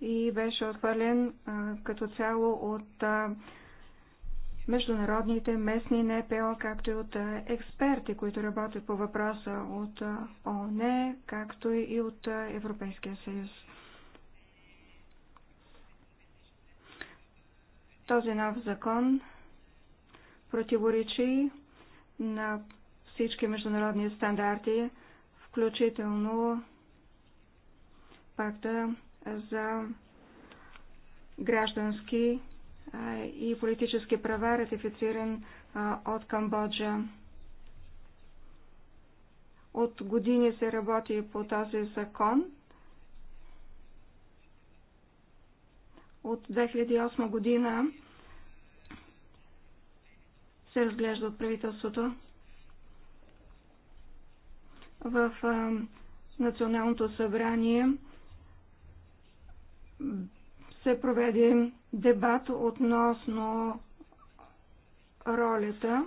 Speaker 2: и беше отхвърлен като цяло от международните местни НПО, както и от експерти, които работят по въпроса от ООН, както и от Европейския съюз. Този нов закон противоречи на всички международни стандарти включително пакта за граждански и политически права, ратифициран от Камбоджа. От години се работи по този закон. От 2008 година се разглежда от правителството в Националното събрание се проведе дебат относно ролята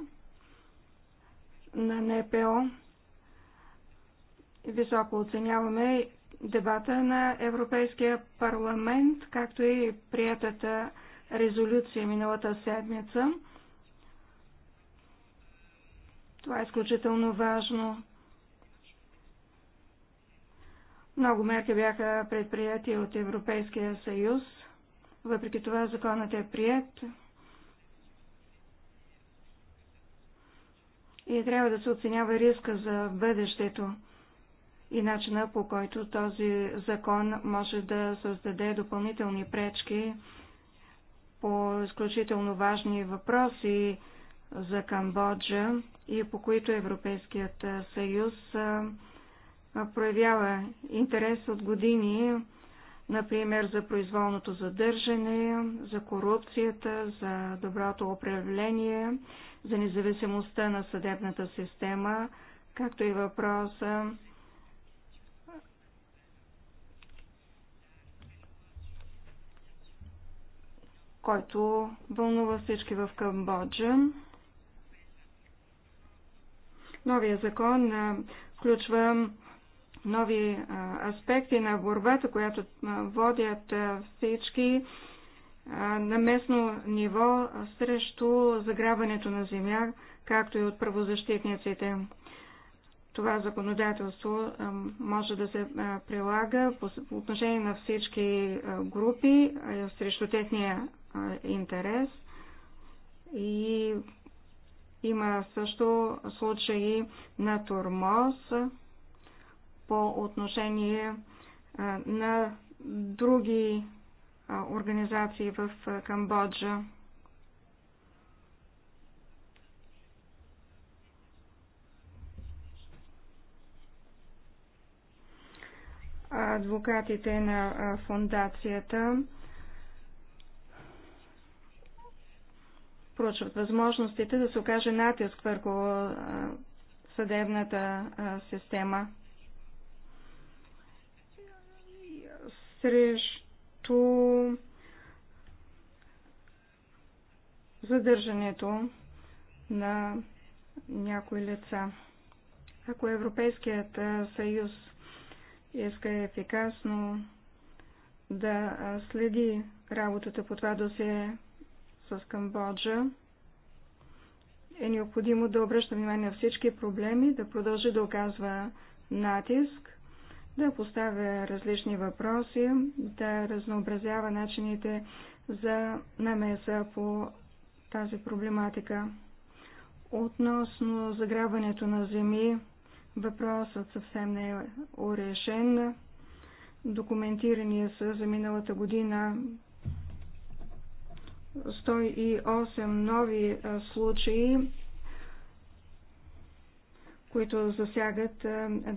Speaker 2: на НПО. Високо оценяваме дебата на Европейския парламент, както и приятата резолюция миналата седмица. Това е изключително важно много мерки бяха предприяти от Европейския съюз. Въпреки това законът е прият. И трябва да се оценява риска за бъдещето и начина по който този закон може да създаде допълнителни пречки по изключително важни въпроси за Камбоджа и по които Европейският съюз проявява интерес от години, например за произволното задържане, за корупцията, за доброто управление, за независимостта на съдебната система, както и въпроса който вълнува всички в Камбоджа. Новия закон включва нови аспекти на борбата, която водят всички на местно ниво срещу заграбването на земя, както и от правозащитниците. Това законодателство може да се прилага по отношение на всички групи срещу техния интерес и има също случаи на тормоз, по отношение на други организации в Камбоджа. адвокатите на фундацията проучват възможностите да се окаже натиск върху съдебната система. срещу задържането на някои лица. Ако Европейският съюз иска ефикасно да следи работата по това досие с Камбоджа, е необходимо да обръща внимание на всички проблеми, да продължи да оказва натиск да поставя различни въпроси, да разнообразява начините за намеса по тази проблематика. Относно заграбването на земи, въпросът съвсем не е урешен. Документирания са за миналата година 108 нови случаи, които засягат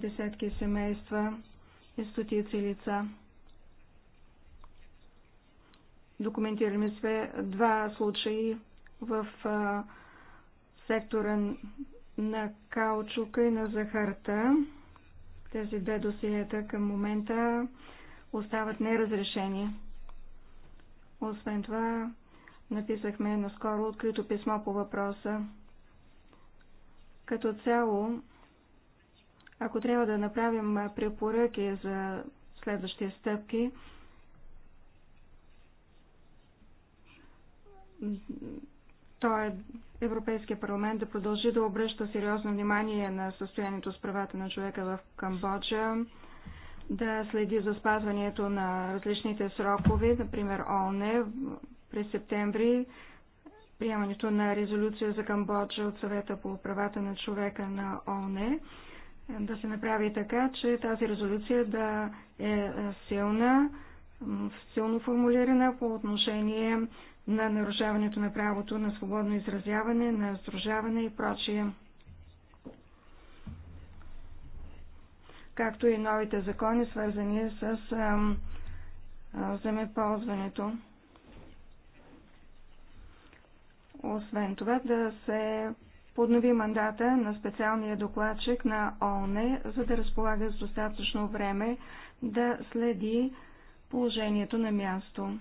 Speaker 2: десетки семейства и стотици лица. Документираме сме два случаи в а, сектора на каучука и на захарта. Тези две досиета към момента остават неразрешени. Освен това, написахме наскоро открито писмо по въпроса. Като цяло, ако трябва да направим препоръки за следващите стъпки, то е Европейския парламент да продължи да обръща сериозно внимание на състоянието с правата на човека в Камбоджа, да следи за спазването на различните срокове, например ООН през септември, приемането на резолюция за Камбоджа от съвета по правата на човека на ООН да се направи така, че тази резолюция да е, е силна, силно формулирана по отношение на нарушаването на правото на свободно изразяване, на сдружаване и прочие. Както и новите закони, свързани с земеползването. Освен това да се поднови мандата на специалния докладчик на ООН, за да разполага с достатъчно време да следи положението на място.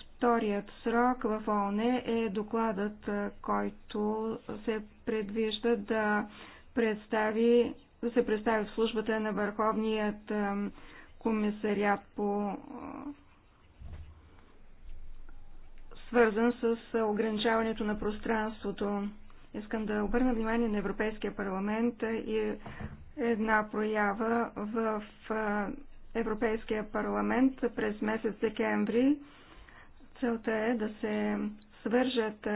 Speaker 2: Вторият срок в ООН е докладът, който се предвижда да представи, да се представи в службата на Върховният комисариат по свързан с ограничаването на пространството. Искам да обърна внимание на Европейския парламент и една проява в Европейския парламент през месец декември. Целта е да се свържат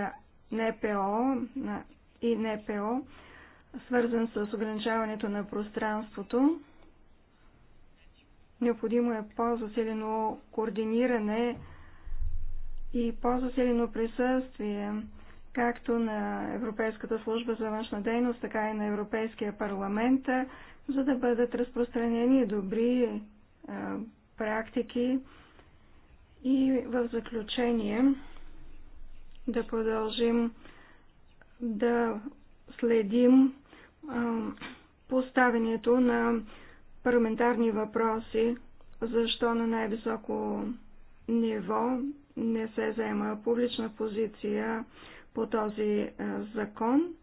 Speaker 2: НПО и НПО, свързан с ограничаването на пространството. Необходимо е по-засилено координиране и по-засилено присъствие както на Европейската служба за външна дейност, така и на Европейския парламент, за да бъдат разпространени добри а, е, практики и в заключение да продължим да следим а, е, поставянето на парламентарни въпроси, защо на най-високо ниво не се заема публична позиция по този е, закон,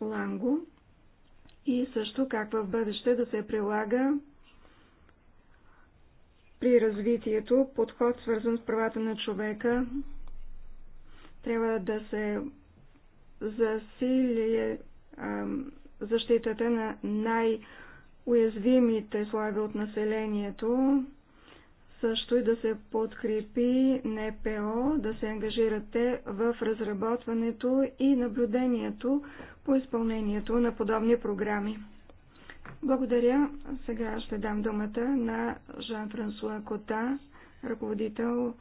Speaker 2: ланго, и също как в бъдеще да се прилага при развитието подход, свързан с правата на човека, трябва да се засили е, защитата на най- уязвимите слоеве от населението, също и да се подкрепи НПО, да се ангажирате в разработването и наблюдението по изпълнението на подобни програми. Благодаря. Сега ще дам думата на Жан-Франсуа Кота, ръководител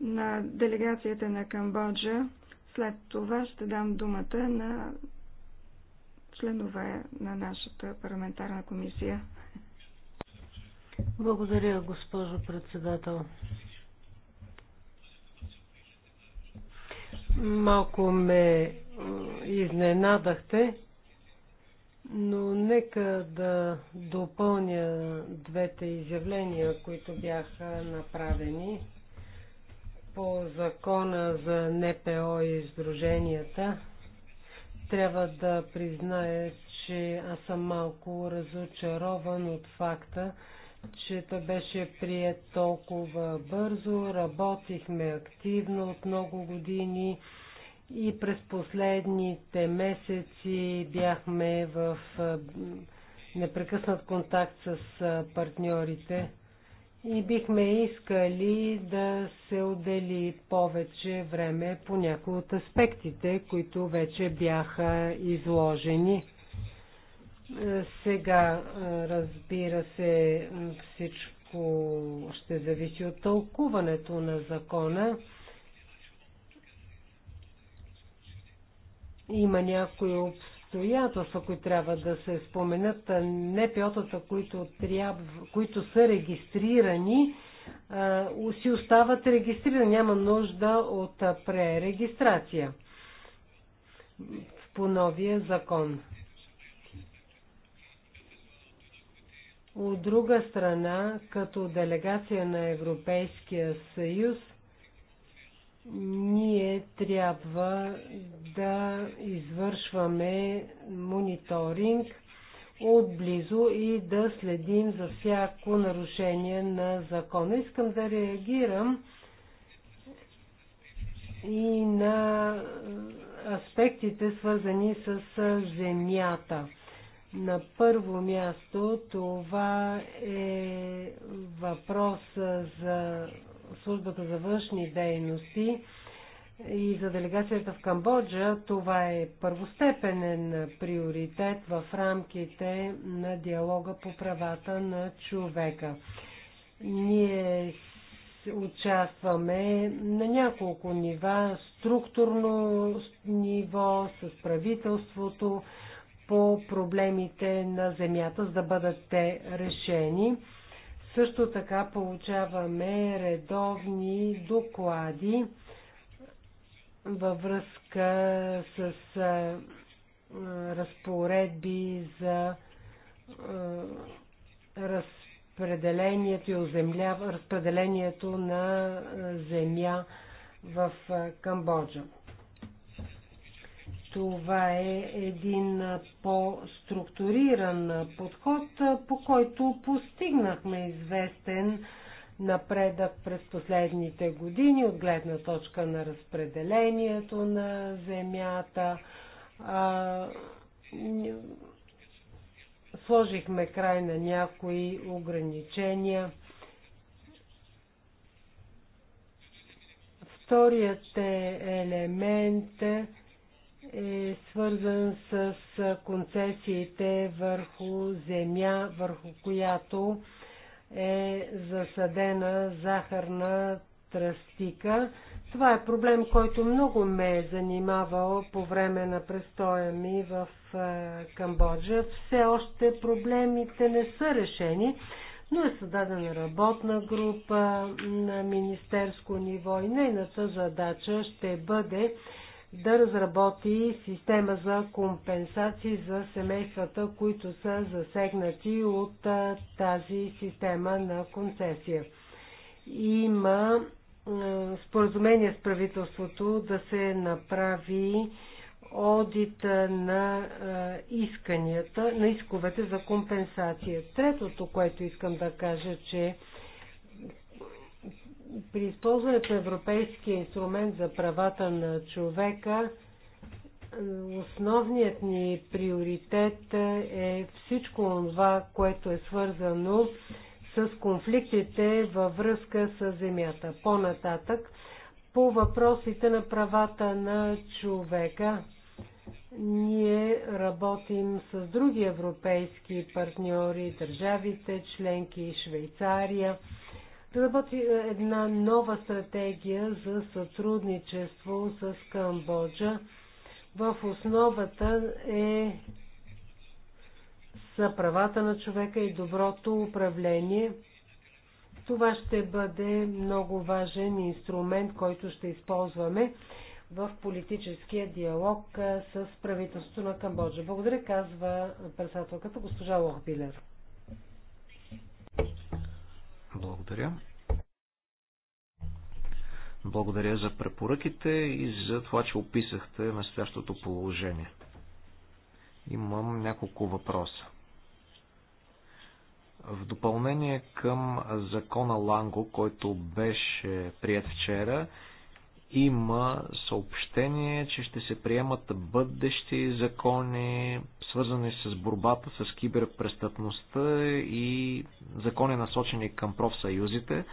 Speaker 2: на делегацията на Камбоджа. След това ще дам думата на членове на нашата парламентарна комисия. Благодаря, госпожо председател.
Speaker 3: Малко ме изненадахте, но нека да допълня двете изявления, които бяха направени по закона за НПО и издруженията. Трябва да призная, че аз съм малко разочарован от факта, че той беше прият толкова бързо. Работихме активно от много години и през последните месеци бяхме в непрекъснат контакт с партньорите и бихме искали да се отдели повече време по някои от аспектите, които вече бяха изложени. Е, сега, е, разбира се, всичко ще зависи от тълкуването на закона. Има някои обстоятелства, които трябва да се споменат. НПО-тата, които, трябва, които са регистрирани, е, си остават регистрирани. Няма нужда от пререгистрация по новия закон. От друга страна, като делегация на Европейския съюз, ние трябва да извършваме мониторинг отблизо и да следим за всяко нарушение на закона. Искам да реагирам и на аспектите, свързани с земята. На първо място това е въпрос за службата за външни дейности и за делегацията в Камбоджа. Това е първостепенен приоритет в рамките на диалога по правата на човека. Ние участваме на няколко нива. Структурно ниво с правителството, по проблемите на земята, за да бъдат те решени. Също така получаваме редовни доклади във връзка с разпоредби за разпределението, и оземля, разпределението на земя в Камбоджа. Това е един по-структуриран подход, по който постигнахме известен напредък през последните години от гледна точка на разпределението на земята. Сложихме край на някои ограничения. Вторият е елемент е е свързан с концесиите върху земя, върху която е засадена захарна тръстика. Това е проблем, който много ме е занимавал по време на престоя ми в е, Камбоджа. Все още проблемите не са решени, но е създадена работна група на министерско ниво и нейната задача ще бъде да разработи система за компенсации за семействата, които са засегнати от тази система на концесия. Има споразумение с правителството да се направи одит на исканията, на исковете за компенсация. Третото, което искам да кажа, че при използването на Европейския инструмент за правата на човека, основният ни приоритет е всичко това, което е свързано с конфликтите във връзка с земята. По-нататък, по въпросите на правата на човека, ние работим с други европейски партньори, държавите, членки Швейцария – разработи е, една нова стратегия за сътрудничество с Камбоджа. В основата е са правата на човека и доброто управление. Това ще бъде много важен инструмент, който ще използваме в политическия диалог е, с правителството на Камбоджа. Благодаря, казва председателката госпожа Лохбилер.
Speaker 4: Благодаря. Благодаря за препоръките и за това, че описахте настоящото положение. Имам няколко въпроса. В допълнение към закона Ланго, който беше прият вчера, има съобщение, че ще се приемат бъдещи закони, свързани с борбата с киберпрестъпността и закони насочени към профсъюзите.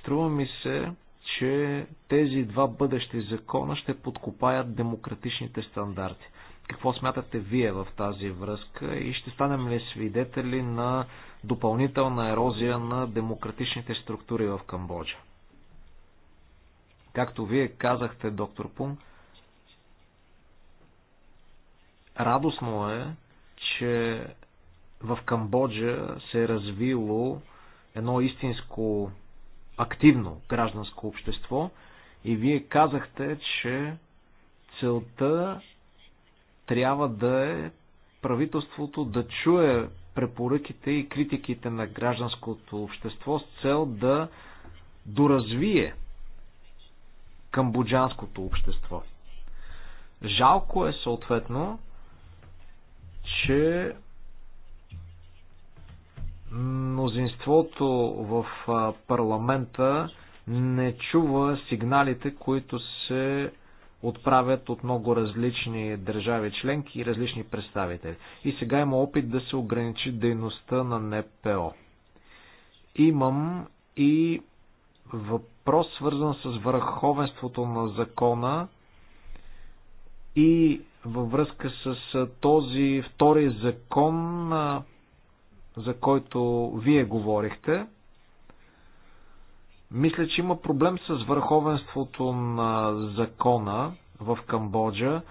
Speaker 4: Струва ми се, че тези два бъдещи закона ще подкопаят демократичните стандарти. Какво смятате вие в тази връзка и ще станем ли свидетели на допълнителна ерозия на демократичните структури в Камбоджа? Както вие казахте, доктор Пун, радостно е, че в Камбоджа се е развило едно истинско активно гражданско общество и вие казахте, че целта трябва да е правителството да чуе препоръките и критиките на гражданското общество с цел да доразвие камбоджанското общество. Жалко е съответно, че мнозинството в парламента не чува сигналите, които се отправят от много различни държави членки и различни представители. И сега има опит да се ограничи дейността на НПО. Имам и въпрос, свързан с върховенството на закона и във връзка с този втори закон, за който вие говорихте. Мисля, че има проблем с върховенството на закона в Камбоджа.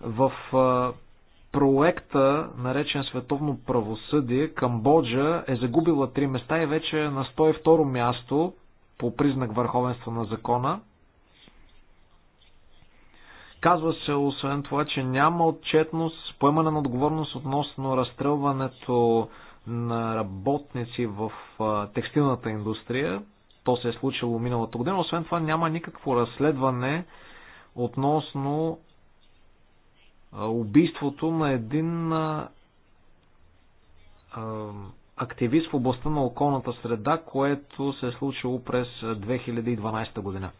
Speaker 4: В проекта, наречен Световно правосъдие, Камбоджа е загубила три места и вече е на 102 място по признак върховенство на закона. Казва се освен това, че няма отчетност, поемане на отговорност относно разстрелването на работници в текстилната индустрия. То се е случило миналата година. Освен това няма никакво разследване относно убийството на един активист в областта на околната среда, което се е случило през 2012 година.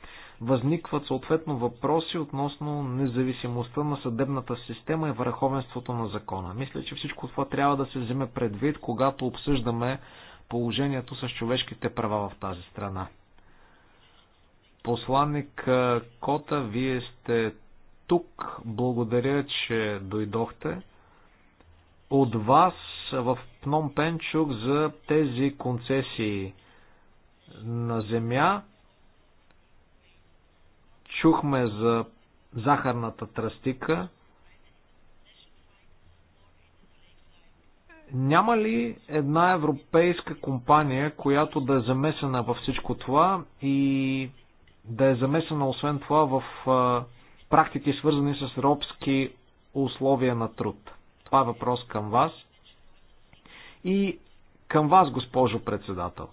Speaker 4: Възникват съответно въпроси относно независимостта на съдебната система и върховенството на закона. Мисля, че всичко това трябва да се вземе предвид, когато обсъждаме положението с човешките права в тази страна. Посланник Кота, вие сте тук. Благодаря, че дойдохте от вас в Пном Пенчук за тези концесии на земя. Чухме за захарната тръстика. Няма ли една европейска компания, която да е замесена във всичко това и да е замесена освен това в практики свързани с робски условия на труд? Това е въпрос към вас. И към вас, госпожо председател.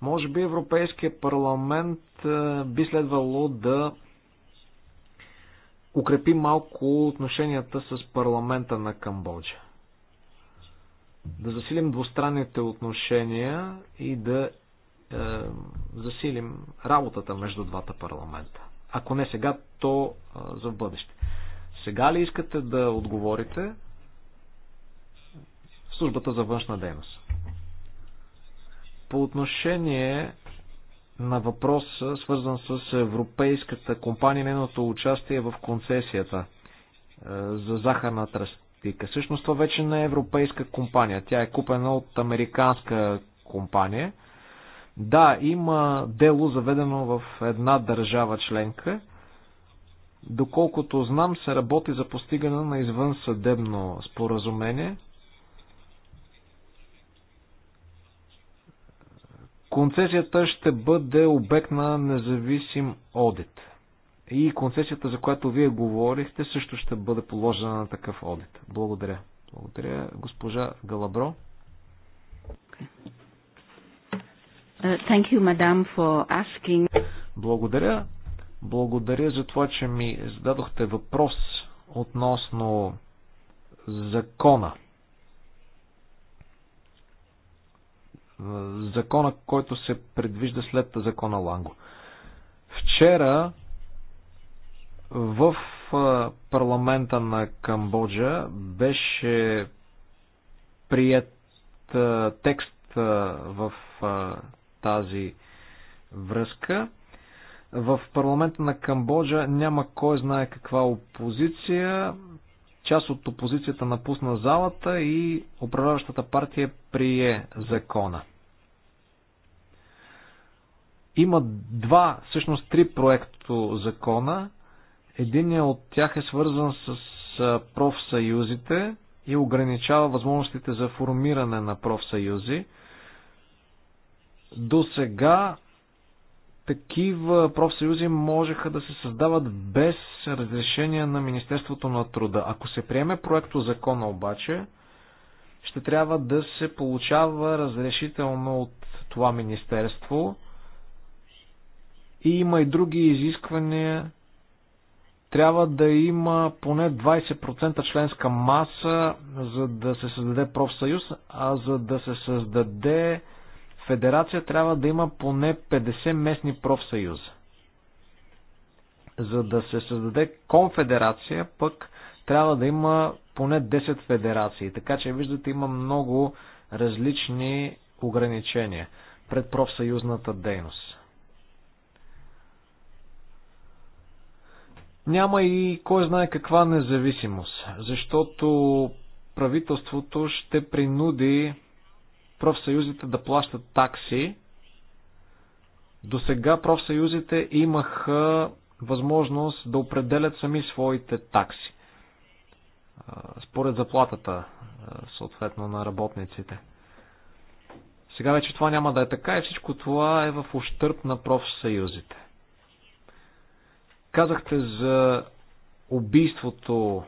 Speaker 4: Може би Европейския парламент е, би следвало да укрепи малко отношенията с парламента на Камбоджа. Да засилим двустранните отношения и да е, засилим работата между двата парламента. Ако не сега, то е, за бъдеще. Сега ли искате да отговорите? службата за външна дейност. По отношение на въпроса, свързан с европейската компания, нейното участие в концесията е, за захарна тръстика. Всъщност това вече не е европейска компания, тя е купена от американска компания. Да, има дело заведено в една държава членка. Доколкото знам, се работи за постигане на извънсъдебно споразумение – Концесията ще бъде обект на независим одит. И концесията, за която вие говорихте, също ще бъде положена на такъв одит. Благодаря. Благодаря, госпожа Галабро.
Speaker 5: Uh, thank you, madam, for asking.
Speaker 4: Благодаря. Благодаря за това, че ми зададохте въпрос относно закона закона, който се предвижда след закона Ланго. Вчера в парламента на Камбоджа беше прият текст в тази връзка. В парламента на Камбоджа няма кой знае каква опозиция. Част от опозицията напусна залата и управляващата партия прие закона. Има два, всъщност три проекто закона. Единият от тях е свързан с профсъюзите и ограничава възможностите за формиране на профсъюзи. До сега такива профсъюзи можеха да се създават без разрешение на Министерството на труда. Ако се приеме проекто закона обаче, ще трябва да се получава разрешително от това министерство. И има и други изисквания. Трябва да има поне 20% членска маса, за да се създаде профсъюз, а за да се създаде федерация трябва да има поне 50 местни профсъюза. За да се създаде конфедерация, пък трябва да има поне 10 федерации. Така че, виждате, има много различни ограничения пред профсъюзната дейност. няма и кой знае каква независимост, защото правителството ще принуди профсъюзите да плащат такси. До сега профсъюзите имаха възможност да определят сами своите такси. Според заплатата, съответно, на работниците. Сега вече това няма да е така и всичко това е в ущърп на профсъюзите. Казахте за убийството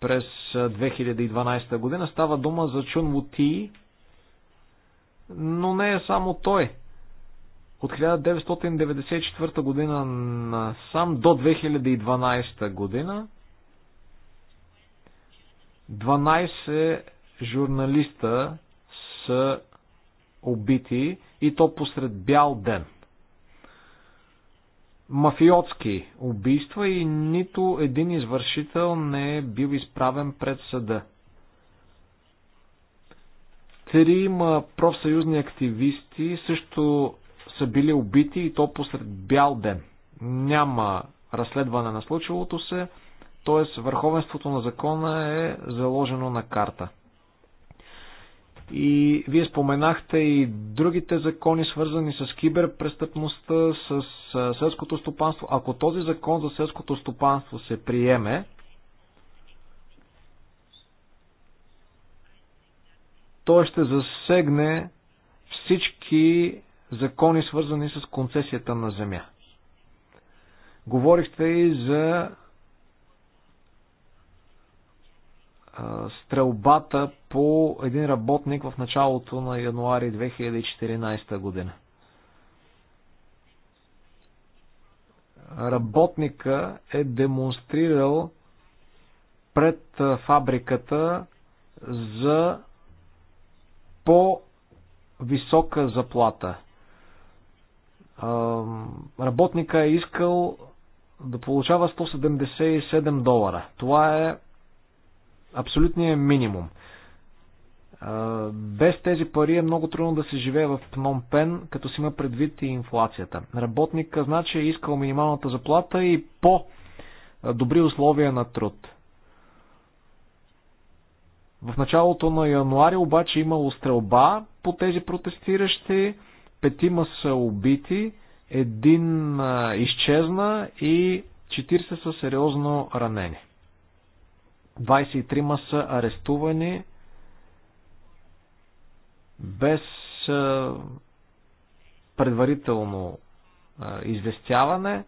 Speaker 4: през 2012 година. Става дума за Чун мути, но не е само той. От 1994 година на сам до 2012 година 12 журналиста са убити и то посред бял ден мафиотски убийства и нито един извършител не е бил изправен пред съда. Трима профсъюзни активисти също са били убити и то посред бял ден. Няма разследване на случилото се, т.е. върховенството на закона е заложено на карта. И вие споменахте и другите закони, свързани с киберпрестъпността, с селското стопанство. Ако този закон за селското стопанство се приеме, той ще засегне всички закони, свързани с концесията на земя. Говорихте и за стрелбата по един работник в началото на януари 2014 година. Работника е демонстрирал пред фабриката за по-висока заплата. Работника е искал да получава 177 долара. Това е абсолютния е минимум. Без тези пари е много трудно да се живее в Пномпен, като си има предвид и инфлацията. Работника значи е искал минималната заплата и по добри условия на труд. В началото на януари обаче имало стрелба по тези протестиращи, петима са убити, един изчезна и 40 са сериозно ранени. 23 са арестувани без предварително известяване.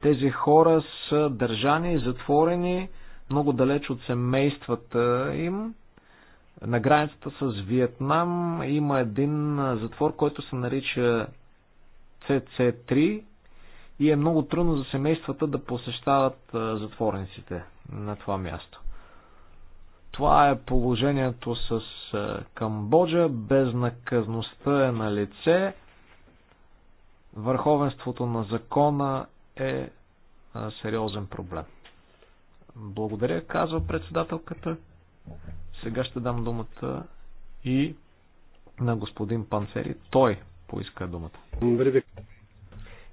Speaker 4: Тези хора са държани, затворени много далеч от семействата им. На границата с Виетнам има един затвор, който се нарича CC3 и е много трудно за семействата да посещават затворниците на това място. Това е положението с е, Камбоджа. Безнаказността е на лице. Върховенството на закона е, е сериозен проблем. Благодаря, казва председателката. Сега ще дам думата и на господин Панцери. Той поиска думата.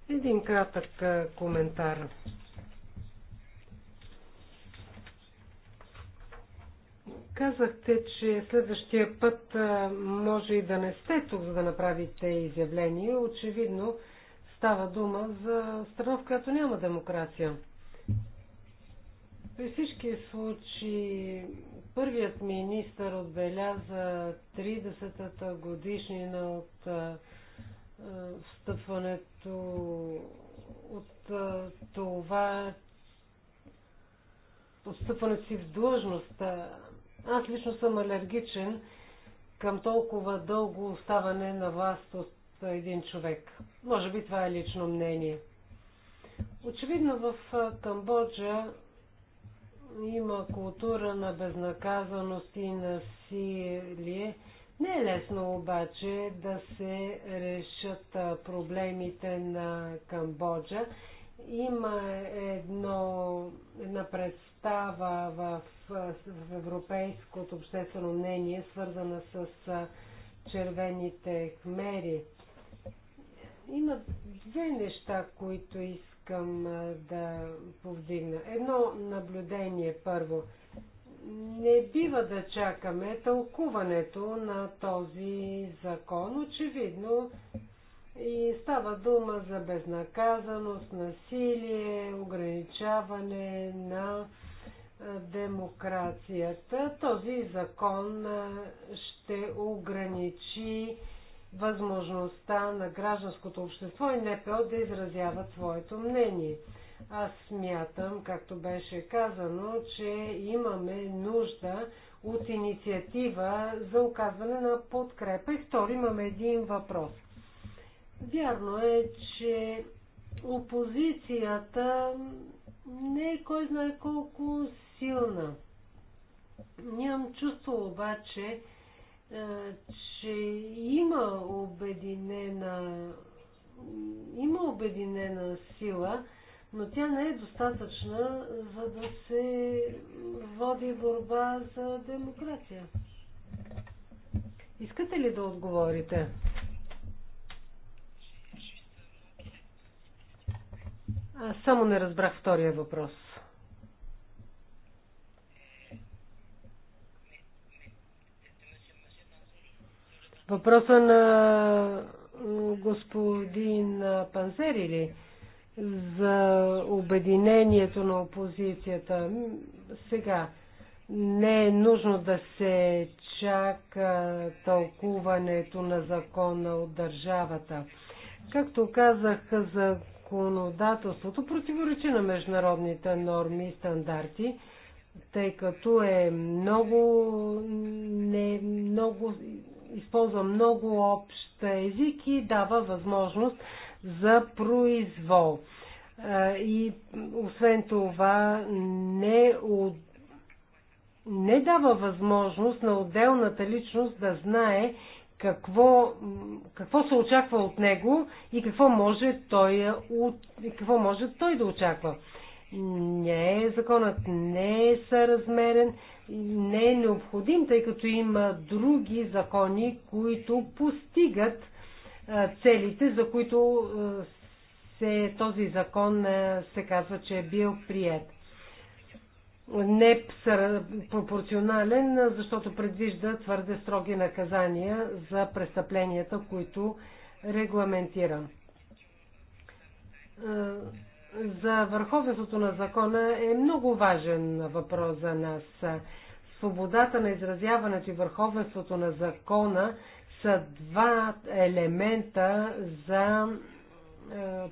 Speaker 3: Един кратък е, коментар. Казахте, че следващия път може и да не сте тук, за да направите изявление. Очевидно става дума за страна, в която няма демокрация. При всички случаи първият министр отбеляза 30-та годишнина от встъпването от това отстъпването си в длъжността. Аз лично съм алергичен към толкова дълго оставане на власт от един човек. Може би това е лично мнение. Очевидно в Камбоджа има култура на безнаказаност и насилие. Не е лесно обаче да се решат проблемите на Камбоджа има едно, една представа в, в европейското обществено мнение, свързана с червените кмери. Има две неща, които искам да повдигна. Едно наблюдение първо. Не бива да чакаме тълкуването на този закон. Очевидно, и става дума за безнаказаност, насилие, ограничаване на демокрацията. Този закон ще ограничи възможността на гражданското общество и НПО да изразяват своето мнение. Аз смятам, както беше казано, че имаме нужда от инициатива за оказване на подкрепа. И втори имаме един въпрос – Вярно е, че опозицията не е кой знае колко силна. Нямам чувство обаче, е, че има обединена, има обединена сила, но тя не е достатъчна, за да се води борба за демокрация. Искате ли да отговорите? А само не разбрах втория въпрос. Въпроса на господин Панзери ли за обединението на опозицията? Сега не е нужно да се чака тълкуването на закона от държавата. Както казах за законодателството противоречи на международните норми и стандарти, тъй като е много, не, много използва много общ език и дава възможност за произвол. И освен това не, от, не дава възможност на отделната личност да знае какво, какво се очаква от него и какво може той, е какво може той да очаква. Не, законът не е съразмерен, не е необходим, тъй като има други закони, които постигат целите, за които се, този закон се казва, че е бил прият. Не пропорционален, защото предвижда твърде строги наказания за престъпленията, които регламентира. Е, за върховенството на закона е много важен въпрос за нас. Свободата на изразяването и върховенството на закона са два елемента за е,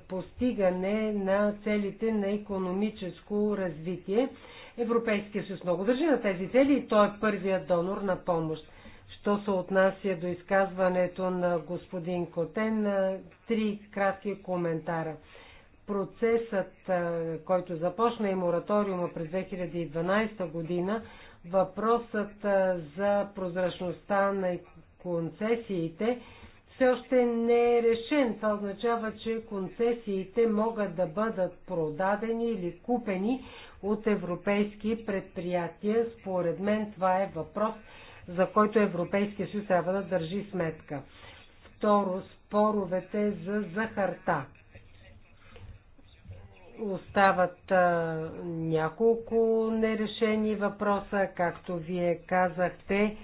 Speaker 3: постигане на целите на економическо развитие Европейския съюз много държи на тези цели и той е първият донор на помощ. Що се отнася до изказването на господин Котен, три кратки коментара. Процесът, който започна и мораториума през 2012 година, въпросът за прозрачността на концесиите все още не е решен. Това означава, че концесиите могат да бъдат продадени или купени от европейски предприятия. Според мен това е въпрос, за който Европейския съюз трябва да държи сметка. Второ, споровете за захарта. Остават а, няколко нерешени въпроса, както вие казахте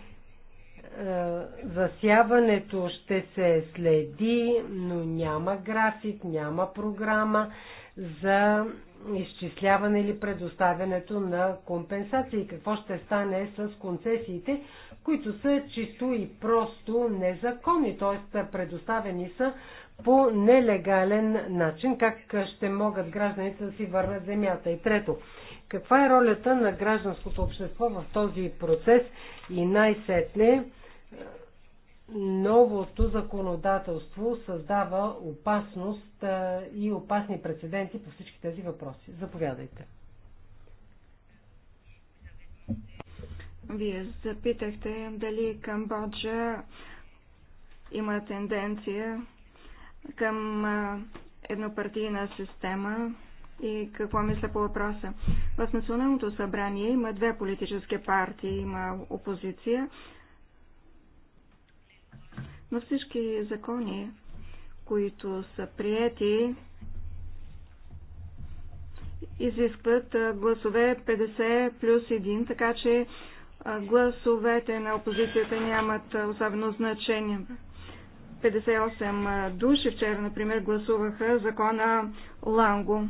Speaker 3: е, засяването ще се следи, но няма график, няма програма за изчисляване или предоставянето на компенсации. Какво ще стане с концесиите, които са чисто и просто незаконни, т.е. предоставени са по нелегален начин, как ще могат гражданите да си върнат земята. И трето, каква е ролята на гражданското общество в този процес и най-сетне новото законодателство създава опасност и опасни прецеденти по всички тези въпроси. Заповядайте.
Speaker 2: Вие запитахте дали Камбоджа има тенденция към еднопартийна система и какво мисля по въпроса. В Националното събрание има две политически партии, има опозиция, във всички закони, които са приети, изискват гласове 50 плюс 1, така че гласовете на опозицията нямат особено значение. 58 души вчера, например, гласуваха закона Ланго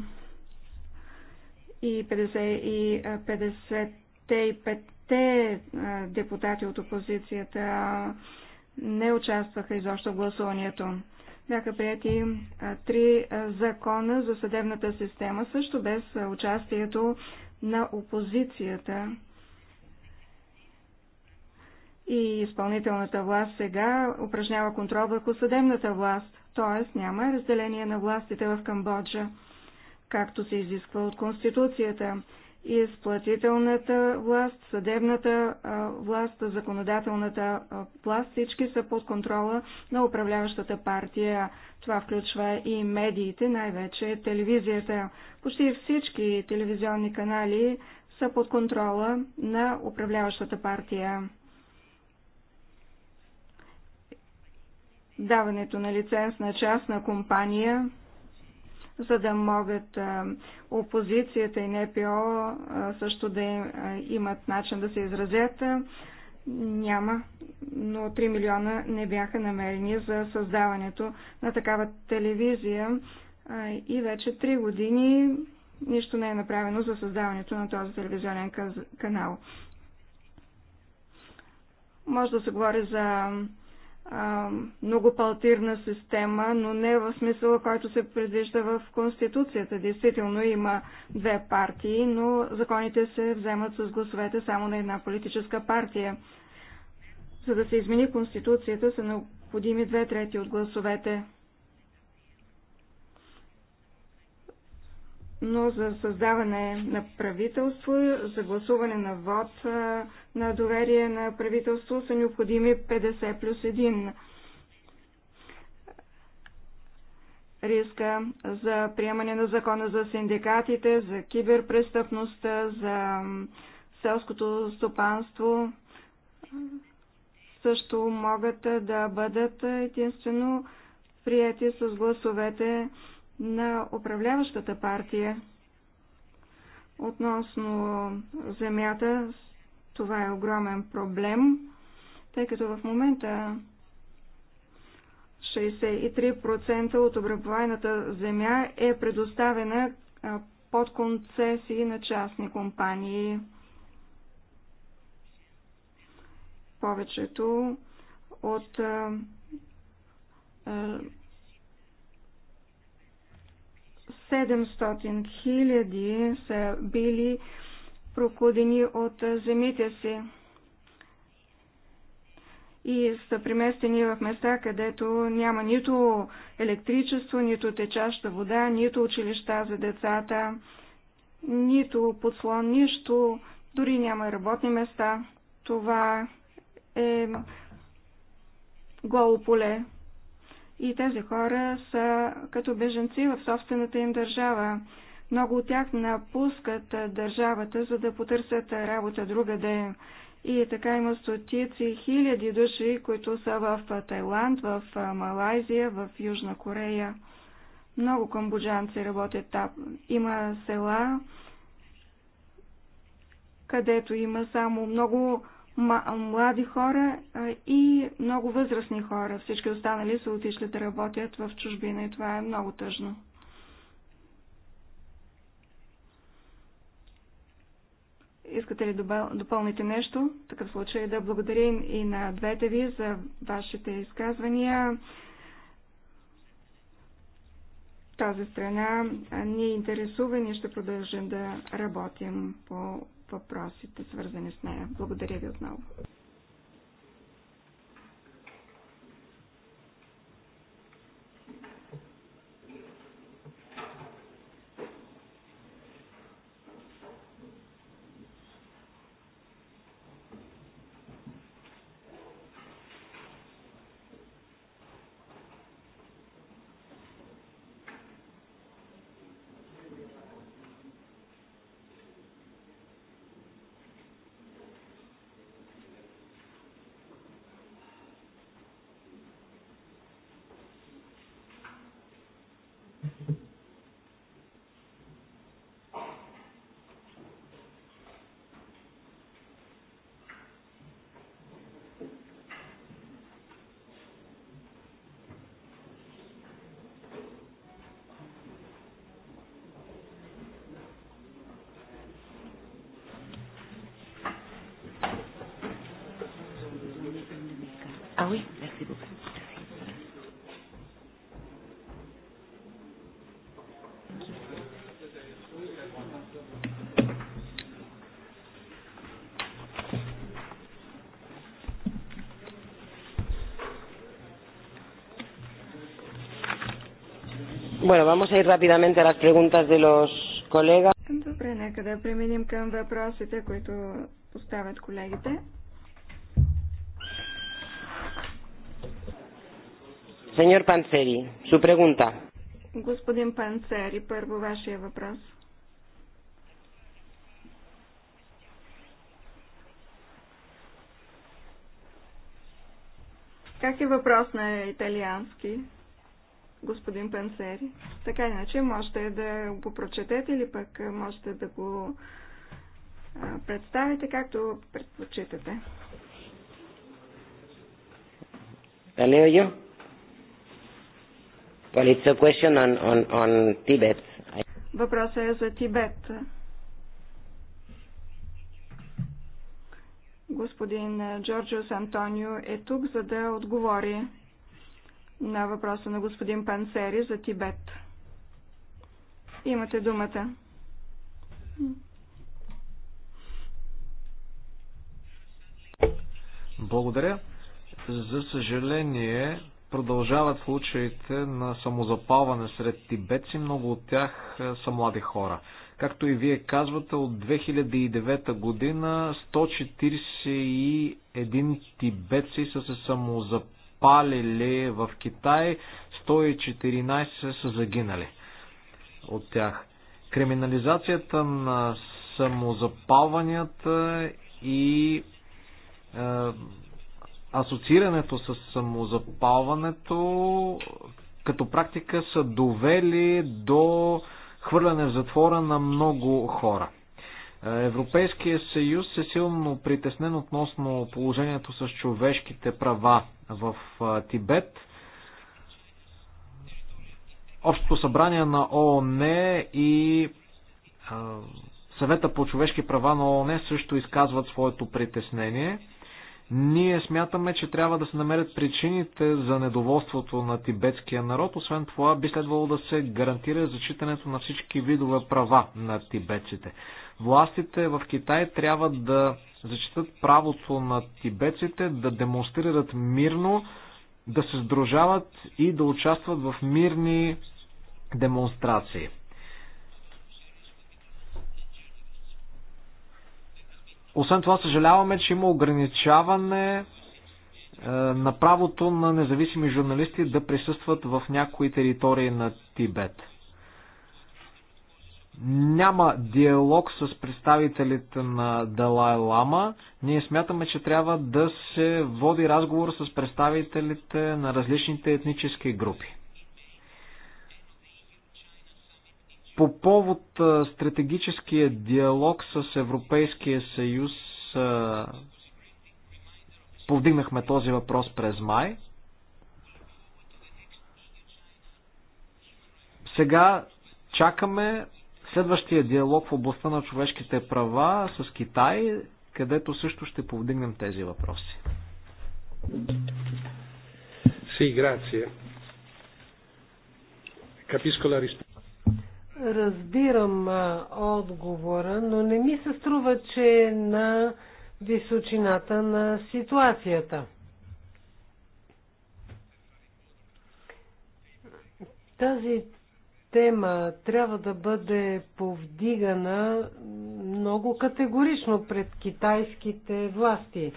Speaker 2: и 55 депутати от опозицията не участваха изобщо в гласуването. Бяха прияти три закона за съдебната система, също без участието на опозицията. И изпълнителната власт сега упражнява контрол върху съдебната власт, т.е. няма разделение на властите в Камбоджа, както се изисква от Конституцията изплатителната власт, съдебната власт, законодателната власт, всички са под контрола на управляващата партия. Това включва и медиите, най-вече телевизията. Почти всички телевизионни канали са под контрола на управляващата партия. Даването на лиценз на частна компания за да могат опозицията и НПО също да имат начин да се изразят. Няма, но 3 милиона не бяха намерени за създаването на такава телевизия и вече 3 години нищо не е направено за създаването на този телевизионен канал. Може да се говори за многопалтирна система, но не в смисъла, който се предвижда в Конституцията. Действително има две партии, но законите се вземат с гласовете само на една политическа партия. За да се измени Конституцията са необходими две трети от гласовете. Но за създаване на правителство, за гласуване на вод, на доверие на правителство са необходими 50 плюс 1. Риска за приемане на закона за синдикатите, за киберпрестъпността, за селското стопанство също могат да бъдат единствено прияти с гласовете на управляващата партия относно земята това е огромен проблем, тъй като в момента 63% от обработваемата земя е предоставена под концесии на частни компании. Повечето от а, а, 700 хиляди са били прокудени от земите си и са преместени в места, където няма нито електричество, нито течаща вода, нито училища за децата, нито подслон, нищо, дори няма работни места. Това е голо поле. И тези хора са като беженци в собствената им държава. Много от тях напускат държавата, за да потърсят работа другаде. И така има стотици хиляди души, които са в Тайланд, в Малайзия, в Южна Корея. Много камбоджанци работят там. Има села, където има само много млади хора и много възрастни хора. Всички останали са отишли да работят в чужбина и това е много тъжно. Искате ли да допълните нещо? В такъв случай да благодарим и на двете ви за вашите изказвания. тази страна ни е интересува и ние ще продължим да работим по въпросите, свързани с нея. Благодаря ви отново.
Speaker 1: Bueno, vamos a ir rápidamente a las preguntas de los colegas.
Speaker 2: Добре, нека да преминем към въпросите, които поставят колегите.
Speaker 1: Señor Panseri, su pregunta.
Speaker 2: Господин Панцери, първо вашия въпрос. Как е въпрос на италиански? господин Пенсери, Така иначе можете да го прочетете или пък можете да го представите както предпочитате.
Speaker 1: Да Well, it's a question on, on, on Tibet.
Speaker 2: Въпросът е за Тибет. Господин Джорджиос Антонио е тук, за да отговори на въпроса на господин Пансери за Тибет. Имате думата.
Speaker 4: Благодаря. За съжаление, продължават случаите на самозапалване сред тибетци. Много от тях е, са млади хора. Както и вие казвате, от 2009 година 141 тибетци са се самозапалвали палили в Китай, 114 са загинали от тях. Криминализацията на самозапалванията и е, асоциирането с самозапалването като практика са довели до хвърляне в затвора на много хора. Европейския съюз е силно притеснен относно положението с човешките права в Тибет. Общото събрание на ООН и съвета по човешки права на ООН също изказват своето притеснение. Ние смятаме, че трябва да се намерят причините за недоволството на тибетския народ. Освен това, би следвало да се гарантира зачитането на всички видове права на тибетците. Властите в Китай трябва да зачитат правото на тибетците да демонстрират мирно, да се сдружават и да участват в мирни демонстрации. Освен това, съжаляваме, че има ограничаване е, на правото на независими журналисти да присъстват в някои територии на Тибет няма диалог с представителите на Далай Лама. Ние смятаме, че трябва да се води разговор с представителите на различните етнически групи. По повод стратегическия диалог с Европейския съюз повдигнахме този въпрос през май. Сега чакаме следващия диалог в областта на човешките права с Китай, където също ще повдигнем тези въпроси.
Speaker 3: Разбирам отговора, но не ми се струва, че е на височината на ситуацията. Тази тема трябва да бъде повдигана много категорично пред китайските власти.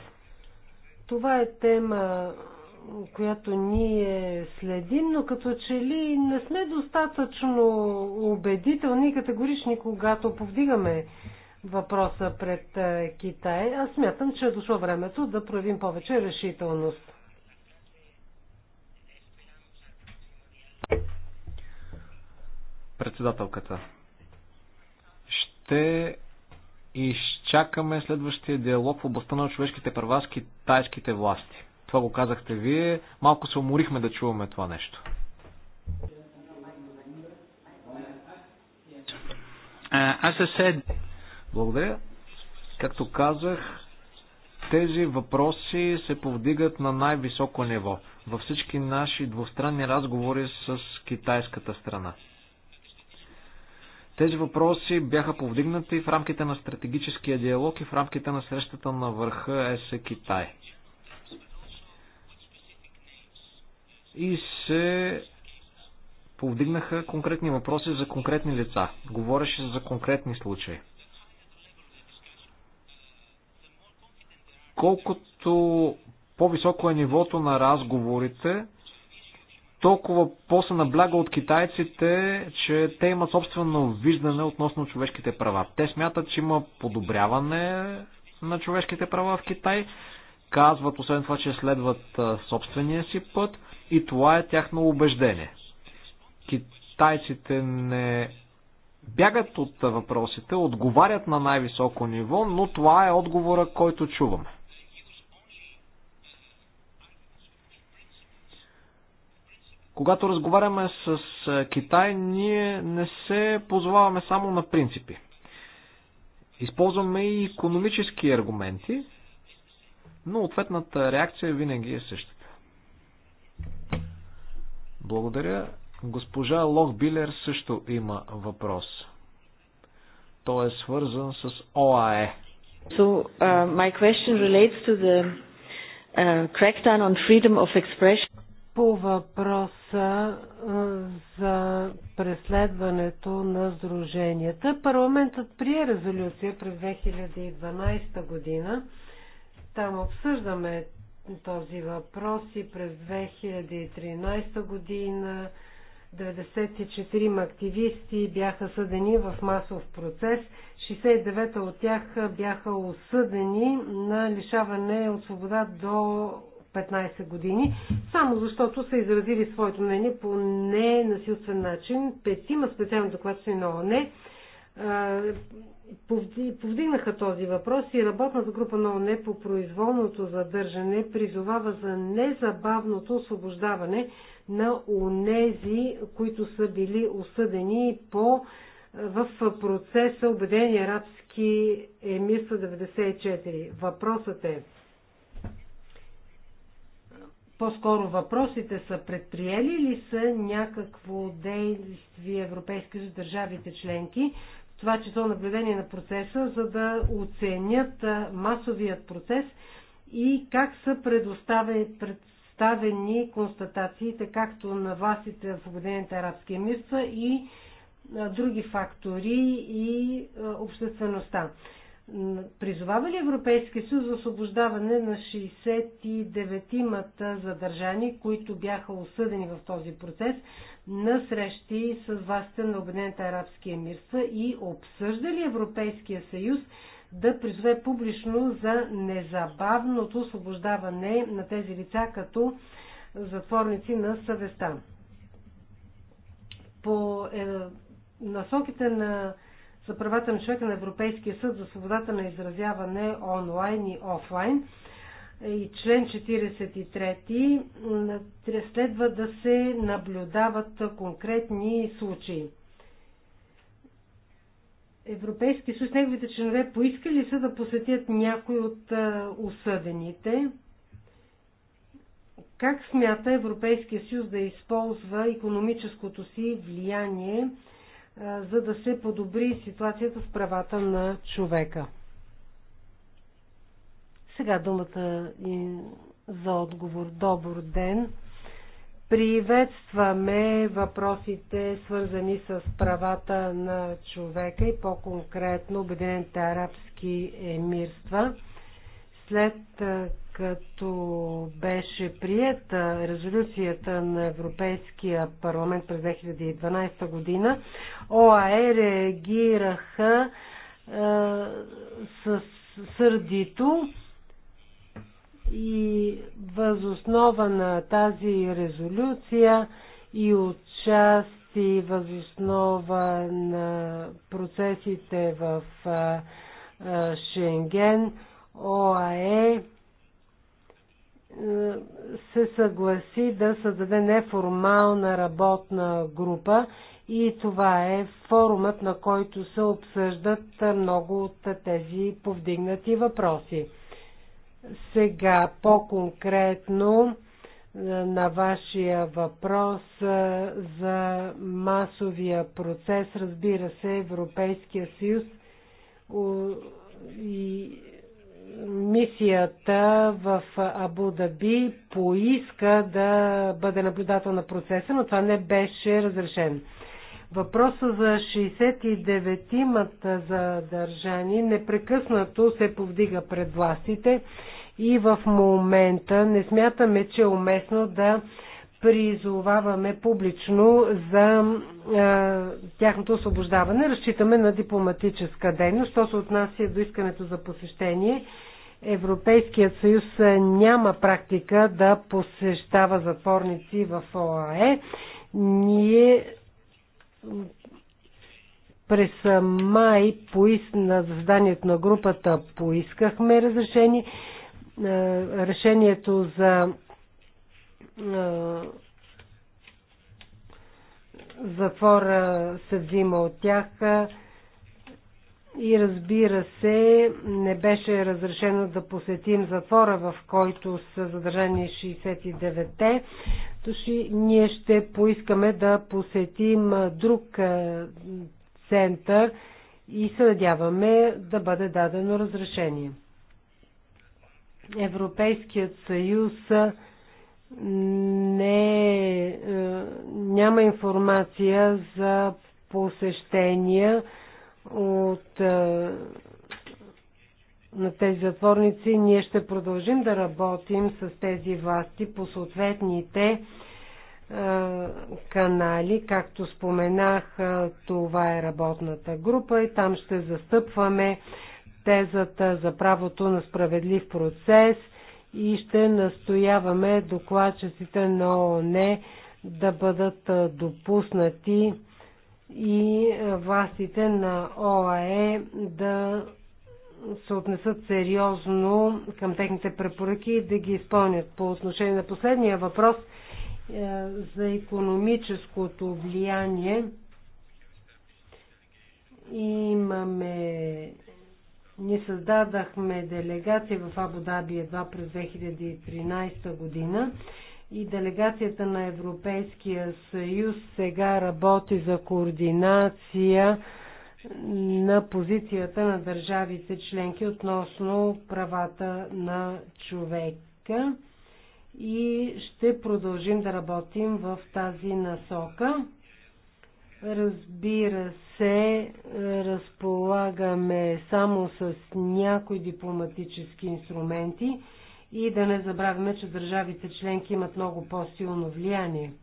Speaker 3: Това е тема, която ние следим, но като че ли не сме достатъчно убедителни и категорични, когато повдигаме въпроса пред Китай. Аз смятам, че е дошло времето да проявим повече решителност.
Speaker 4: Председателката. Ще изчакаме следващия диалог в областта на човешките права с китайските власти. Това го казахте вие. Малко се уморихме да чуваме това нещо. Аз uh, се said... Благодаря. Както казах, тези въпроси се повдигат на най-високо ниво във всички наши двустранни разговори с китайската страна. Тези въпроси бяха повдигнати в рамките на стратегическия диалог и в рамките на срещата на върха ЕС е Китай. И се повдигнаха конкретни въпроси за конкретни лица. Говореше за конкретни случаи. Колкото по-високо е нивото на разговорите, толкова по са набляга от китайците, че те имат собствено виждане относно човешките права. Те смятат, че има подобряване на човешките права в Китай, казват освен това, че следват собствения си път и това е тяхно убеждение. Китайците не бягат от въпросите, отговарят на най-високо ниво, но това е отговора, който чуваме. Когато разговаряме с Китай, ние не се позоваваме само на принципи. Използваме и економически аргументи, но ответната реакция е винаги е същата. Благодаря. Госпожа Лох Билер също има въпрос. Той е свързан с ОАЕ.
Speaker 2: So, uh, my question relates to the uh, crackdown on freedom of expression
Speaker 3: по въпроса за преследването на сдруженията. Парламентът прие резолюция през 2012 година. Там обсъждаме този въпрос и през 2013 година 94 активисти бяха съдени в масов процес. 69 от тях бяха осъдени на лишаване от свобода до 15 години, само защото са изразили своето мнение по ненасилствен начин. Петима специални докладчици на ОНЕ повдигнаха този въпрос и работната група на ОНЕ по произволното задържане призовава за незабавното освобождаване на онези, които са били осъдени по в процеса Обедения арабски емир 94. Въпросът е по-скоро въпросите са предприели ли са някакво действие Европейски за държавите членки, в това число наблюдение на процеса, за да оценят масовият процес и как са представени констатациите както на властите в Обединените арабски емирства и други фактори и обществеността. Призовава ли Европейския съюз за освобождаване на 69-мата задържани, които бяха осъдени в този процес, на срещи с властта на Обединените арабски емирства и обсъжда ли Европейския съюз да призове публично за незабавното освобождаване на тези лица като затворници на съвестта? По е, насоките на за правата на човека на Европейския съд за свободата на изразяване онлайн и офлайн и член 43 следва да се наблюдават конкретни случаи. Европейски съюз, неговите членове поискали са да посетят някой от осъдените. Как смята Европейския съюз да използва економическото си влияние за да се подобри ситуацията с правата на човека. Сега думата и за отговор. Добър ден! Приветстваме въпросите, свързани с правата на човека и по-конкретно Обединените арабски емирства. След като беше приета резолюцията на Европейския парламент през 2012 година, ОАЕ реагираха е, с сърдито и възоснова на тази резолюция и отчасти възоснова на процесите в е, Шенген, ОАЕ се съгласи да създаде неформална работна група и това е форумът, на който се обсъждат много от тези повдигнати въпроси. Сега по-конкретно е, на вашия въпрос е, за масовия процес, разбира се, Европейския съюз и мисията в Абу Даби поиска да бъде наблюдател на процеса, но това не беше разрешено. Въпросът за 69-имата задържани непрекъснато се повдига пред властите и в момента не смятаме, че е уместно да призоваваме публично за е, тяхното освобождаване. Разчитаме на дипломатическа дейност. Що се отнася до искането за посещение, Европейският съюз няма практика да посещава затворници в ОАЕ. Ние през май на заседанието на групата поискахме разрешение. Решението за затвора се взима от тях и разбира се, не беше разрешено да посетим затвора, в който са задържани 69-те. Души, ние ще поискаме да посетим друг център и се надяваме да бъде дадено разрешение. Европейският съюз не, е, няма информация за посещения от е, на тези затворници. Ние ще продължим да работим с тези власти по съответните е, канали. Както споменах, това е работната група и там ще застъпваме тезата за правото на справедлив процес – и ще настояваме докладчиците на ООН да бъдат допуснати и властите на ОАЕ да се отнесат сериозно към техните препоръки и да ги изпълнят. По отношение на последния въпрос за економическото влияние имаме ние създадахме делегация в Абу Даби едва през 2013 година и делегацията на Европейския съюз сега работи за координация на позицията на държавите членки относно правата на човека и ще продължим да работим в тази насока. Разбира се, разполагаме само с някои дипломатически инструменти и да не забравяме, че държавите членки имат много по-силно влияние.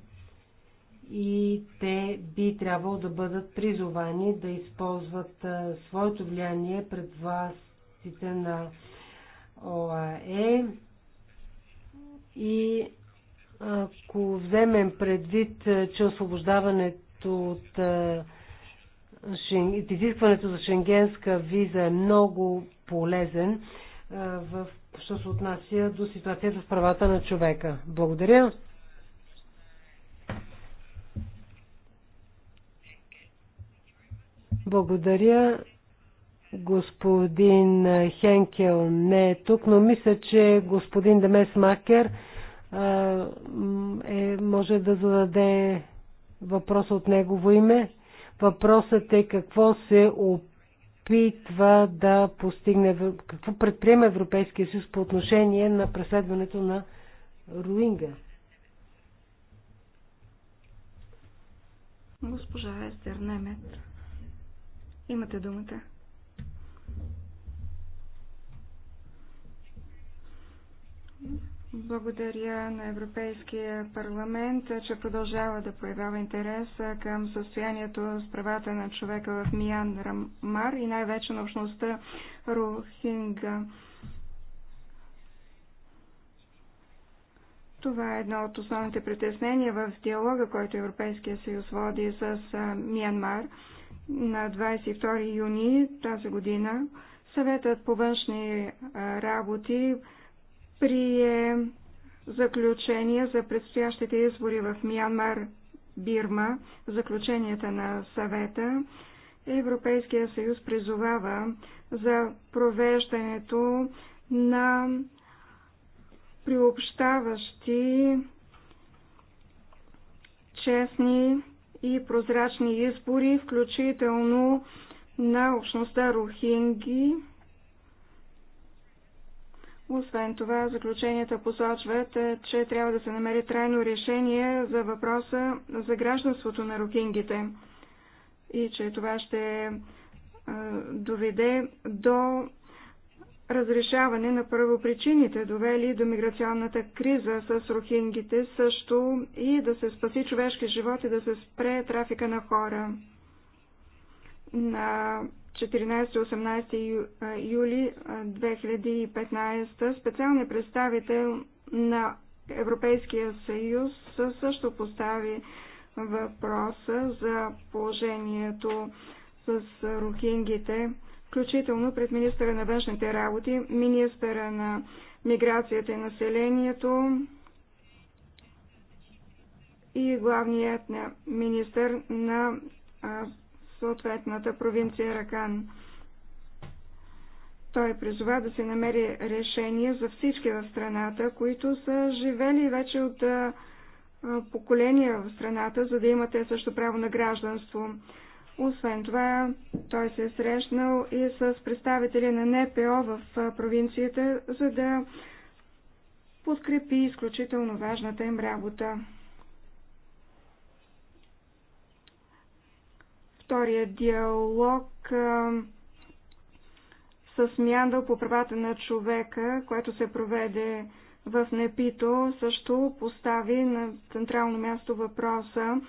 Speaker 3: И те би трябвало да бъдат призовани да използват своето влияние пред властите на ОАЕ и ако вземем предвид, че освобождаването от изискването за шенгенска виза е много полезен в що се отнася до ситуацията с правата на човека. Благодаря. Благодаря. Господин Хенкел не е тук, но мисля, че господин Демес Макер е, може да зададе въпрос от негово име. Въпросът е какво се опитва да постигне, какво предприема Европейския съюз по отношение на преследването на Руинга.
Speaker 2: Госпожа Естер Немет, имате думата. Благодаря на Европейския парламент, че продължава да проявява интерес към състоянието с правата на човека в Рамар и най-вече на общността Рухинга. Това е едно от основните притеснения в диалога, който Европейския съюз води с Миянмар. На 22 юни тази година Съветът по външни работи прие заключения за предстоящите избори в Миянмар, Бирма, заключенията на съвета, Европейския съюз призовава за провеждането на приобщаващи, честни и прозрачни избори, включително на общността Рухинги, освен това, заключенията посочват, е, че трябва да се намери трайно решение за въпроса за гражданството на рокингите и че това ще е, доведе до разрешаване на първопричините, довели до миграционната криза с рохингите също и да се спаси човешки живот и да се спре трафика на хора. На 14-18 юли 2015 специалният представител на Европейския съюз също постави въпроса за положението с рухингите, включително пред министъра на външните работи, министъра на миграцията и населението и главният министър на съответната провинция Ракан. Той призова да се намери решение за всички в страната, които са живели вече от поколения в страната, за да имате също право на гражданство. Освен това, той се е срещнал и с представители на НПО в провинцията, за да подкрепи изключително важната им работа. Втория диалог с Мяндъл по правата на човека, което се проведе в Непито, също постави на централно място въпроса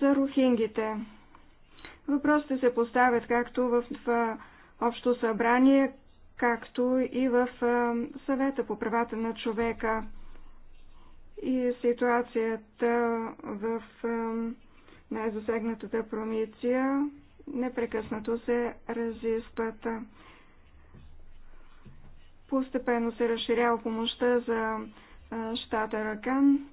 Speaker 2: за рухингите. Въпросите се поставят както в, в Общо събрание, както и в съвета по правата на човека. И ситуацията в най-засегнатата промиция непрекъснато се разискват. Постепенно се разширява помощта за щата Ракан.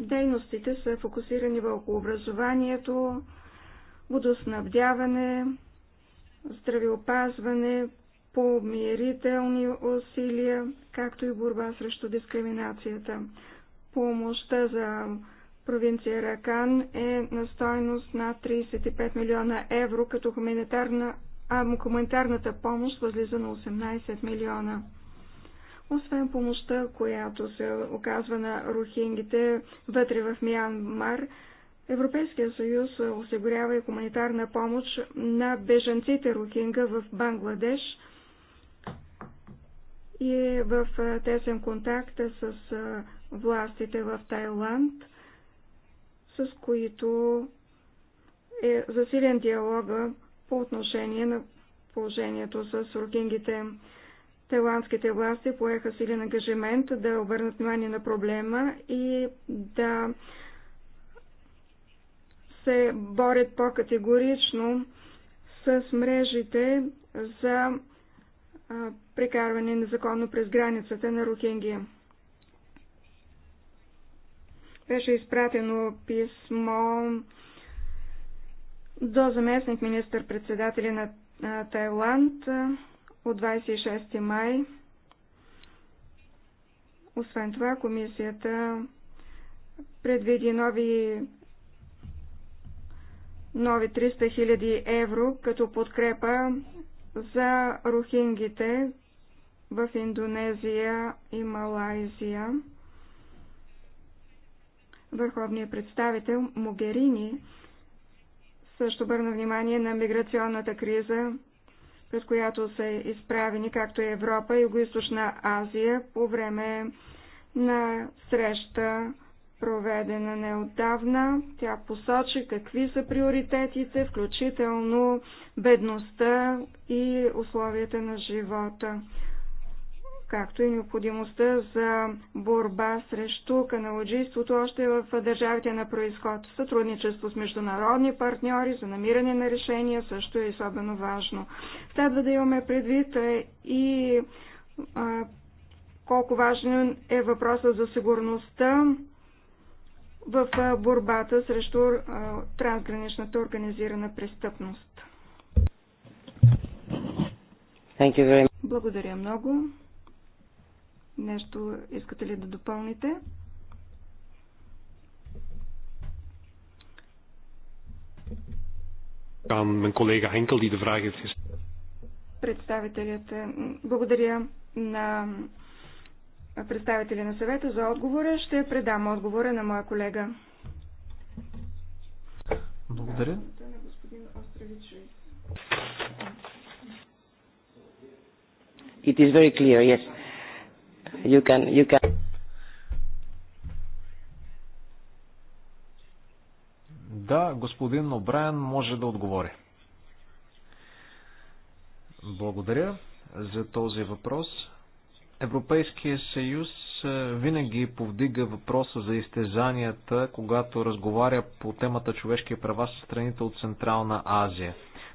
Speaker 2: Дейностите са фокусирани върху образованието, водоснабдяване, здравеопазване, помирителни усилия, както и борба срещу дискриминацията. Помощта за провинция Ракан е на стойност на 35 милиона евро, като хуманитарна, а хуманитарната помощ възлиза на 18 милиона. Освен помощта, която се оказва на рухингите вътре в Мянмар, Европейския съюз осигурява и хуманитарна помощ на бежанците рухинга в Бангладеш и е в тесен контакт с властите в Тайланд, с които е засилен диалога по отношение на положението с рокингите. Тайландските власти поеха силен ангажимент да обърнат внимание на проблема и да се борят по-категорично с мрежите за прекарване незаконно през границата на Рухенгия. Беше изпратено писмо до заместник министър-председателя на Тайланд от 26 май. Освен това, комисията предвиди нови, нови 300 000 евро като подкрепа за рухингите в Индонезия и Малайзия. Върховният представител Могерини също обърна внимание на миграционната криза, пред която са изправени както и Европа и Юго-Источна Азия по време на среща, проведена неотдавна. Тя посочи какви са приоритетите, включително бедността и условията на живота както и необходимостта за борба срещу каналоджийството още в държавите на происход. Сътрудничество с международни партньори за намиране на решения също е особено важно. Следва да имаме предвид и а, колко важен е въпросът за сигурността в борбата срещу а, трансграничната организирана престъпност. Благодаря много. Нещо искате ли да допълните?
Speaker 4: Aan mijn collega Henkel die de
Speaker 5: vraag heeft
Speaker 2: gesteld. Благодаря на представителя на съвета за отговора. Ще предам отговора на моя колега.
Speaker 1: Благодаря. It is very clear, yes you can you can
Speaker 4: Да, господин Обраен може да отговори. Благодаря за този въпрос. Европейския съюз винаги повдига въпроса за изтезанията, когато разговаря по темата човешки права с страните от Централна Азия.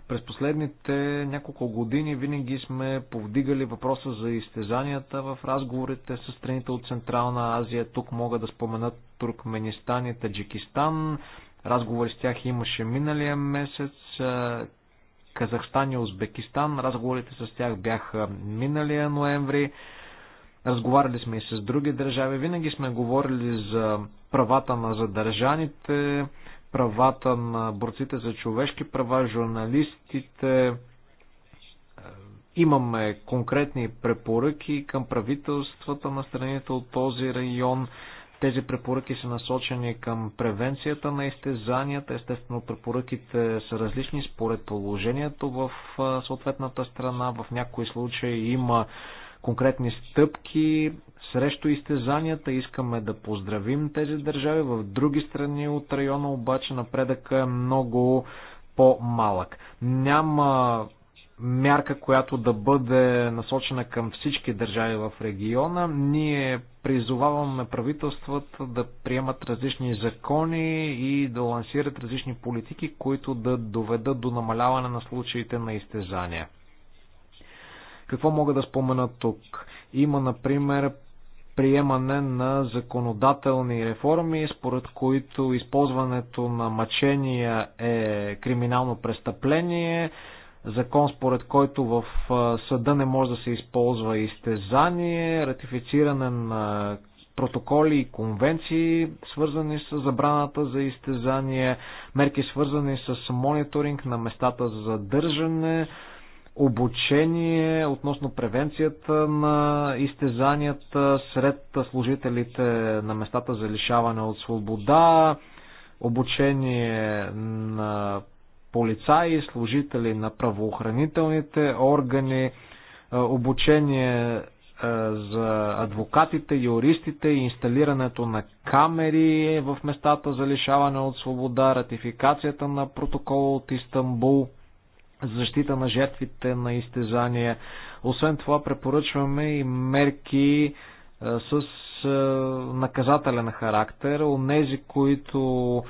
Speaker 4: През последните няколко години винаги сме повдигали въпроса за изтезанията в разговорите с страните от Централна Азия. Тук мога да споменат Туркменистан и Таджикистан. Разговори с тях имаше миналия месец. Е, Казахстан и Узбекистан. Разговорите с тях бяха миналия ноември. Разговаряли сме и с други държави. Винаги сме говорили за правата на задържаните, правата на борците за човешки права, журналистите. Е, имаме конкретни препоръки към правителствата на страните от този район. Тези препоръки са насочени към превенцията на изтезанията. Естествено, препоръките са различни според положението в е, съответната страна. В някои случаи има конкретни стъпки срещу изтезанията. Искаме да поздравим тези държави. В други страни от района обаче напредъка е много по-малък. Няма мярка, която да бъде насочена към всички държави в региона. Ние призоваваме правителствата да приемат различни закони и да лансират различни политики, които да доведат до намаляване на случаите на изтезания. Какво мога да спомена тук? Има, например, приемане на законодателни реформи, според които използването на мъчения е криминално престъпление, закон според който в съда не може да се използва изтезание, ратифициране на протоколи и конвенции, свързани с забраната за изтезание, мерки свързани с мониторинг на местата за задържане, обучение относно превенцията на изтезанията сред служителите на местата за лишаване от свобода, обучение на полицаи, служители на правоохранителните органи, обучение е, за адвокатите, юристите, инсталирането на камери в местата за лишаване от свобода, ратификацията на протокола от Истанбул – защита на жертвите на изтезания. Освен това препоръчваме и мерки с наказателен характер. Онези, които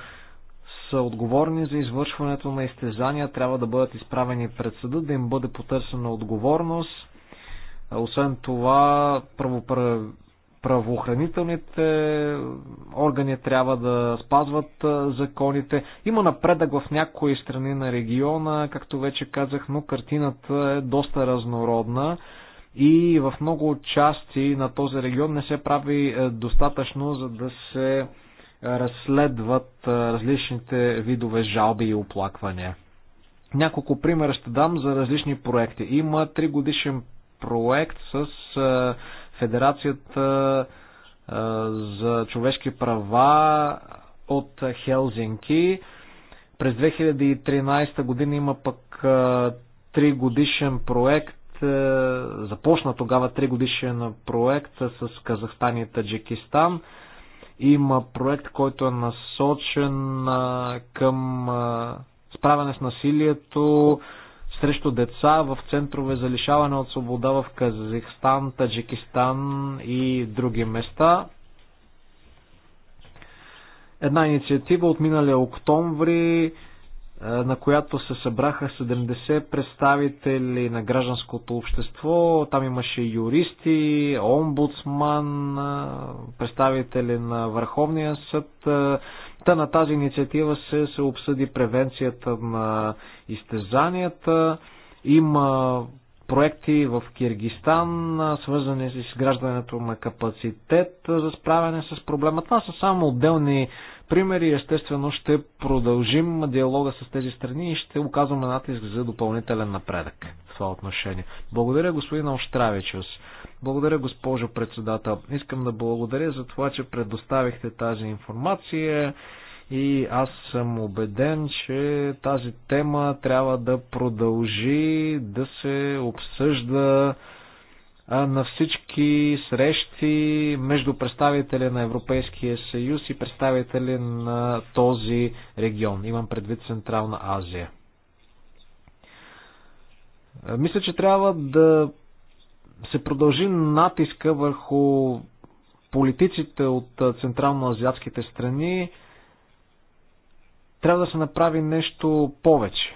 Speaker 4: са отговорни за извършването на изтезания, трябва да бъдат изправени пред съда, да им бъде потърсена отговорност. Освен това, правопра правоохранителните органи трябва да спазват законите. Има напредък в някои страни на региона, както вече казах, но картината е доста разнородна и в много части на този регион не се прави е, достатъчно, за да се разследват е, различните видове жалби и оплаквания. Няколко примера ще дам за различни проекти. Има 3 годишен проект с е, Федерацията за човешки права от Хелзинки. През 2013 година има пък три годишен проект започна тогава 3 годишен проект с Казахстан и Таджикистан. Има проект, който е насочен към справяне с насилието, срещу деца в центрове за лишаване от свобода в Казахстан, Таджикистан и други места. Една инициатива от миналия октомври, е, на която се събраха 70 представители на гражданското общество. Там имаше юристи, омбудсман, е, представители на Върховния съд, е, Та на тази инициатива се, се обсъди превенцията на изтезанията. Има проекти в Киргистан, свързани с изграждането на капацитет за справяне с проблема. Това са само отделни примери. Естествено ще продължим диалога с тези страни и ще оказваме натиск за допълнителен напредък в това отношение. Благодаря господин Оштравичус. Благодаря, госпожо председател. Искам да благодаря за това, че предоставихте тази информация и аз съм убеден, че тази тема трябва да продължи да се обсъжда на всички срещи между представители на Европейския съюз и представители на този регион. Имам предвид Централна Азия. Мисля, че трябва да се продължи натиска върху политиците от централно-азиатските страни, трябва да се направи нещо повече.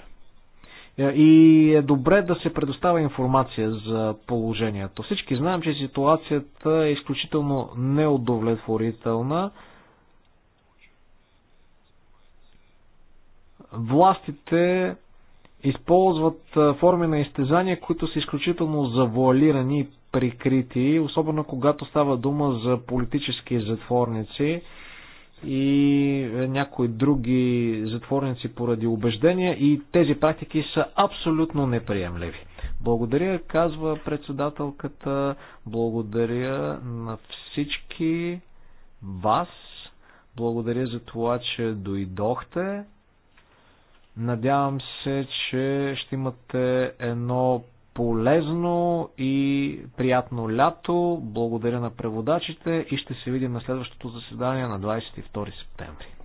Speaker 4: Е, и е добре да се предоставя информация за положението. Всички знаем, че ситуацията е изключително неудовлетворителна. Властите използват форми на изтезания, които са изключително завуалирани и прикрити, особено когато става дума за политически затворници и е, някои други затворници поради убеждения и тези практики са абсолютно неприемливи. Благодаря, казва председателката, благодаря на всички вас, благодаря за това, че дойдохте. Надявам се, че ще имате едно полезно и приятно лято. Благодаря на преводачите и ще се видим на следващото заседание на 22 септември.